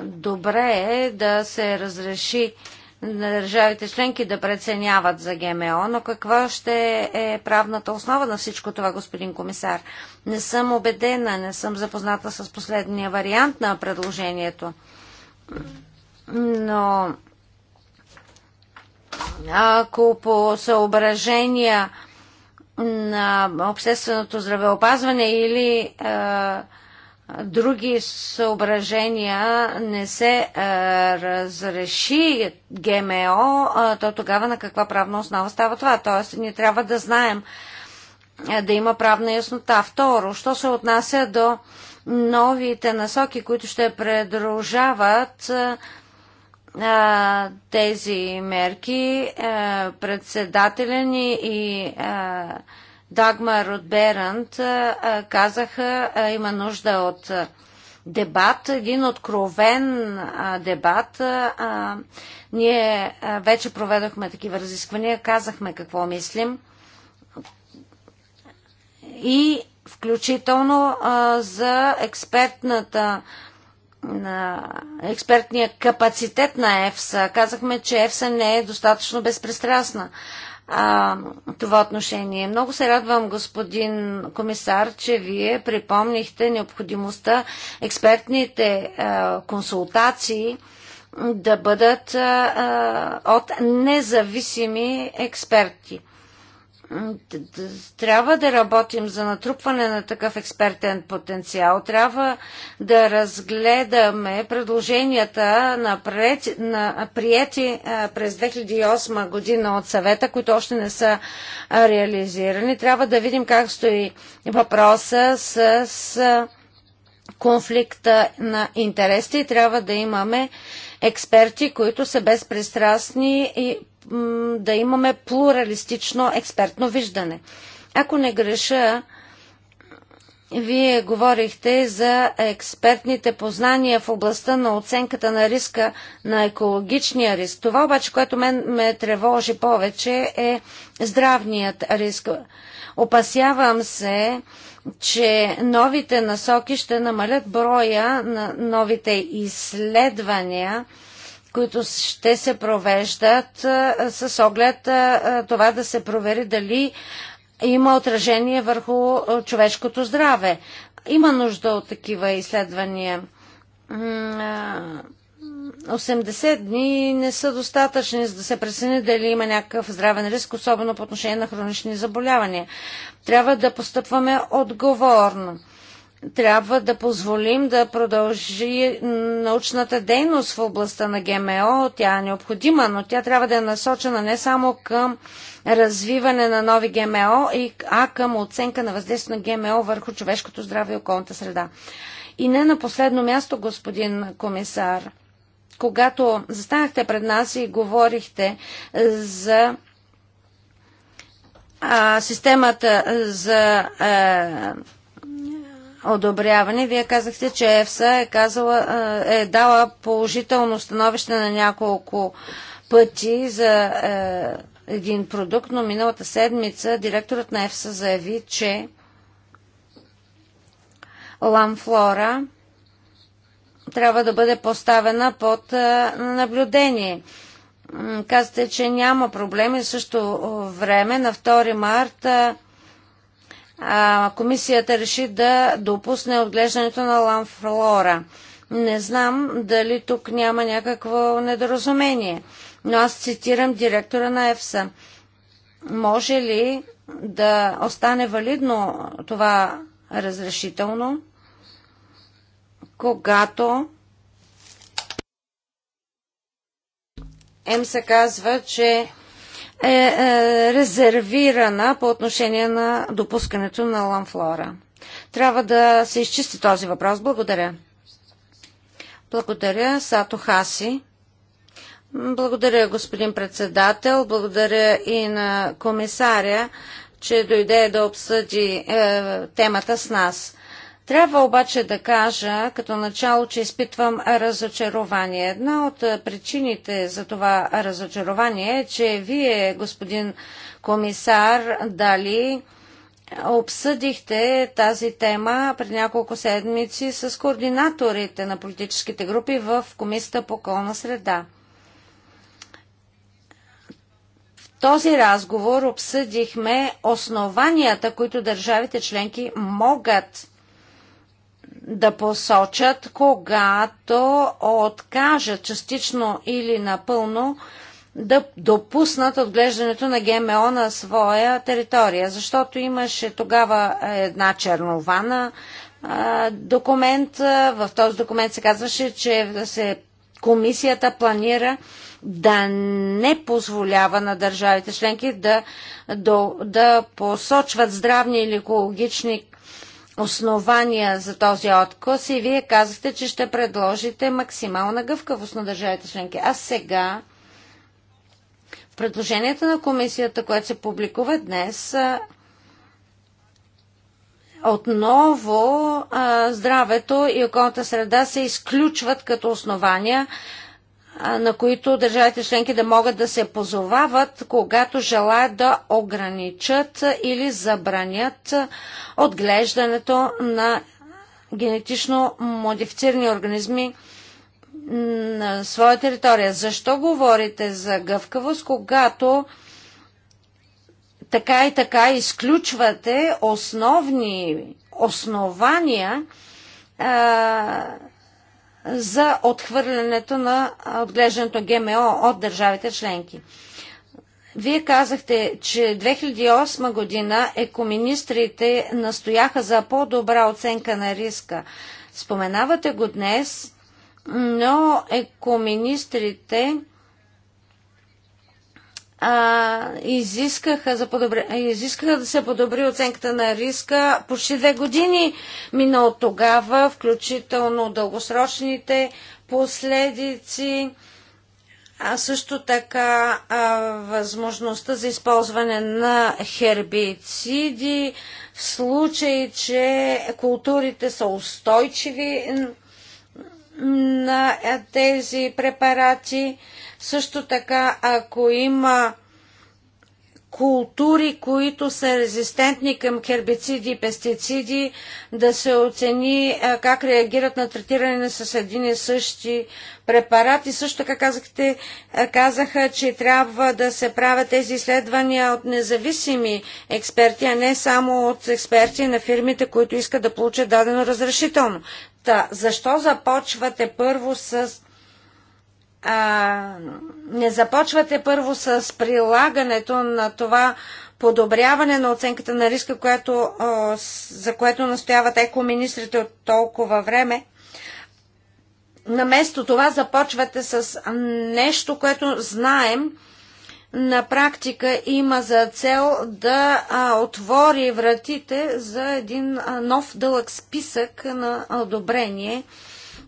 добре е да се разреши на държавите членки да преценяват за ГМО, но каква ще е правната основа на всичко това, господин комисар? Не съм убедена, не съм запозната с последния вариант на предложението. Но ако по съображения на общественото здравеопазване или а, други съображения не се а, разреши ГМО, а, то тогава на каква правна основа става това? Тоест, ние трябва да знаем да има правна яснота. Второ, що се отнася до новите насоки, които ще предружават а, тези мерки. А, ни и а, Дагмар от Берант казаха, има нужда от дебат, един откровен дебат. Ние вече проведохме такива разисквания, казахме какво мислим. И включително а, за експертната на експертния капацитет на ЕФСА. Казахме, че ЕФСА не е достатъчно безпристрастна а, това отношение. Много се радвам, господин комисар, че вие припомнихте необходимостта експертните а, консултации да бъдат а, от независими експерти трябва да работим за натрупване на такъв експертен потенциал. Трябва да разгледаме предложенията на, пред, на приети през 2008 година от съвета, които още не са реализирани. Трябва да видим как стои въпроса с, с конфликта на интереси и трябва да имаме експерти, които са безпристрастни и да имаме плуралистично експертно виждане. Ако не греша, вие говорихте за експертните познания в областта на оценката на риска на екологичния риск. Това обаче, което мен ме тревожи повече е здравният риск. Опасявам се, че новите насоки ще намалят броя на новите изследвания – които ще се провеждат с оглед това да се провери дали има отражение върху човешкото здраве. Има нужда от такива изследвания. 80 дни не са достатъчни, за да се прецени дали има някакъв здравен риск, особено по отношение на хронични заболявания. Трябва да постъпваме отговорно трябва да позволим да продължи научната дейност в областта на ГМО. Тя е необходима, но тя трябва да е насочена не само към развиване на нови ГМО, а към оценка на въздействие на ГМО върху човешкото здраве и околната среда. И не на последно място, господин комисар, когато застанахте пред нас и говорихте за а, системата за а, одобряване. Вие казахте, че ЕФСА е, казала, е дала положително становище на няколко пъти за е, един продукт, но миналата седмица директорът на ЕФСА заяви, че ламфлора трябва да бъде поставена под е, наблюдение. Казвате, че няма проблеми. В същото време на 2 марта е, а, комисията реши да допусне отглеждането на ламфлора. Не знам дали тук няма някакво недоразумение, но аз цитирам директора на ЕФСА. Може ли да остане валидно това разрешително, когато ЕМСА казва, че е, е резервирана по отношение на допускането на Ланфлора. Трябва да се изчисти този въпрос. Благодаря. Благодаря, Сато Хаси. Благодаря, господин председател. Благодаря и на комисаря, че дойде да обсъди е, темата с нас. Трябва обаче да кажа като начало, че изпитвам разочарование. Една от е, причините за това разочарование е, че вие, господин комисар Дали, обсъдихте тази тема пред няколко седмици с координаторите на политическите групи в Комисията по околна среда. В този разговор обсъдихме основанията, които държавите членки могат да посочат, когато откажат частично или напълно да допуснат отглеждането на ГМО на своя територия, защото имаше тогава една чернована документ. В този документ се казваше, че се комисията планира да не позволява на държавите членки да, да, да посочват здравни или екологични основания за този откос и вие казахте, че ще предложите максимална гъвкавост на държавите членки. А сега в предложението на комисията, което се публикува днес, отново здравето и околната среда се изключват като основания на които държавите членки да могат да се позовават, когато желаят да ограничат или забранят отглеждането на генетично модифицирани организми на своя територия. Защо говорите за гъвкавост, когато така и така изключвате основни основания а, за отхвърлянето на отглеждането ГМО от държавите членки. Вие казахте, че 2008 година екоминистрите настояха за по-добра оценка на риска. Споменавате го днес, но екоминистрите а, изискаха, за подобре, изискаха да се подобри оценката на риска. Почти две години мина от тогава, включително дългосрочните последици, а също така а, възможността за използване на хербициди в случай, че културите са устойчиви на тези препарати. Също така, ако има култури, които са резистентни към хербициди и пестициди, да се оцени е, как реагират на третиране с един и същи препарат. И също така казахте, е, казаха, че трябва да се правят тези изследвания от независими експерти, а не само от експерти на фирмите, които искат да получат дадено разрешително. Та, защо започвате първо с а, не започвате първо с прилагането на това подобряване на оценката на риска, което, а, за което настояват екоминистрите от толкова време. Наместо това започвате с нещо, което знаем, на практика има за цел да а, отвори вратите за един а, нов дълъг списък на одобрение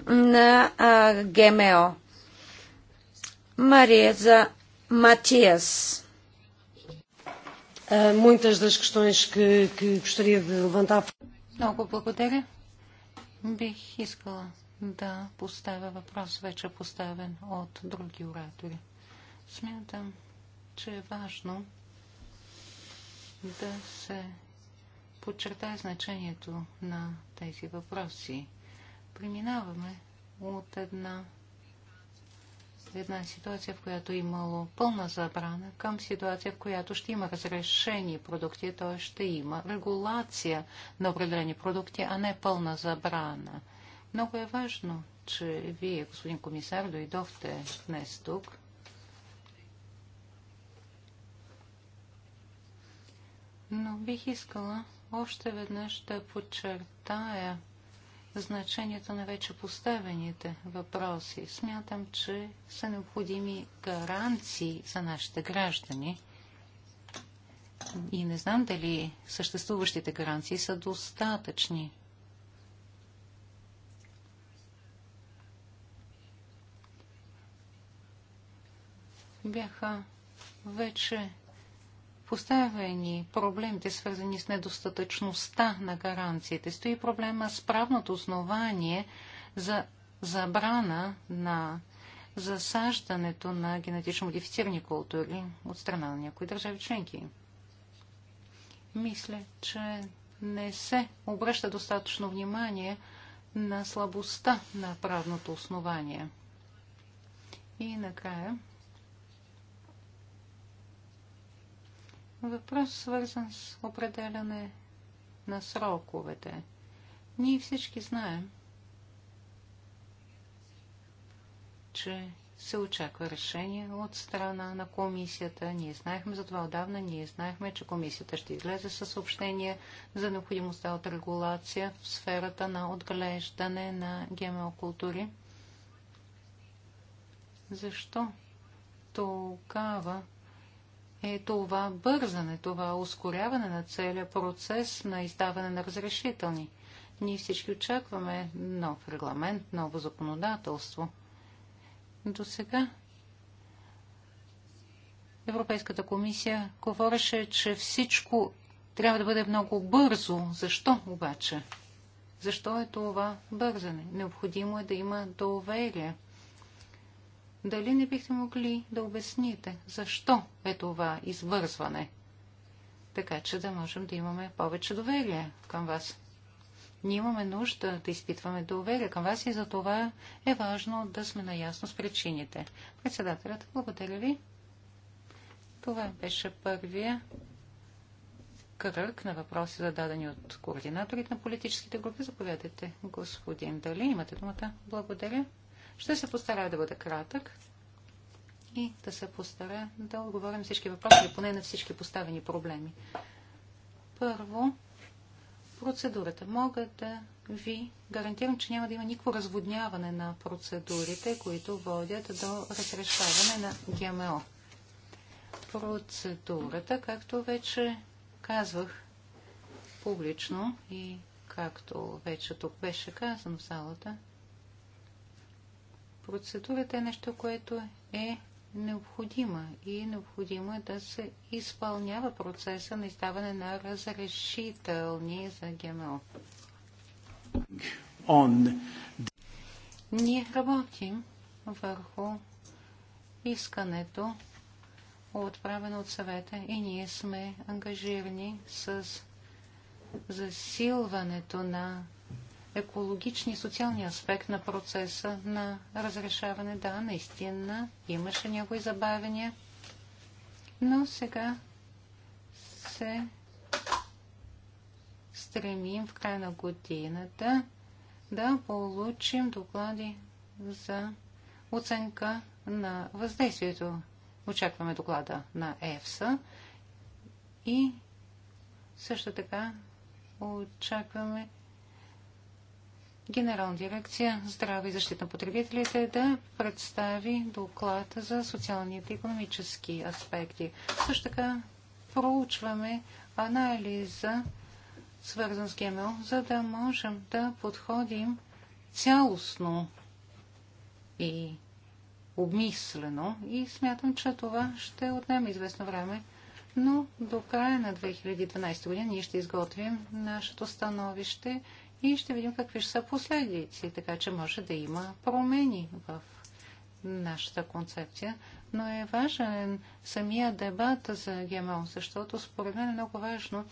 на а, ГМО. Мария за Матиас. Muitas das questões que, que gostaria de levantar. Много благодаря. Бих искала да поставя въпрос, вече поставен от други оратори. Смятам, че е важно да се подчертае значението на тези въпроси. Преминаваме от една, една ситуация, в която е имало пълна забрана, към ситуация, в която ще има разрешени продукти, т.е. ще има регулация на определени продукти, а не пълна забрана. Много е важно, че вие, господин комисар, дойдохте днес тук но бих искала още веднъж да подчертая значението на вече поставените въпроси. Смятам, че са необходими гаранции за нашите граждани. И не знам дали съществуващите гаранции са достатъчни. Бяха вече поставени проблемите, свързани с недостатъчността на гаранциите. Стои проблема с правното основание за забрана на засаждането на генетично модифицирани култури от страна на някои държави членки. Мисля, че не се обръща достатъчно внимание на слабостта на правното основание. И накрая Въпрос свързан с определяне на сроковете. Ние всички знаем, че се очаква решение от страна на комисията. Ние знаехме за това отдавна. Ние знаехме, че комисията ще излезе със съобщение за необходимостта от регулация в сферата на отглеждане на ГМО култури. Защо тогава е това бързане, това ускоряване на целия процес на издаване на разрешителни. Ние всички очакваме нов регламент, ново законодателство. До сега Европейската комисия говореше, че всичко трябва да бъде много бързо. Защо обаче? Защо е това бързане? Необходимо е да има доверие дали не бихте могли да обясните защо е това извързване, така че да можем да имаме повече доверие към вас? Ние имаме нужда да изпитваме доверие към вас и за това е важно да сме наясно с причините. Председателят, благодаря ви. Това беше първия кръг на въпроси, зададени от координаторите на политическите групи. Заповядайте, господин Дали. Имате думата. Благодаря. Ще се постарая да бъда кратък и да се постаря да отговорим всички въпроси, или поне на всички поставени проблеми. Първо, процедурата. Мога да ви гарантирам, че няма да има никакво разводняване на процедурите, които водят до разрешаване на ГМО. Процедурата, както вече казвах публично и както вече тук беше казано в залата, Процедурата е нещо, което е необходима и е необходимо е да се изпълнява процеса на издаване на разрешителни за ГМО. On... Ние работим върху искането, отправено от съвета и ние сме ангажирани с засилването на екологичния и социалния аспект на процеса на разрешаване. Да, наистина имаше някои забавения, но сега се стремим в края на годината да получим доклади за оценка на въздействието. Очакваме доклада на ЕФСА и също така очакваме Генерална дирекция Здраве и защита на потребителите да представи доклад за социалните и економически аспекти. Също така проучваме анализа, свързан с ГМО, за да можем да подходим цялостно и обмислено и смятам, че това ще отнеме известно време, но до края на 2012 година ние ще изготвим нашето становище и ще видим какви ще са последици, така че може да има промени в нашата концепция, но е важен самия дебат за ГМО, защото според мен е много важно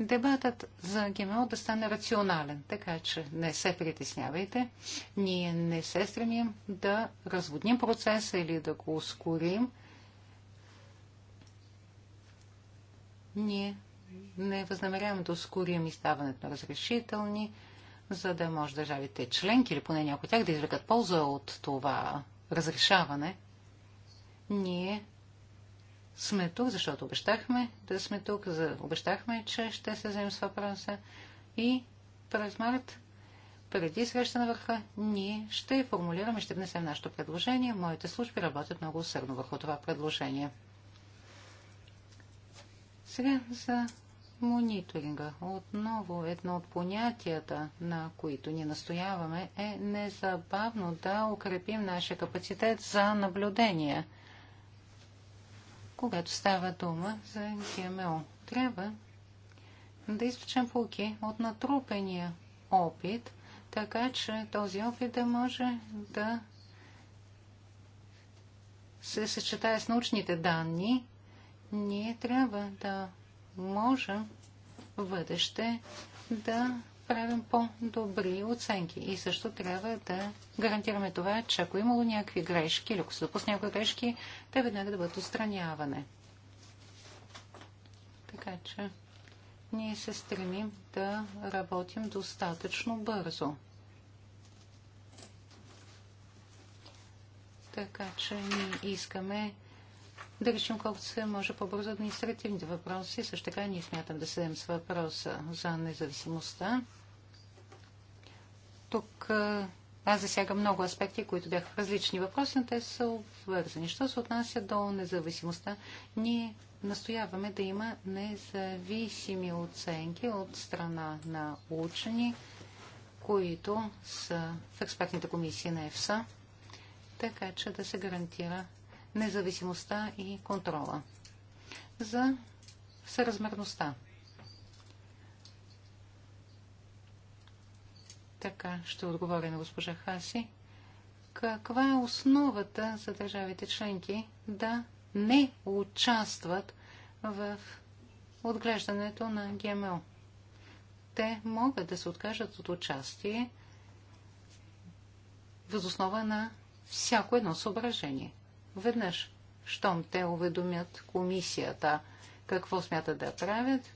дебатът за ГМО да стане рационален, така че не се притеснявайте. Ние не се стремим да разводним процеса или да го ускорим. Ние не възнамеряваме да ускорим изставането на разрешителни, за да може държавите членки или поне някои тях да извлекат полза от това разрешаване, ние сме тук, защото обещахме да сме тук, за... обещахме, че ще се вземем с въпроса и през март преди среща на върха, ние ще формулираме, ще внесем нашето предложение. Моите служби работят много усърдно върху това предложение. Сега за мониторинга. Отново едно от понятията, на които ни настояваме, е незабавно да укрепим нашия капацитет за наблюдение. Когато става дума за ГМО, трябва да извлечем полки от натрупения опит, така че този опит да може да се съчетае с научните данни, ние трябва да можем в бъдеще да правим по-добри оценки. И също трябва да гарантираме това, че ако е имало някакви грешки или ако се допусне някакви грешки, те веднага да бъдат отстраняване. Така че ние се стремим да работим достатъчно бързо. Така че ние искаме да решим колкото се може по-бързо административните въпроси. Също така ние смятам да седем с въпроса за независимостта. Тук аз засягам много аспекти, които бяха различни въпроси, но те са обвързани. Що се отнася до независимостта, ние настояваме да има независими оценки от страна на учени, които са в експертните комисии на ЕФСА, така че да се гарантира независимостта и контрола. За съразмерността. Така ще отговоря на госпожа Хаси. Каква е основата за държавите членки да не участват в отглеждането на ГМО? Те могат да се откажат от участие възоснова на всяко едно съображение – веднъж, щом те уведомят комисията какво смятат да правят,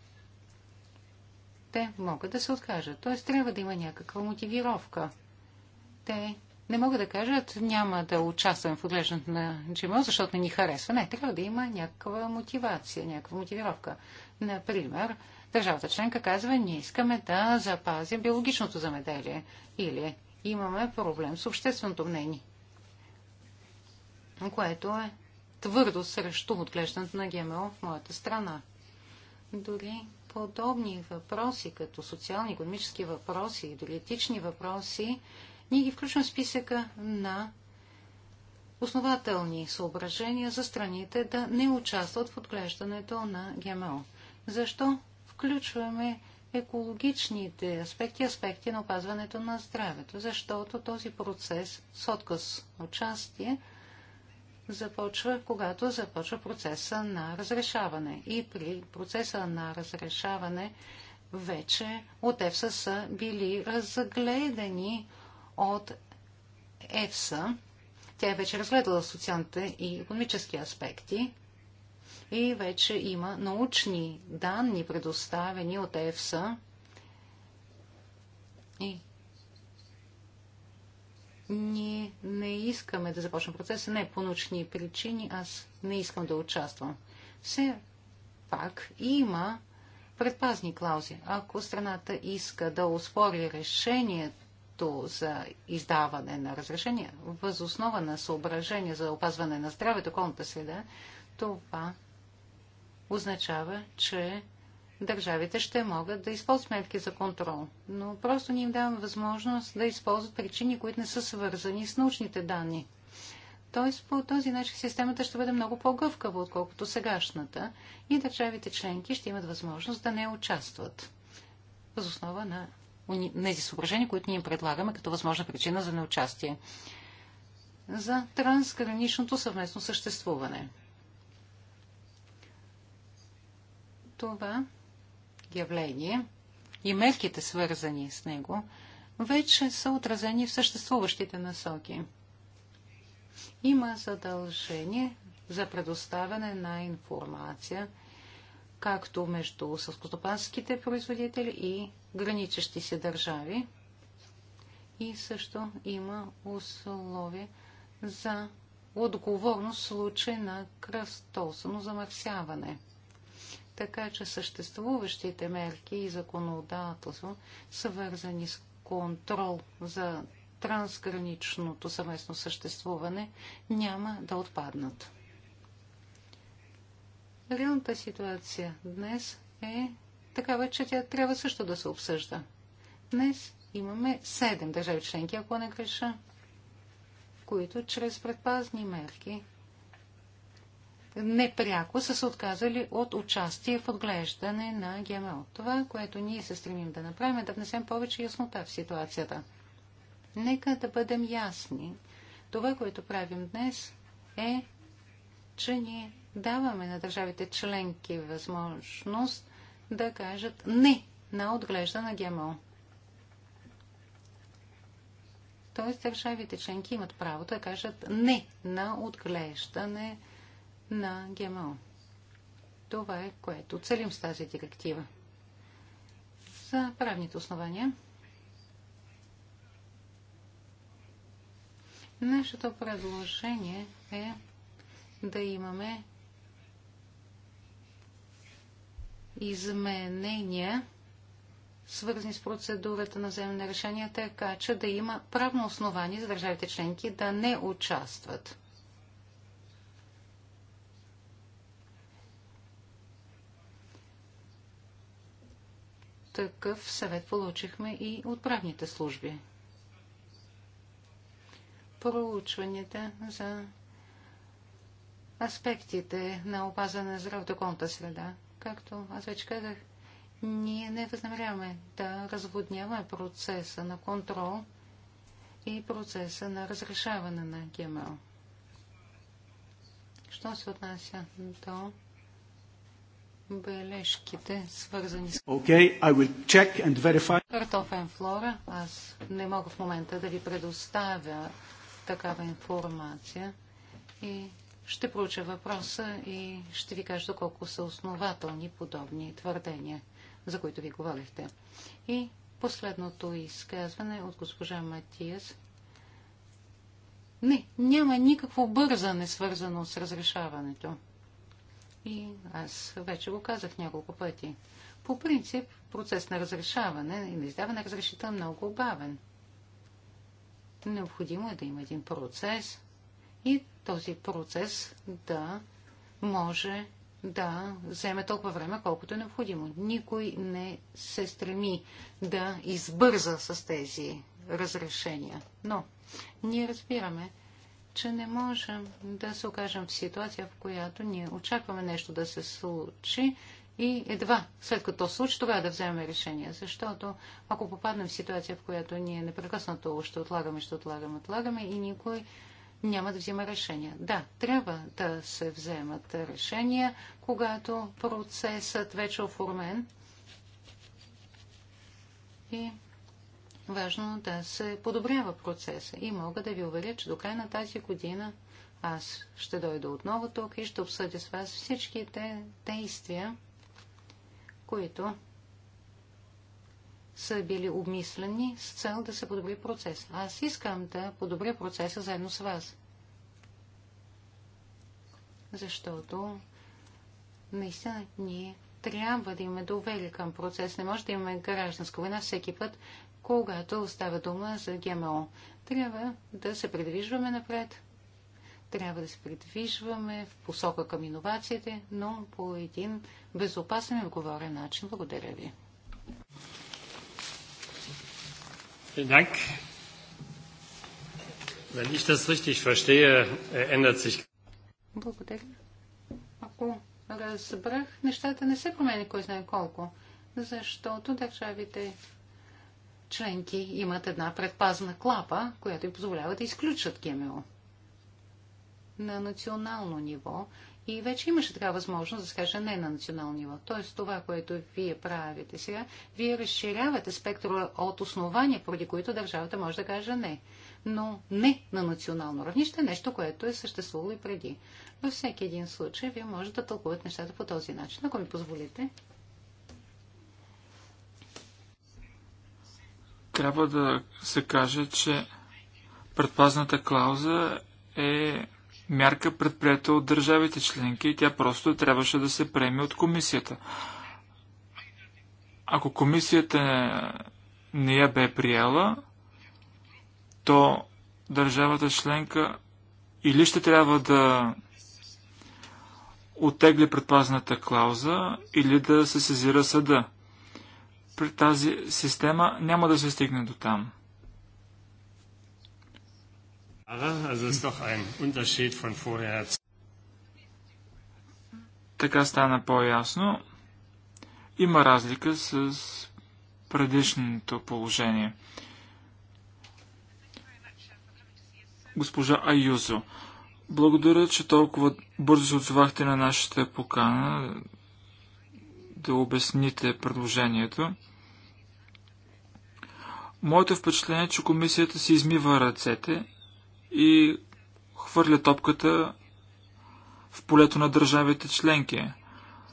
те могат да се откажат. Т.е. трябва да има някаква мотивировка. Те не могат да кажат, няма да участвам в отглеждането на GMO, защото не ни харесва. Не, трябва да има някаква мотивация, някаква мотивировка. Например, държавата членка казва, ние искаме да запазим биологичното замеделие или имаме проблем с общественото мнение което е твърдо срещу отглеждането на ГМО в моята страна. Дори подобни въпроси, като социални, економически въпроси и дори етични въпроси, ние ги включваме в списъка на основателни съображения за страните да не участват в отглеждането на ГМО. Защо включваме екологичните аспекти, аспекти на опазването на здравето? Защото този процес с отказ участие започва, когато започва процеса на разрешаване. И при процеса на разрешаване вече от ЕФСА са били разгледани от ЕФСА. Тя е вече разгледала социалните и економически аспекти и вече има научни данни, предоставени от ЕФСА. И ние не искаме да започнем процеса, не по научни причини, аз не искам да участвам. Все пак има предпазни клаузи. Ако страната иска да успори решението за издаване на разрешение, възоснова на съображение за опазване на здравето, околната среда, това означава, че държавите ще могат да използват мерки за контрол. Но просто ни им даваме възможност да използват причини, които не са свързани с научните данни. Тоест по този начин системата ще бъде много по-гъвкава, отколкото сегашната и държавите членки ще имат възможност да не участват. основа на тези съображения, които ние предлагаме като възможна причина за неучастие. За трансграничното съвместно съществуване. Това явление и мерките, свързани с него, вече са отразени в съществуващите насоки. Има задължение за предоставяне на информация, както между съскотопанските производители и граничещи се държави. И също има условие за отговорност в случай на кръстосано замърсяване – така че съществуващите мерки и законодателство, свързани с контрол за трансграничното съвместно съществуване, няма да отпаднат. Реалната ситуация днес е такава, че тя трябва също да се обсъжда. Днес имаме седем държави членки, ако не греша, които чрез предпазни мерки непряко са се отказали от участие в отглеждане на ГМО. Това, което ние се стремим да направим, е да внесем повече яснота в ситуацията. Нека да бъдем ясни. Това, което правим днес, е, че ние даваме на държавите членки възможност да кажат не на отглежда на ГМО. Тоест държавите членки имат правото да кажат не на отглеждане на на ГМО. Това е което целим с тази директива. За правните основания. Нашето предложение е да имаме изменения, свързани с процедурата на вземане на решения, така че да има правно основание за държавите членки да не участват. такъв съвет получихме и от правните служби. Проучванията за аспектите на опазване на здравето околната среда, както аз вече казах, ние не възнамеряваме да разводняваме процеса на контрол и процеса на разрешаване на ГМО. Що се отнася до бележките, свързани с okay, I will check and verify. картофен флора. Аз не мога в момента да ви предоставя такава информация и ще проуча въпроса и ще ви кажа колко са основателни подобни твърдения, за които ви говорихте. И последното изказване от госпожа Матиас. Не, няма никакво бързане, свързано с разрешаването и аз вече го казах няколко пъти. По принцип, процес на разрешаване и на издаване разрешите разрешител е много бавен. Необходимо е да има един процес и този процес да може да вземе толкова време, колкото е необходимо. Никой не се стреми да избърза с тези разрешения. Но ние разбираме, че не можем да се окажем в ситуация, в която ние очакваме нещо да се случи и едва след като случи, тогава да вземем решение. Защото ако попаднем в ситуация, в която ние непрекъснато ще отлагаме, ще отлагаме, отлагаме и никой няма да взима решение. Да, трябва да се вземат решения, когато процесът вече е оформен. И важно да се подобрява процеса. И мога да ви уверя, че до края на тази година аз ще дойда отново тук и ще обсъдя с вас всичките действия, които са били обмислени с цел да се подобри процес. Аз искам да подобря процеса заедно с вас. Защото наистина ние трябва да имаме доверие към процес. Не може да имаме гражданска война всеки път, когато остава дума за ГМО. Трябва да се предвижваме напред, трябва да се придвижваме в посока към иновациите, но по един безопасен и отговорен начин. Благодаря ви. Äh, Благодаря. Ако разбрах, нещата не се промени кой знае колко, защото държавите членки имат една предпазна клапа, която им позволява да изключат ГМО на национално ниво. И вече имаше така възможност да се каже не на национално ниво. Тоест това, което вие правите сега, вие разширявате спектъра от основания, поради които държавата може да каже не. Но не на национално равнище, е нещо, което е съществувало и преди. Във всеки един случай, вие можете да тълкувате нещата по този начин, ако ми позволите. трябва да се каже, че предпазната клауза е мярка предприета от държавите членки и тя просто трябваше да се приеме от комисията. Ако комисията не я бе приела, то държавата членка или ще трябва да отегли предпазната клауза, или да се сезира съда при тази система няма да се стигне до там. Така стана по-ясно. Има разлика с предишното положение. Госпожа Аюзо, благодаря, че толкова бързо се отзовахте на нашата покана да обясните предложението. Моето впечатление е, че комисията си измива ръцете и хвърля топката в полето на държавите членки.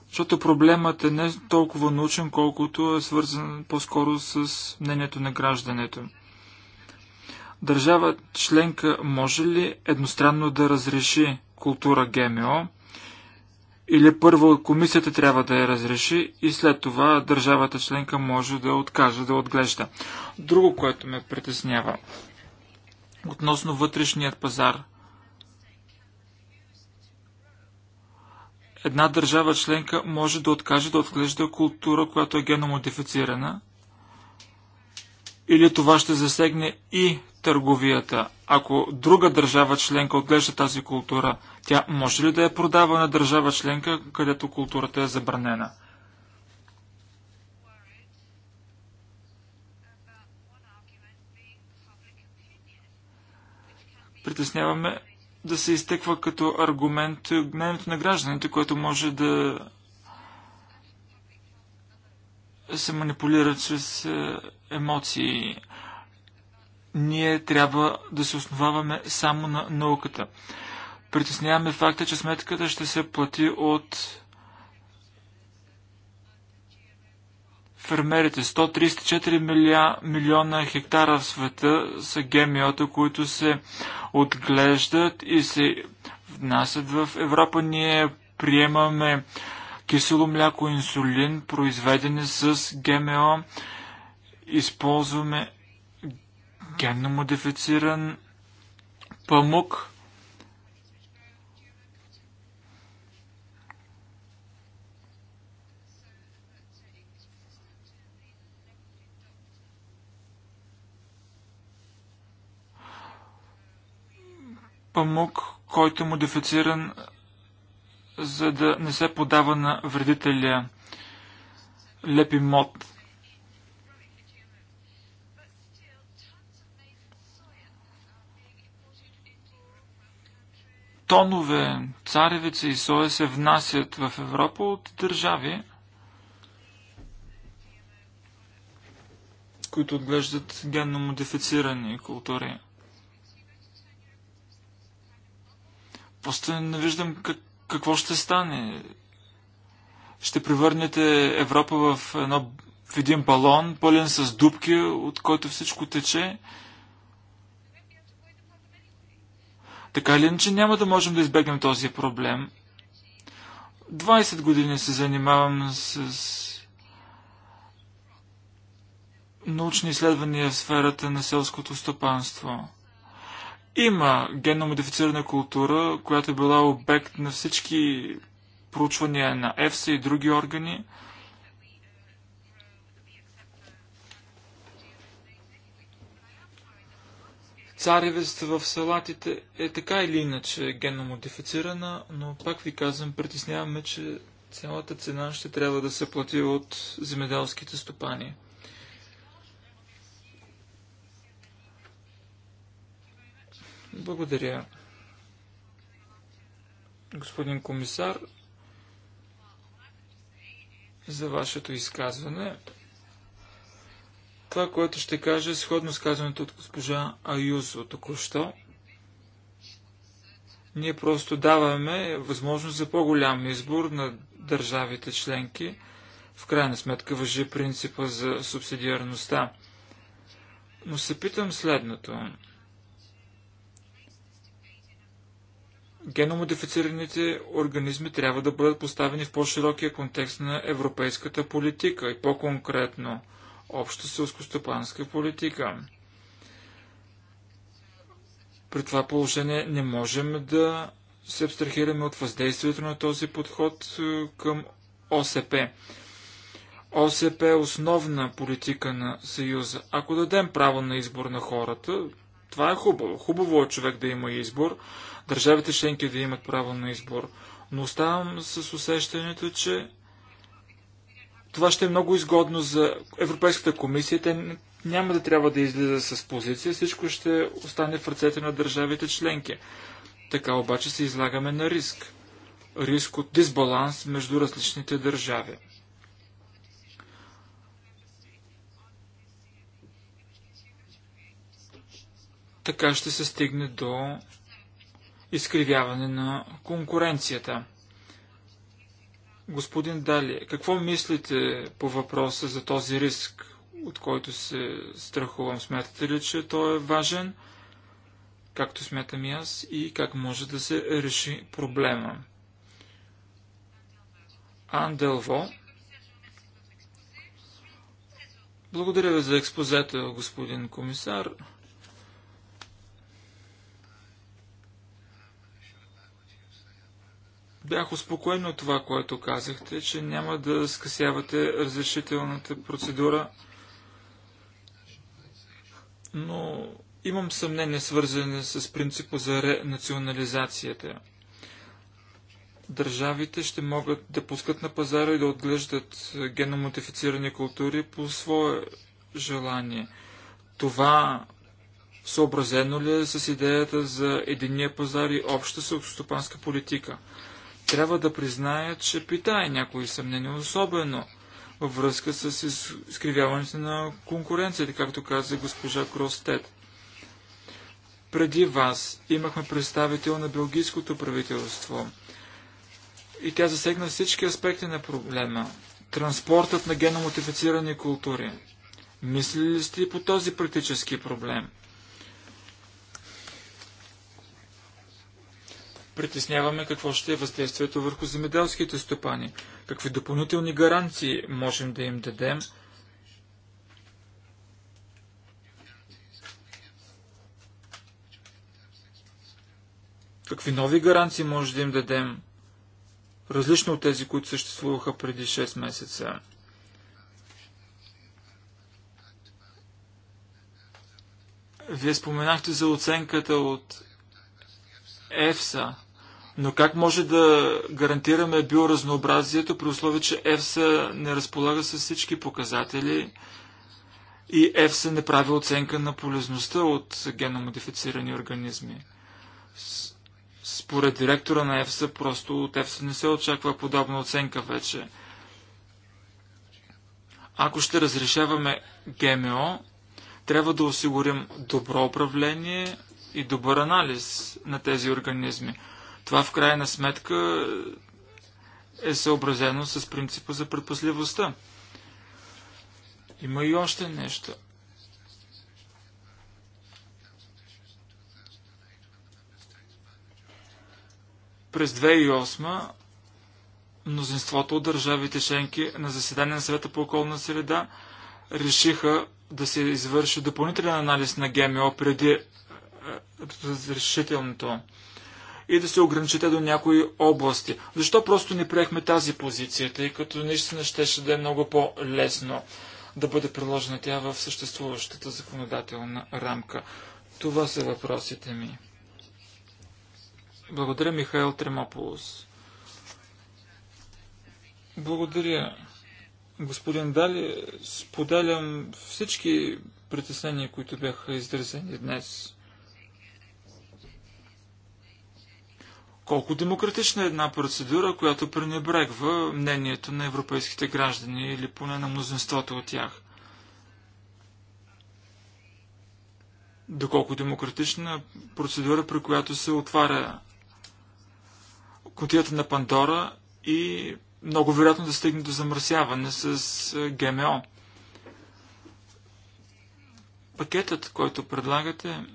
Защото проблемът е не толкова научен, колкото е свързан по-скоро с мнението на граждането. Държава членка може ли едностранно да разреши култура ГМО, или първо комисията трябва да я разреши и след това държавата членка може да откаже да отглежда. Друго, което ме притеснява относно вътрешният пазар. Една държава членка може да откаже да отглежда култура, която е геномодифицирана, или това ще засегне и търговията. Ако друга държава членка отглежда тази култура, тя може ли да я продава на държава членка, където културата е забранена? Притесняваме да се изтеква като аргумент мнението на гражданите, което може да се манипулира чрез е, емоции ние трябва да се основаваме само на науката. Притесняваме факта, че сметката ще се плати от фермерите. 134 милиона, милиона хектара в света са гемиота, които се отглеждат и се внасят в Европа. Ние приемаме кисело мляко, инсулин, произведени с ГМО. Използваме генно модифициран памук. Памук, който е модифициран за да не се подава на вредителя лепи мод. тонове царевица и соя се внасят в Европа от държави, които отглеждат генно модифицирани култури. Просто не виждам как, какво ще стане. Ще превърнете Европа в, едно, в един балон, пълен с дубки, от който всичко тече. Така или иначе няма да можем да избегнем този проблем. 20 години се занимавам с научни изследвания в сферата на селското стопанство. Има генномодифицирана култура, която е била обект на всички проучвания на ЕФСА и други органи – царевицата в салатите е така или иначе генно модифицирана, но пак ви казвам, притесняваме, че цялата цена ще трябва да се плати от земеделските стопани. Благодаря. Господин комисар, за вашето изказване. Това, което ще кажа, е сходно с казването от госпожа Аюзо току-що. Ние просто даваме възможност за по-голям избор на държавите членки. В крайна сметка въжи принципа за субсидиарността. Но се питам следното. Геномодифицираните организми трябва да бъдат поставени в по-широкия контекст на европейската политика и по-конкретно – обща селскостопанска политика. При това положение не можем да се абстрахираме от въздействието на този подход е, към ОСП. ОСП е основна политика на Съюза. Ако дадем право на избор на хората, това е хубаво. Хубаво е човек да има избор, държавите членки да имат право на избор. Но оставам с усещането, че това ще е много изгодно за Европейската комисия. Те няма да трябва да излиза с позиция. Всичко ще остане в ръцете на държавите членки. Така обаче се излагаме на риск. Риск от дисбаланс между различните държави. Така ще се стигне до изкривяване на конкуренцията. Господин Дали, какво мислите по въпроса за този риск, от който се страхувам? Смятате ли, че той е важен, както смятам и аз, и как може да се реши проблема? Анделво. Благодаря ви за експозета, господин комисар. Бях успокоен от това, което казахте, че няма да скъсявате разрешителната процедура, но имам съмнение свързане с принципа за ренационализацията. Държавите ще могат да пускат на пазара и да отглеждат геномодифицирани култури по свое желание. Това съобразено ли е с идеята за единия пазар и обща селскостопанска политика? Трябва да призная, че питае някои съмнения, особено във връзка с изкривяването на конкуренцията, както каза госпожа Кростет. Преди вас имахме представител на белгийското правителство и тя засегна всички аспекти на проблема. Транспортът на геномотифицирани култури. Мислили ли сте и по този практически проблем? Притесняваме какво ще е въздействието върху земеделските стопани, какви допълнителни гаранции можем да им дадем. Какви нови гаранции може да им дадем, различно от тези, които съществуваха преди 6 месеца? Вие споменахте за оценката от ЕФСА. Но как може да гарантираме биоразнообразието при условие, че ЕФСА не разполага с всички показатели и ЕФСА не прави оценка на полезността от геномодифицирани организми? Според директора на ЕФСА, просто от ЕФСА не се очаква подобна оценка вече. Ако ще разрешаваме ГМО, трябва да осигурим добро управление и добър анализ на тези организми. Това в крайна сметка е съобразено с принципа за предпосливостта. Има и още нещо. През 2008 мнозинството от държавите членки на заседание на съвета по околна среда решиха да се извърши допълнителен анализ на ГМО преди е, е, разрешителното и да се ограничите до някои области. Защо просто не приехме тази позиция, тъй като наистина ще, ще да е много по-лесно да бъде приложена тя в съществуващата законодателна рамка? Това са въпросите ми. Благодаря, Михаил Тремополос. Благодаря, господин Дали. Споделям всички притеснения, които бяха изразени днес. Колко демократична е една процедура, която пренебрегва мнението на европейските граждани или поне на мнозинството от тях? Доколко демократична процедура, при която се отваря котията на Пандора и много вероятно да стигне до замърсяване с ГМО. Пакетът, който предлагате,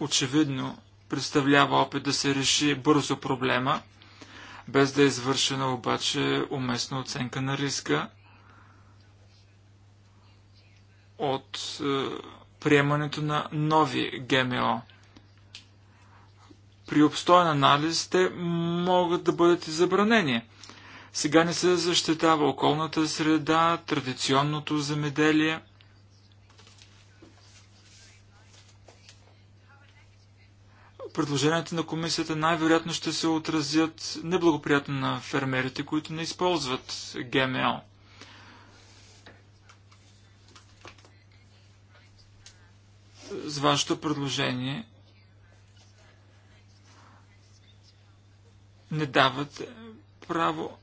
очевидно представлява опит да се реши бързо проблема, без да е извършена обаче уместна оценка на риска от е, приемането на нови ГМО. При обстоен анализ те могат да бъдат и забранени. Сега не се защитава околната среда, традиционното замеделие – предложенията на комисията най-вероятно ще се отразят неблагоприятно на фермерите, които не използват ГМО. С вашето предложение не дават право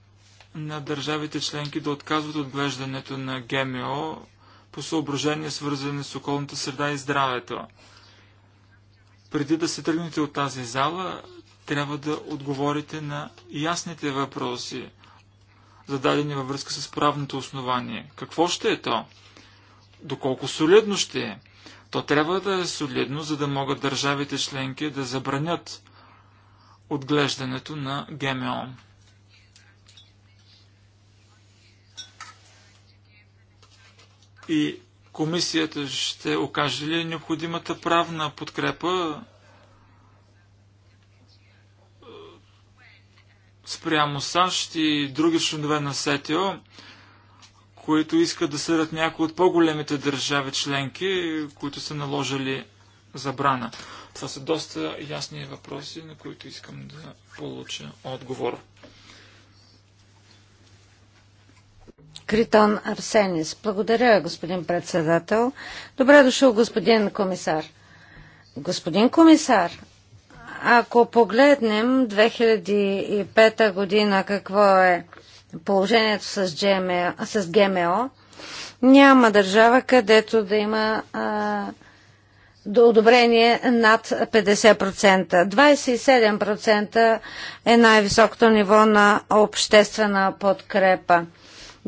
на държавите членки да отказват отглеждането на ГМО по съображения свързани с околната среда и здравето преди да се тръгнете от тази зала, трябва да отговорите на ясните въпроси, зададени във връзка с правното основание. Какво ще е то? Доколко солидно ще е? То трябва да е солидно, за да могат държавите членки да забранят отглеждането на ГМО. И Комисията ще окаже ли необходимата правна подкрепа е, спрямо САЩ и други членове на СТО, които искат да съдят някои от по-големите държави членки, които са наложили забрана? Това са доста ясни въпроси, на които искам да получа отговор. Критон Арсенис. Благодаря, господин председател. Добре дошъл, господин комисар. Господин комисар, ако погледнем 2005 година какво е положението с ГМО, с ГМО няма държава, където да има а, до одобрение над 50%. 27% е най-високото ниво на обществена подкрепа.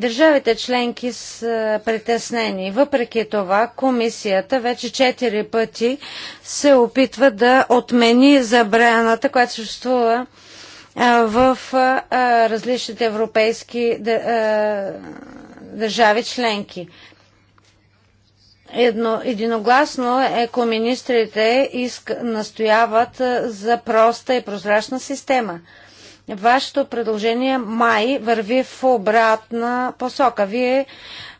Държавите членки са притеснени. Въпреки това, комисията вече четири пъти се опитва да отмени забраната, която съществува в различните европейски държави членки. Едно, единогласно екоминистрите иск, настояват за проста и прозрачна система – вашето предложение май върви в обратна посока. Вие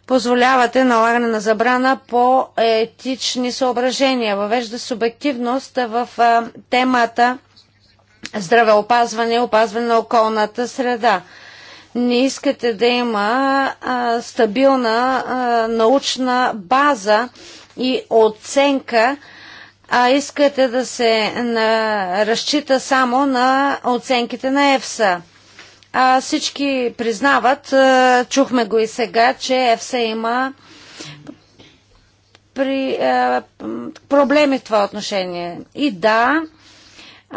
позволявате налагане на забрана по етични съображения. Въвежда субективност в темата здравеопазване и опазване на околната среда. Не искате да има а, стабилна а, научна база и оценка а искате да се на, разчита само на оценките на ЕФСА. А, всички признават, а, чухме го и сега, че ЕФСА има при, а, проблеми в това отношение. И да,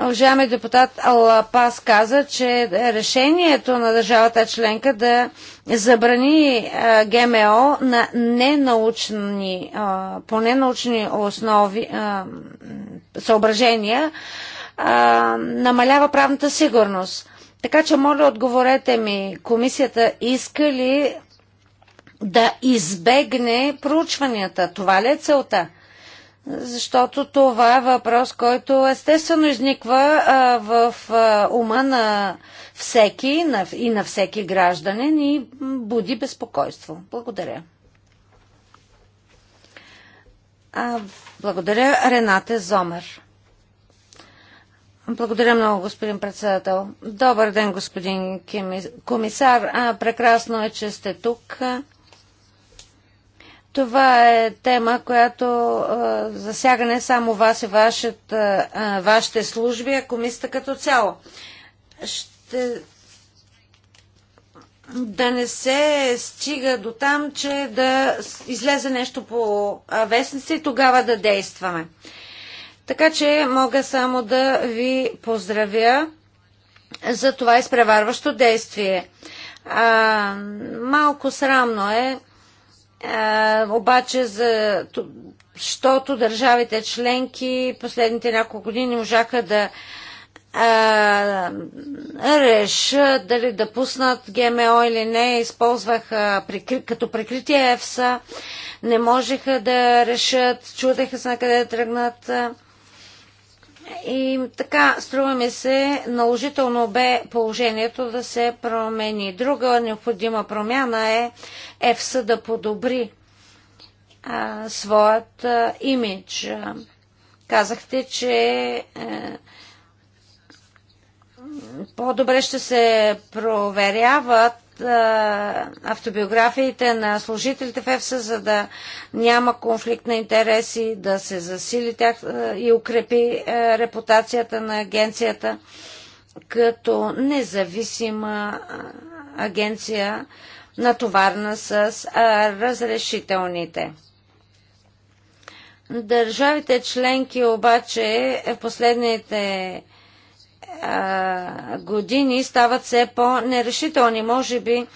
Уважаеми депутат Алапас каза, че решението на държавата членка да забрани ГМО на ненаучни, по ненаучни основи, съображения намалява правната сигурност. Така че, моля, отговорете ми, комисията иска ли да избегне проучванията? Това ли е целта? защото това е въпрос, който естествено изниква а, в а, ума на всеки на, и на всеки гражданин и буди безпокойство. Благодаря. А, благодаря, Ренате Зомер. Благодаря много, господин председател. Добър ден, господин комисар. А, прекрасно е, че сте тук. А, това е тема, която а, засяга не само вас и вашата, а, вашите служби, а комисията като цяло. Ще... Да не се стига до там, че да излезе нещо по вестници и тогава да действаме. Така че мога само да ви поздравя за това изпреварващо действие. А, малко срамно е, обаче за защото държавите членки последните няколко години можаха да а, решат дали да пуснат ГМО или не, използваха прикри, като прикритие ЕФСА, не можеха да решат, чудеха се на къде да тръгнат. А, и така, струва ми се, наложително бе положението да се промени. Друга необходима промяна е ЕФСА да подобри а, своят а, имидж. Казахте, че е, по-добре ще се проверяват автобиографиите на служителите в ЕФСА, за да няма конфликт на интереси, да се засили тях и укрепи репутацията на агенцията като независима агенция, натоварна с разрешителните. Държавите членки обаче в последните години стават все по-нерешителни. Може би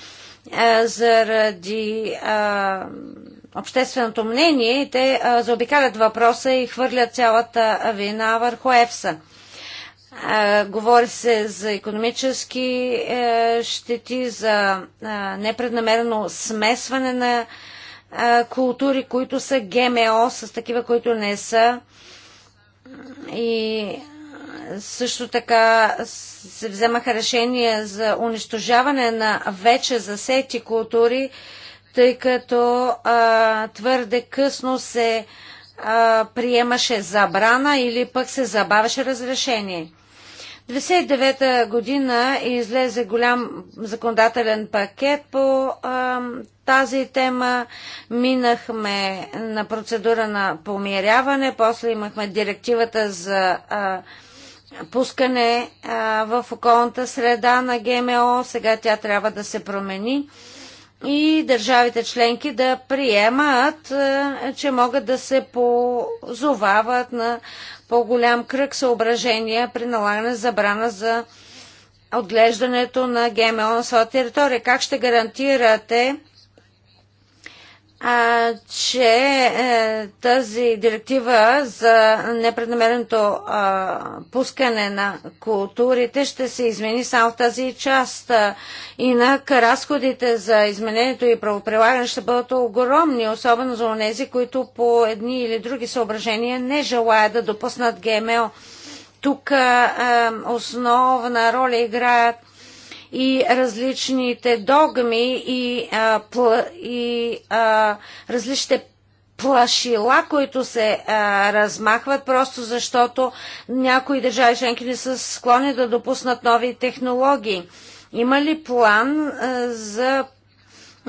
заради общественото мнение, те заобикалят въпроса и хвърлят цялата вина върху ЕФСА. Говори се за економически е, щети, за непреднамерено смесване на култури, които са ГМО с такива, които не са. И също така се вземаха решения за унищожаване на вече засети култури, тъй като а, твърде късно се а, приемаше забрана или пък се забавяше разрешение. 1999 година излезе голям законодателен пакет по а, тази тема. Минахме на процедура на помиряване, после имахме директивата за а, пускане в околната среда на ГМО. Сега тя трябва да се промени и държавите членки да приемат, че могат да се позовават на по-голям кръг съображения при налагане забрана за отглеждането на ГМО на своя територия. Как ще гарантирате а, че е, тази директива за непреднамереното а, пускане на културите ще се измени само в тази част. А, инак разходите за изменението и правоприлагане ще бъдат огромни, особено за онези, които по едни или други съображения не желаят да допуснат ГМО. Тук а, е, е, основна роля играят и различните догми и, а, пл, и а, различните плашила, които се а, размахват, просто защото някои държави членки не са склонни да допуснат нови технологии. Има ли план а, за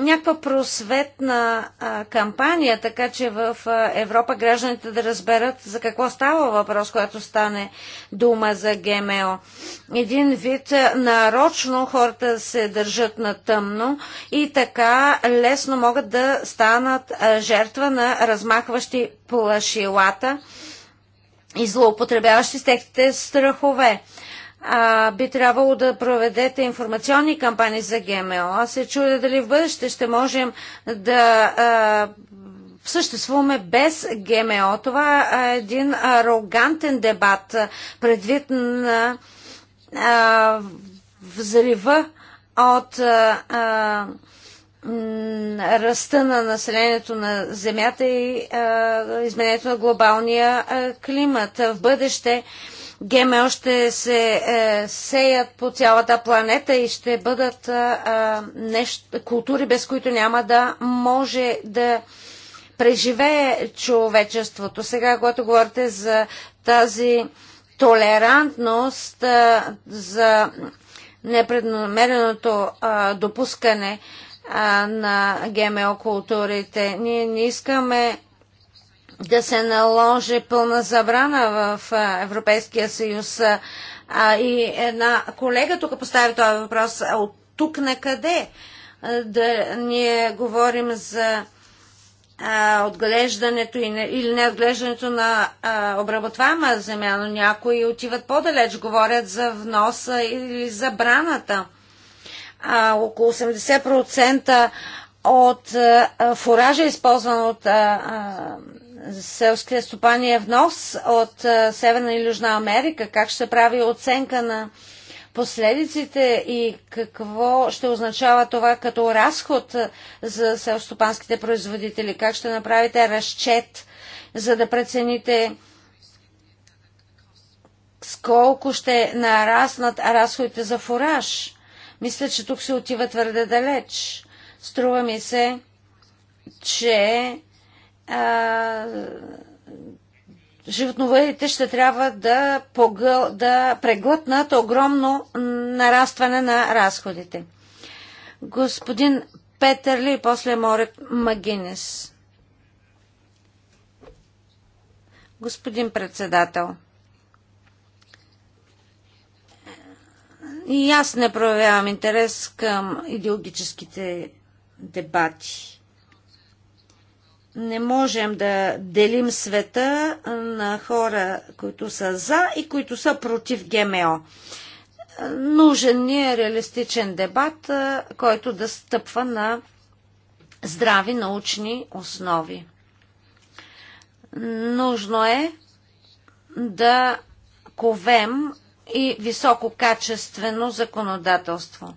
някаква просветна а, кампания, така че в а, Европа гражданите да разберат за какво става въпрос, когато стане дума за ГМО. Един вид а, нарочно хората се държат на тъмно и така лесно могат да станат а, жертва на размахващи плашилата и злоупотребяващи с техните страхове а, би трябвало да проведете информационни кампании за ГМО. Аз се чудя дали в бъдеще ще можем да а, съществуваме без ГМО. Това е един арогантен дебат предвид на а, взрива от а, ръста на населението на Земята и а, изменението на глобалния а, климат. В бъдеще а, ГМО ще се е, сеят по цялата планета и ще бъдат е, е нещо, култури, без които няма да може да преживее човечеството. Сега, когато говорите за тази толерантност, е, за непреднамереното е, допускане е, на ГМО културите, ние не искаме да се наложи пълна забрана в Европейския съюз. А, и една колега тук постави този въпрос. От тук на къде? Да ние говорим за отглеждането или неотглеждането на обработвама обработваема земя, но някои отиват по-далеч, говорят за вноса или забраната. А, около 80% от фуража, използван от селския стопания е внос от е, Северна и Южна Америка? Как ще се прави оценка на последиците и какво ще означава това като разход е, за селстопанските производители? Как ще направите разчет, за да прецените сколко ще нараснат разходите за фураж? Мисля, че тук се отива твърде далеч. Струва ми се, че животновъдите ще трябва да, погъл, да преглътнат огромно нарастване на разходите. Господин Петърли и после море Магинес. Господин председател, и аз не проявявам интерес към идеологическите дебати не можем да делим света на хора, които са за и които са против ГМО. Нужен ни е реалистичен дебат, който да стъпва на здрави научни основи. Нужно е да ковем и висококачествено законодателство.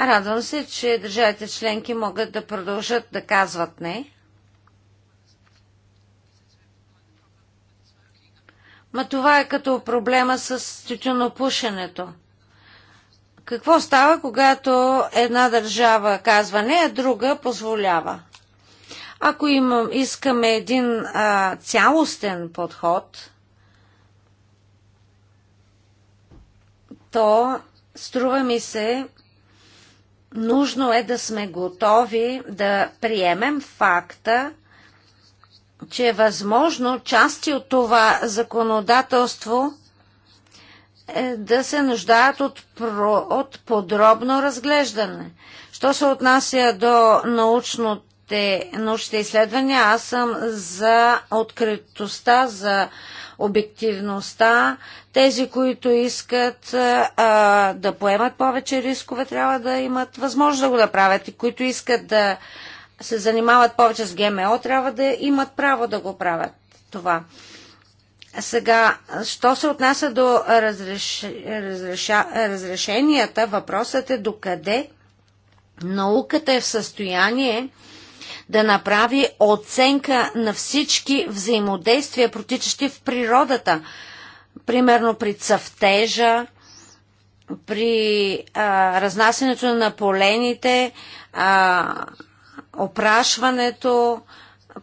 Радвам се, че държавите членки могат да продължат да казват не Ма това е като проблема с тютюнопушенето. Какво става, когато една държава казва не, а друга позволява? Ако имам, искаме един а, цялостен подход, то струва ми се, нужно е да сме готови да приемем факта, че е възможно части от това законодателство е, да се нуждаят от, про, от подробно разглеждане. Що се отнася до научните, научните изследвания, аз съм за откритостта, за обективността. Тези, които искат е, а, да поемат повече рискове, трябва да имат възможност да го направят. И които искат да се занимават повече с ГМО, трябва да имат право да го правят това. Сега, що се отнася до разреш... разреша... разрешенията, въпросът е докъде науката е в състояние да направи оценка на всички взаимодействия, протичащи в природата. Примерно при цъфтежа, при а, разнасянето на полените, а, опрашването,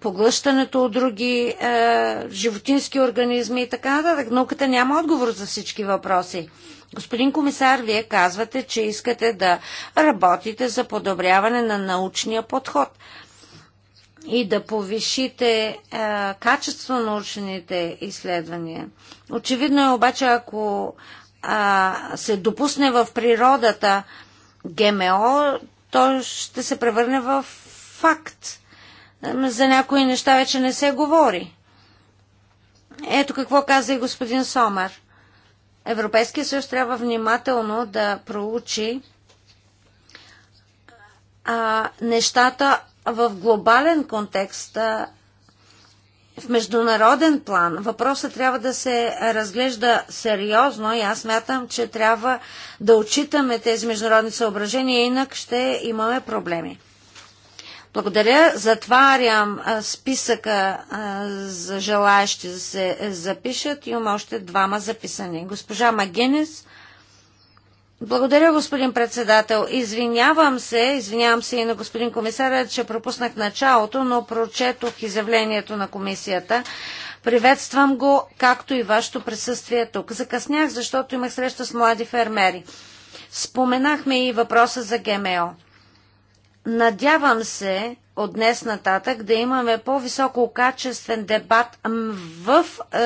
поглъщането от други е, животински организми и така нататък. Науката няма отговор за всички въпроси. Господин комисар, вие казвате, че искате да работите за подобряване на научния подход и да повишите е, качество на научните изследвания. Очевидно е обаче, ако е, се допусне в природата ГМО, то ще се превърне в факт. За някои неща вече не се говори. Ето какво каза и господин Сомер. Европейския съюз трябва внимателно да проучи а, нещата в глобален контекст, а, в международен план. Въпросът трябва да се разглежда сериозно и аз мятам, че трябва да отчитаме тези международни съображения, инак ще имаме проблеми. Благодаря. Затварям списъка за желаящи да се е, запишат. Имам още двама записани. Госпожа Магенис. Благодаря, господин председател. Извинявам се, извинявам се и на господин комисаря, че пропуснах началото, но прочетох изявлението на комисията. Приветствам го, както и вашето присъствие тук. Закъснях, защото имах среща с млади фермери. Споменахме и въпроса за ГМО. Надявам се от днес нататък да имаме по-високо качествен дебат в е,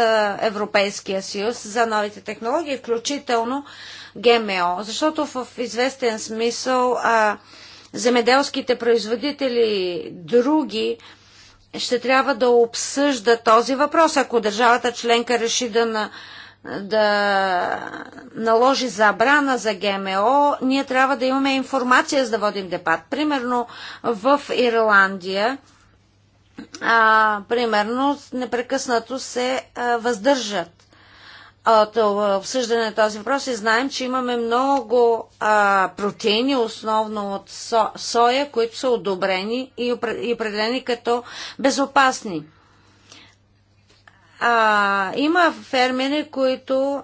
Европейския съюз за новите технологии, включително ГМО, защото в известен смисъл а, земеделските производители, други, ще трябва да обсъжда този въпрос, ако държавата членка реши да на, да наложи забрана за ГМО, ние трябва да имаме информация за да водим дебат. Примерно в Ирландия, а, примерно, непрекъснато се а, въздържат от обсъждане на този въпрос и знаем, че имаме много а, протеини, основно от со, соя, които са одобрени и, и определени като безопасни. А, има фермери, които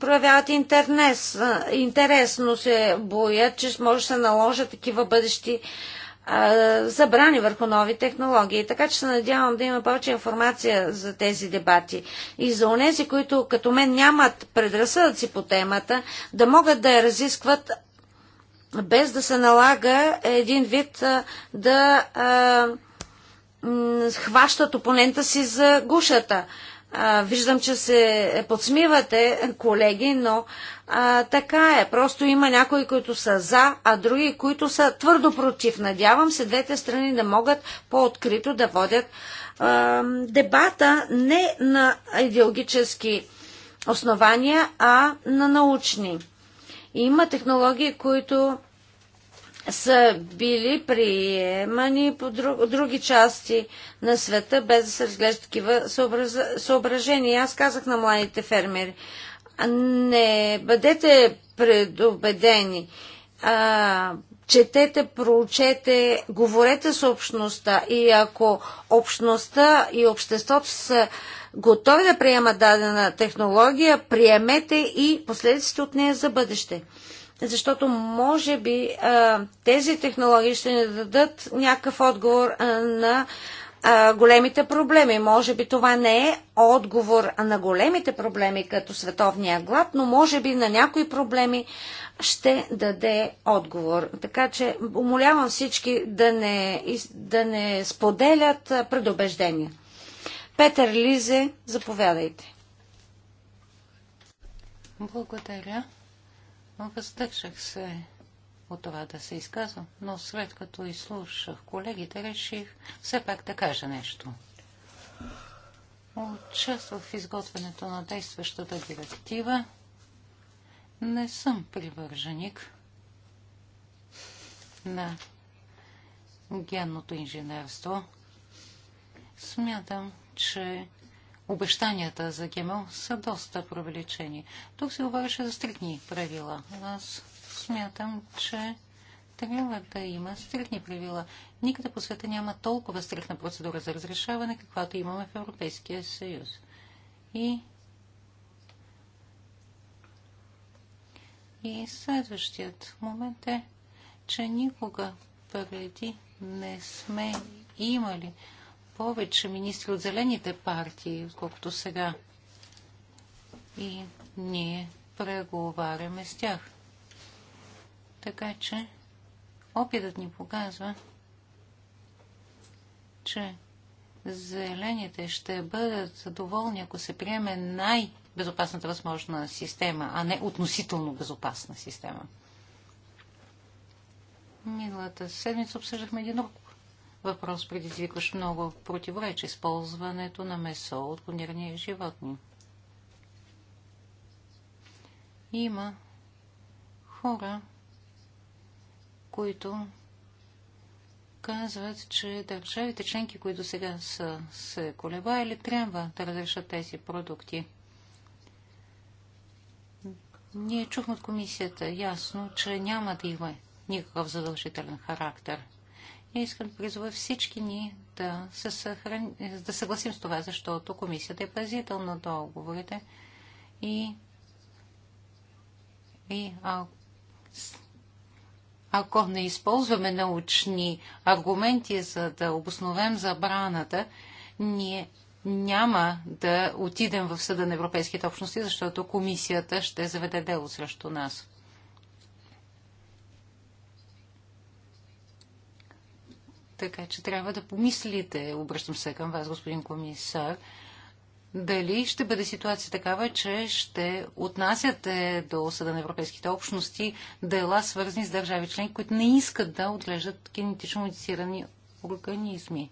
проявяват интернес, интерес, но се боят, че може да се наложат такива бъдещи а, забрани върху нови технологии. Така че се надявам да има повече информация за тези дебати и за онези, които като мен нямат предразсъдъци по темата, да могат да я разискват без да се налага един вид да а, хващат опонента си за гушата. А, виждам, че се подсмивате, колеги, но а, така е. Просто има някои, които са за, а други, които са твърдо против. Надявам се двете страни да могат по-открито да водят а, дебата не на идеологически основания, а на научни. Има технологии, които са били приемани по друг, други части на света, без да се разглеждат такива съображения. Аз казах на младите фермери, не бъдете предубедени. А, четете, проучете, говорете с общността и ако общността и обществото са готови да приемат дадена технология, приемете и последиците от нея за бъдеще защото може би тези технологии ще ни дадат някакъв отговор на големите проблеми. Може би това не е отговор на големите проблеми, като световния глад, но може би на някои проблеми ще даде отговор. Така че умолявам всички да не, да не споделят предубеждения. Петър Лизе, заповядайте. Благодаря. Въздържах се от това да се изказвам, но след като изслушах колегите, реших все пак да кажа нещо. Участвах в изготвянето на действащата директива. Не съм привърженик на генното инженерство. Смятам, че обещанията за ГМО са доста провеличени. Тук се говореше за стрикни правила. Аз смятам, че трябва да има стрикни правила. Никъде по света няма толкова стрикна процедура за разрешаване, каквато имаме в Европейския съюз. И И следващият момент е, че никога преди не сме имали повече министри от зелените партии, отколкото сега. И ние преговаряме с тях. Така че опитът ни показва, че зелените ще бъдат доволни, ако се приеме най-безопасната възможна система, а не относително безопасна система. Миналата седмица обсъждахме един друг въпрос, предизвикваш много противоречи използването на месо от клонирани животни. Има хора, които казват, че държавите членки, които сега са се колебаели, трябва да разрешат тези продукти. Ние чухме от комисията ясно, че няма да има никакъв задължителен характер – Искам да призова всички ни да, се съхран... да съгласим с това, защото комисията е пазител на договорите и, и а... ако не използваме научни аргументи, за да обосновем забраната, ние няма да отидем в съда на европейските общности, защото комисията ще заведе дело срещу нас. Така че трябва да помислите, обръщам се към вас, господин комисар, дали ще бъде ситуация такава, че ще отнасяте до Съда на Европейските общности дела, свързани с държави члени, които не искат да отглеждат генетично модифицирани организми.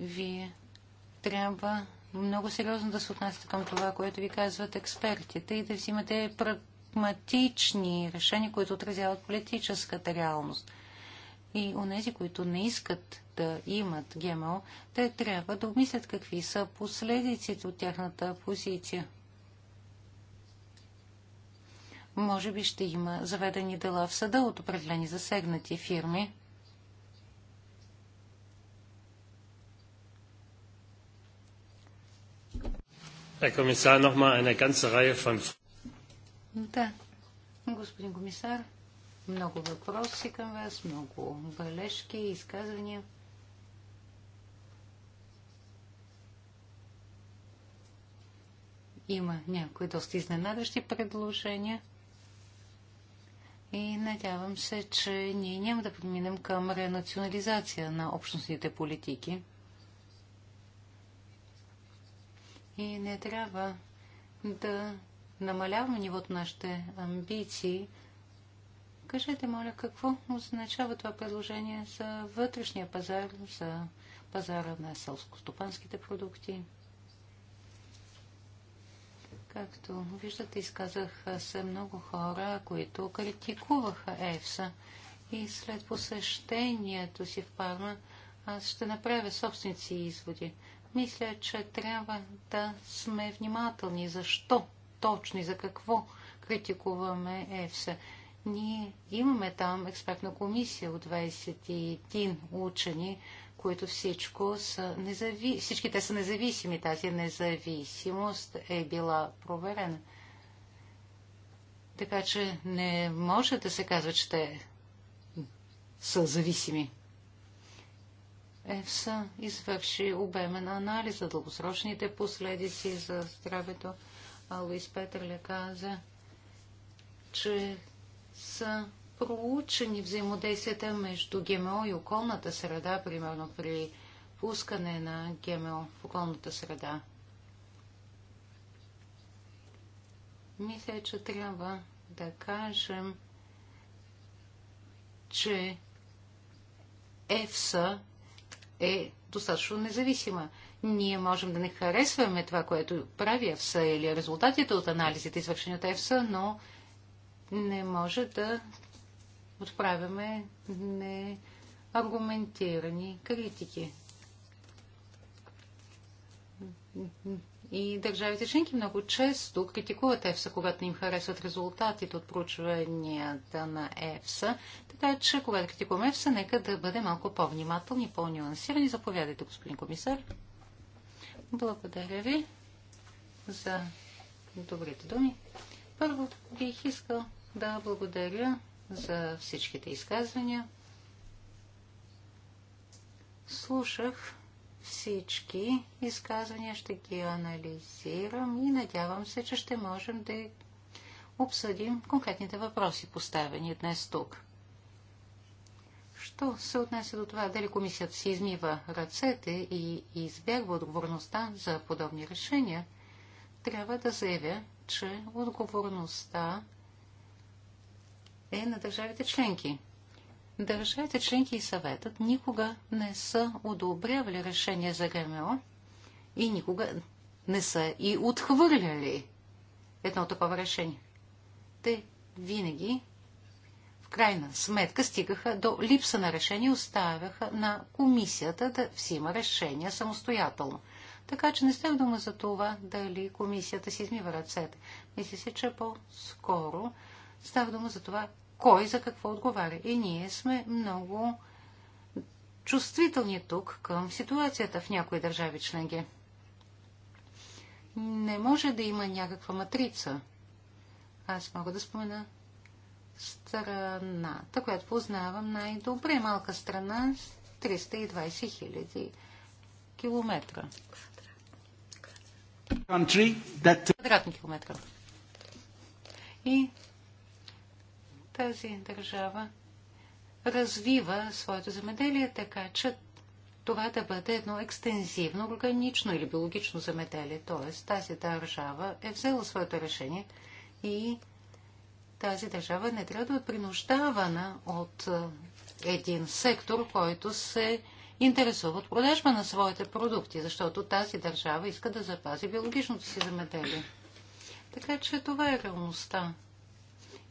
Вие трябва много сериозно да се отнасяте към това, което ви казват експертите и да взимате прагматични решения, които отразяват политическата реалност. И нези, които не искат да имат ГМО, те трябва да обмислят какви са последиците от тяхната позиция. Може би ще има заведени дела в съда от определени засегнати фирми. Herr Kommissar, noch mal eine ganze Reihe von да, господин комисар, много въпроси към вас, много бележки, изказвания. Има някои доста изненадащи предложения. И надявам се, че ние няма да преминем към ренационализация на общностните политики. И не трябва да намаляваме нивото нашите амбиции, кажете, моля, какво означава това предложение за вътрешния пазар, за пазара на селско-стопанските продукти? Както виждате, изказаха се много хора, които критикуваха ЕФСА. И след посещението си в Парма, аз ще направя собственици изводи. Мисля, че трябва да сме внимателни. Защо точно и за какво критикуваме ЕФСА. Ние имаме там експертна комисия от 21 учени, които всичко са независ... всички те са независими. Тази независимост е била проверена. Така че не може да се казва, че те са зависими. ЕФСА извърши обемен анализ за дългосрочните последици за здравето Луис Петърле каза, че са проучени взаимодействията между ГМО и околната среда, примерно при пускане на ГМО в околната среда. Мисля, че трябва да кажем, че ЕФСА е достатъчно независима. Ние можем да не харесваме това, което прави ЕФСА или резултатите от анализите, извършени от ЕФСА, но не може да отправяме неаргументирани критики. И държавите членки много често критикуват ЕФСА, когато им харесват резултатите от проучванията на ЕФСА. Така че, когато критикуваме ЕФСА, нека да бъде малко по-внимателни, по-нюансирани. Заповядайте, господин комисар. Благодаря ви за добрите думи. Първо бих искал да благодаря за всичките изказвания. Слушах всички изказвания, ще ги анализирам и надявам се, че ще можем да обсъдим конкретните въпроси, поставени днес тук. Що се отнася до това, дали комисията си измива ръцете и избягва отговорността за подобни решения, трябва да заявя, че отговорността е на държавите членки. Държавите членки и съветът никога не са одобрявали решение за ГМО и никога не са и отхвърляли едно такова решение. Те винаги крайна сметка стигаха до липса на решение и оставяха на комисията да взима решения самостоятелно. Така че не става дума за това дали комисията си измива ръцете. Мисли се, че по-скоро става дума за това кой за какво отговаря. И ние сме много чувствителни тук към ситуацията в някои държави членки. Не може да има някаква матрица. Аз мога да спомена страната, която познавам най-добре, малка страна, 320 хиляди километра. Квадратни километра. И тази държава развива своето земеделие така, че това да бъде едно екстензивно органично или биологично земеделие. Т.е. тази държава е взела своето решение и тази държава не трябва да е принуждавана от един сектор, който се интересува от продажба на своите продукти, защото тази държава иска да запази биологичното си земеделие. Така че това е реалността.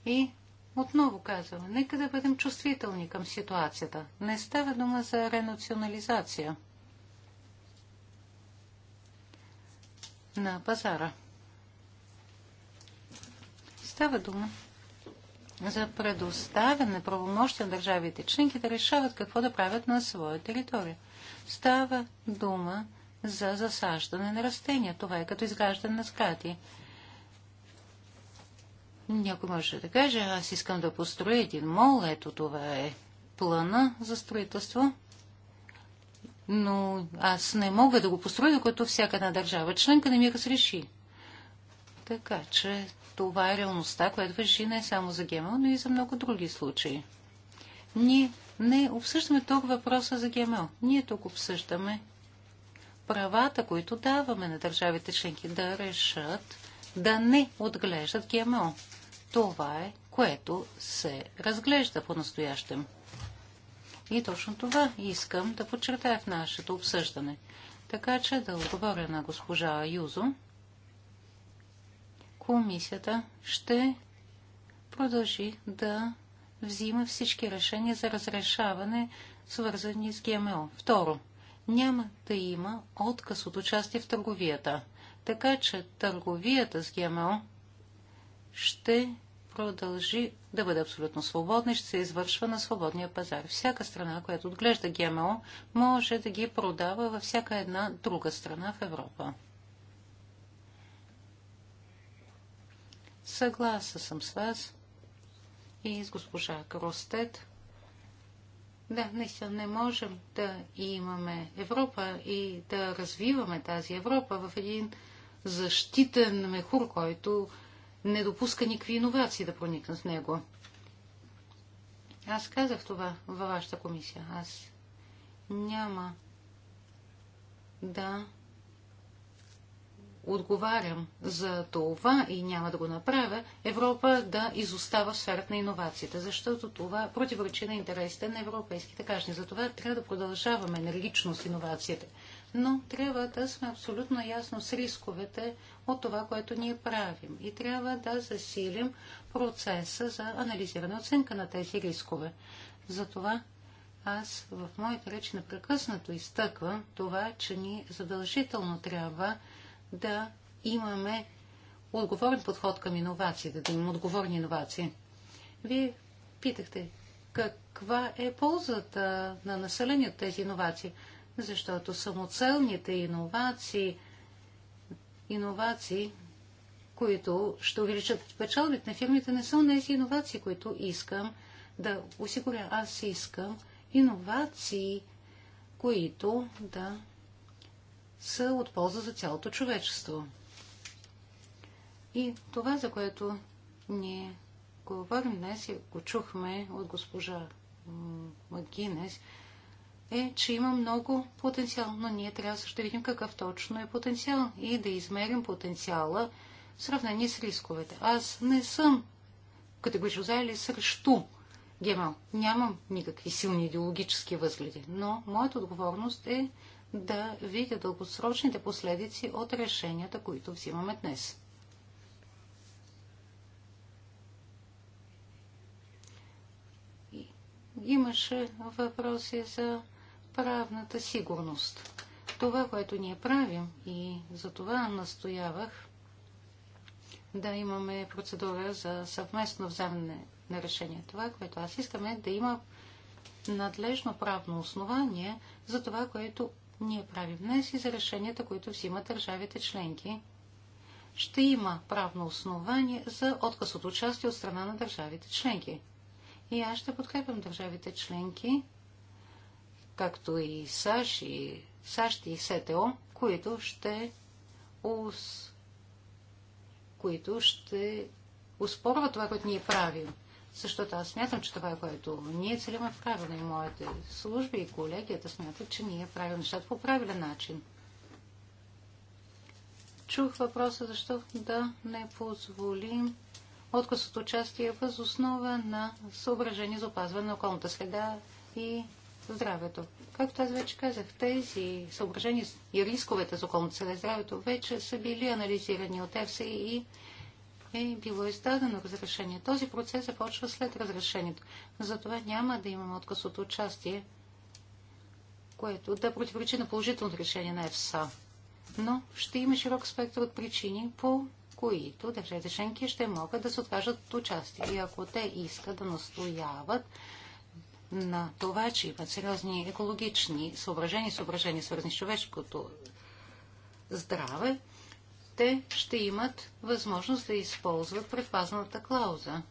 И отново казваме, нека да бъдем чувствителни към ситуацията. Не става дума за ренационализация на пазара. Става дума за предоставяне на правомощия на държавите членки да решават какво да правят на своя територия. Става дума за засаждане на растения. Това е като изграждане на скати. Някой може да каже, аз искам да построя един мол, ето това е плана за строителство, но аз не мога да го построя, докато всяка една държава членка не ми разреши. Така че това е реалността, която върши не само за ГМО, но и за много други случаи. Ние не обсъждаме тук въпроса за ГМО. Ние тук обсъждаме правата, които даваме на държавите членки да решат да не отглеждат ГМО. Това е, което се разглежда по-настоящем. И точно това искам да подчертая в нашето обсъждане. Така че да отговоря на госпожа Юзо комисията ще продължи да взима всички решения за разрешаване, свързани с ГМО. Второ, няма да има отказ от участие в търговията. Така че търговията с ГМО ще продължи да бъде абсолютно свободна и ще се извършва на свободния пазар. Всяка страна, която отглежда ГМО, може да ги продава във всяка една друга страна в Европа. Съгласна съм с вас и с госпожа Кростет. Да, наистина не можем да имаме Европа и да развиваме тази Европа в един защитен мехур, който не допуска никакви иновации да проникнат в него. Аз казах това във вашата комисия. Аз няма да отговарям за това и няма да го направя, Европа да изостава в сферата на иновациите, защото това противоречи на интересите на европейските кажни. Затова трябва да продължаваме енергично с иновациите. Но трябва да сме абсолютно ясно с рисковете от това, което ние правим. И трябва да засилим процеса за анализиране оценка на тези рискове. Затова аз в моите речи непрекъснато изтъквам това, че ни задължително трябва да имаме отговорен подход към иновациите, да имаме отговорни иновации. Вие питахте каква е ползата на населението тези иновации, защото самоцелните иновации, иновации, които ще увеличат печалбите на фирмите, не са тези иновации, които искам да осигуря. Аз искам иновации, които да са от полза за цялото човечество. И това, за което ние говорим днес и го чухме от госпожа Магинес, е, че има много потенциал, но ние трябва също да видим какъв точно е потенциал и да измерим потенциала в сравнение с рисковете. Аз не съм категорично за или срещу ГМО. Нямам никакви силни идеологически възгледи, но моята отговорност е да видя дългосрочните последици от решенията, които взимаме днес. Имаше въпроси за правната сигурност. Това, което ние правим и за това настоявах да имаме процедура за съвместно вземане на решение. Това, което аз искаме, да има надлежно правно основание за това, което ние правим днес и за решенията, които взимат държавите членки. Ще има правно основание за отказ от участие от страна на държавите членки. И аз ще подкрепям държавите членки, както и САЩ и, САЩ и СТО, които ще, ус, които ще успорват това, което ние правим. Защото аз смятам, че това, което ние целим е правилно и моите служби и колегията смятат, че ние правим нещата по правилен начин. Чух въпроса защо да не позволим отказ от участие въз основа на съображение за опазване на околната среда и здравето. Както аз вече казах, тези съображения и рисковете за околната среда и здравето вече са били анализирани от ЕФСА и е било издадено разрешение. Този процес започва след разрешението. Затова няма да имаме отказ от участие, което да противоречи на положителното решение на ЕФСА. Но ще има широк спектър от причини, по които държавите членки ще могат да се откажат от участие. И ако те искат да настояват на това, че имат сериозни екологични съображения, съображения свързани с човешкото здраве, те ще имат възможност да използват предпазната клауза.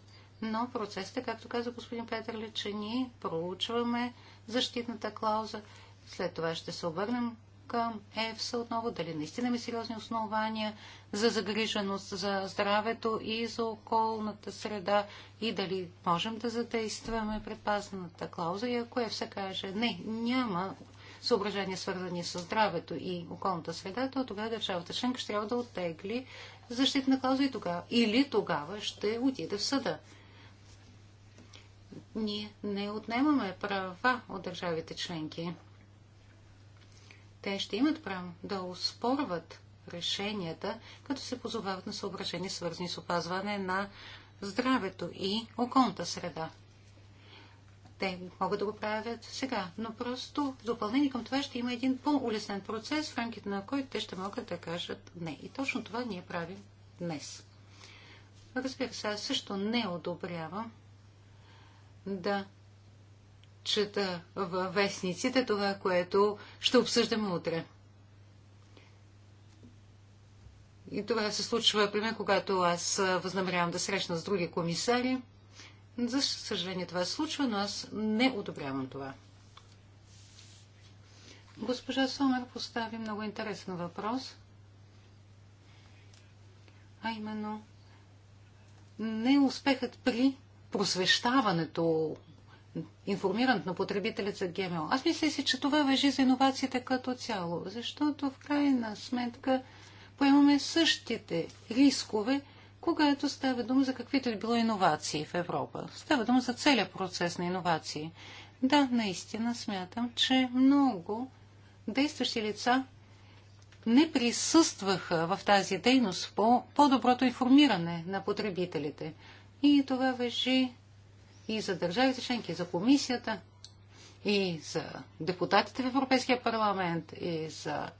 Но е, както каза господин Петър че ние проучваме защитната клауза, след това ще се обърнем към ЕФСА отново, дали наистина има сериозни основания за загриженост за здравето и за околната среда и дали можем да задействаме предпазната клауза и ако ЕФСА каже не, няма съображения, свързани с здравето и околната среда, то тогава държавата членка ще трябва да оттегли защитна клауза и тогава. Или тогава ще отиде в съда. Ние не отнемаме права от държавите членки. Те ще имат право да успорват решенията, като се позовават на съображения, свързани с опазване на здравето и околната среда. Те могат да го правят сега, но просто в допълнение към това ще има един по-улеснен процес, в рамките на който те ще могат да кажат не. И точно това ние правим днес. Разбира се, аз също не одобрявам да чета във вестниците това, което ще обсъждаме утре. И това се случва, мен, когато аз възнамерявам да срещна с други комисари – за съжаление това се случва, но аз не одобрявам това. Госпожа Сомер постави много интересен въпрос, а именно неуспехът при просвещаването, информирането на потребителят за ГМО. Аз мисля си, че това въжи за иновациите като цяло, защото в крайна сметка поемаме същите рискове, когато става дума за каквито и било иновации в Европа. Става дума за целият процес на иновации. Да, наистина смятам, че много действащи лица не присъстваха в тази дейност по по-доброто информиране на потребителите. И това въжи и за държавите членки, и за комисията, и за депутатите в Европейския парламент, и за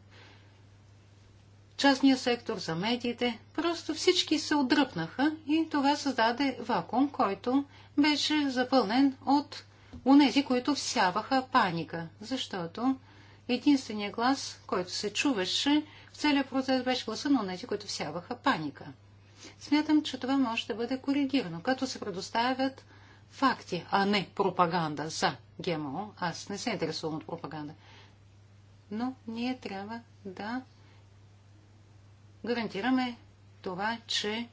частния сектор, за медиите. Просто всички се отдръпнаха и това създаде вакуум, който беше запълнен от унези, които всяваха паника, защото единственият глас, който се чуваше в целия процес, беше гласа на унези, които всяваха паника. Смятам, че това може да бъде коригирано, като се предоставят факти, а не пропаганда за ГМО. Аз не се интересувам от пропаганда. Но ние трябва да гарантираме това, че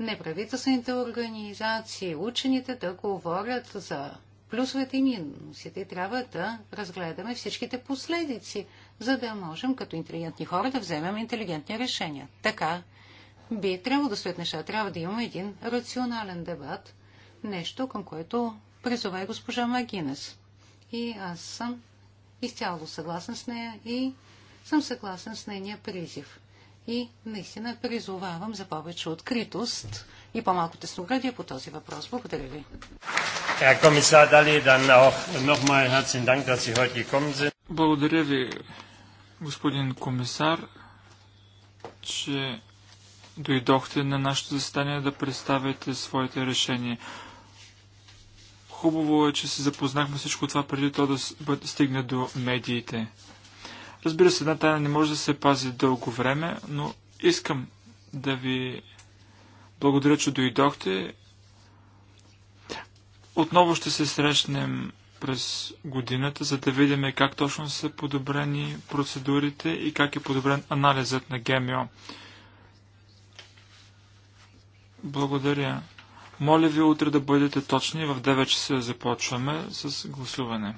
неправителствените организации, учените да говорят за плюсовете и минусите. Трябва да разгледаме всичките последици, за да можем като интелигентни хора да вземем интелигентни решения. Така би трябвало да стоят неща. Трябва да имаме един рационален дебат, нещо към което призова и госпожа Магинес. И аз съм изцяло съгласен с нея и съм съгласен с нейния призив. И наистина призовавам за повече откритост и по-малко тесноградие по този въпрос. Благодаря ви. Благодаря ви, господин комисар, че дойдохте на нашето заседание да представите своите решения. Хубаво е, че се запознахме всичко това преди то да стигне до медиите. Разбира се, една тайна не може да се пази дълго време, но искам да ви благодаря, че дойдохте. Отново ще се срещнем през годината, за да видим как точно са подобрени процедурите и как е подобрен анализът на ГМО. Благодаря. Моля ви утре да бъдете точни. В 9 часа започваме с гласуване.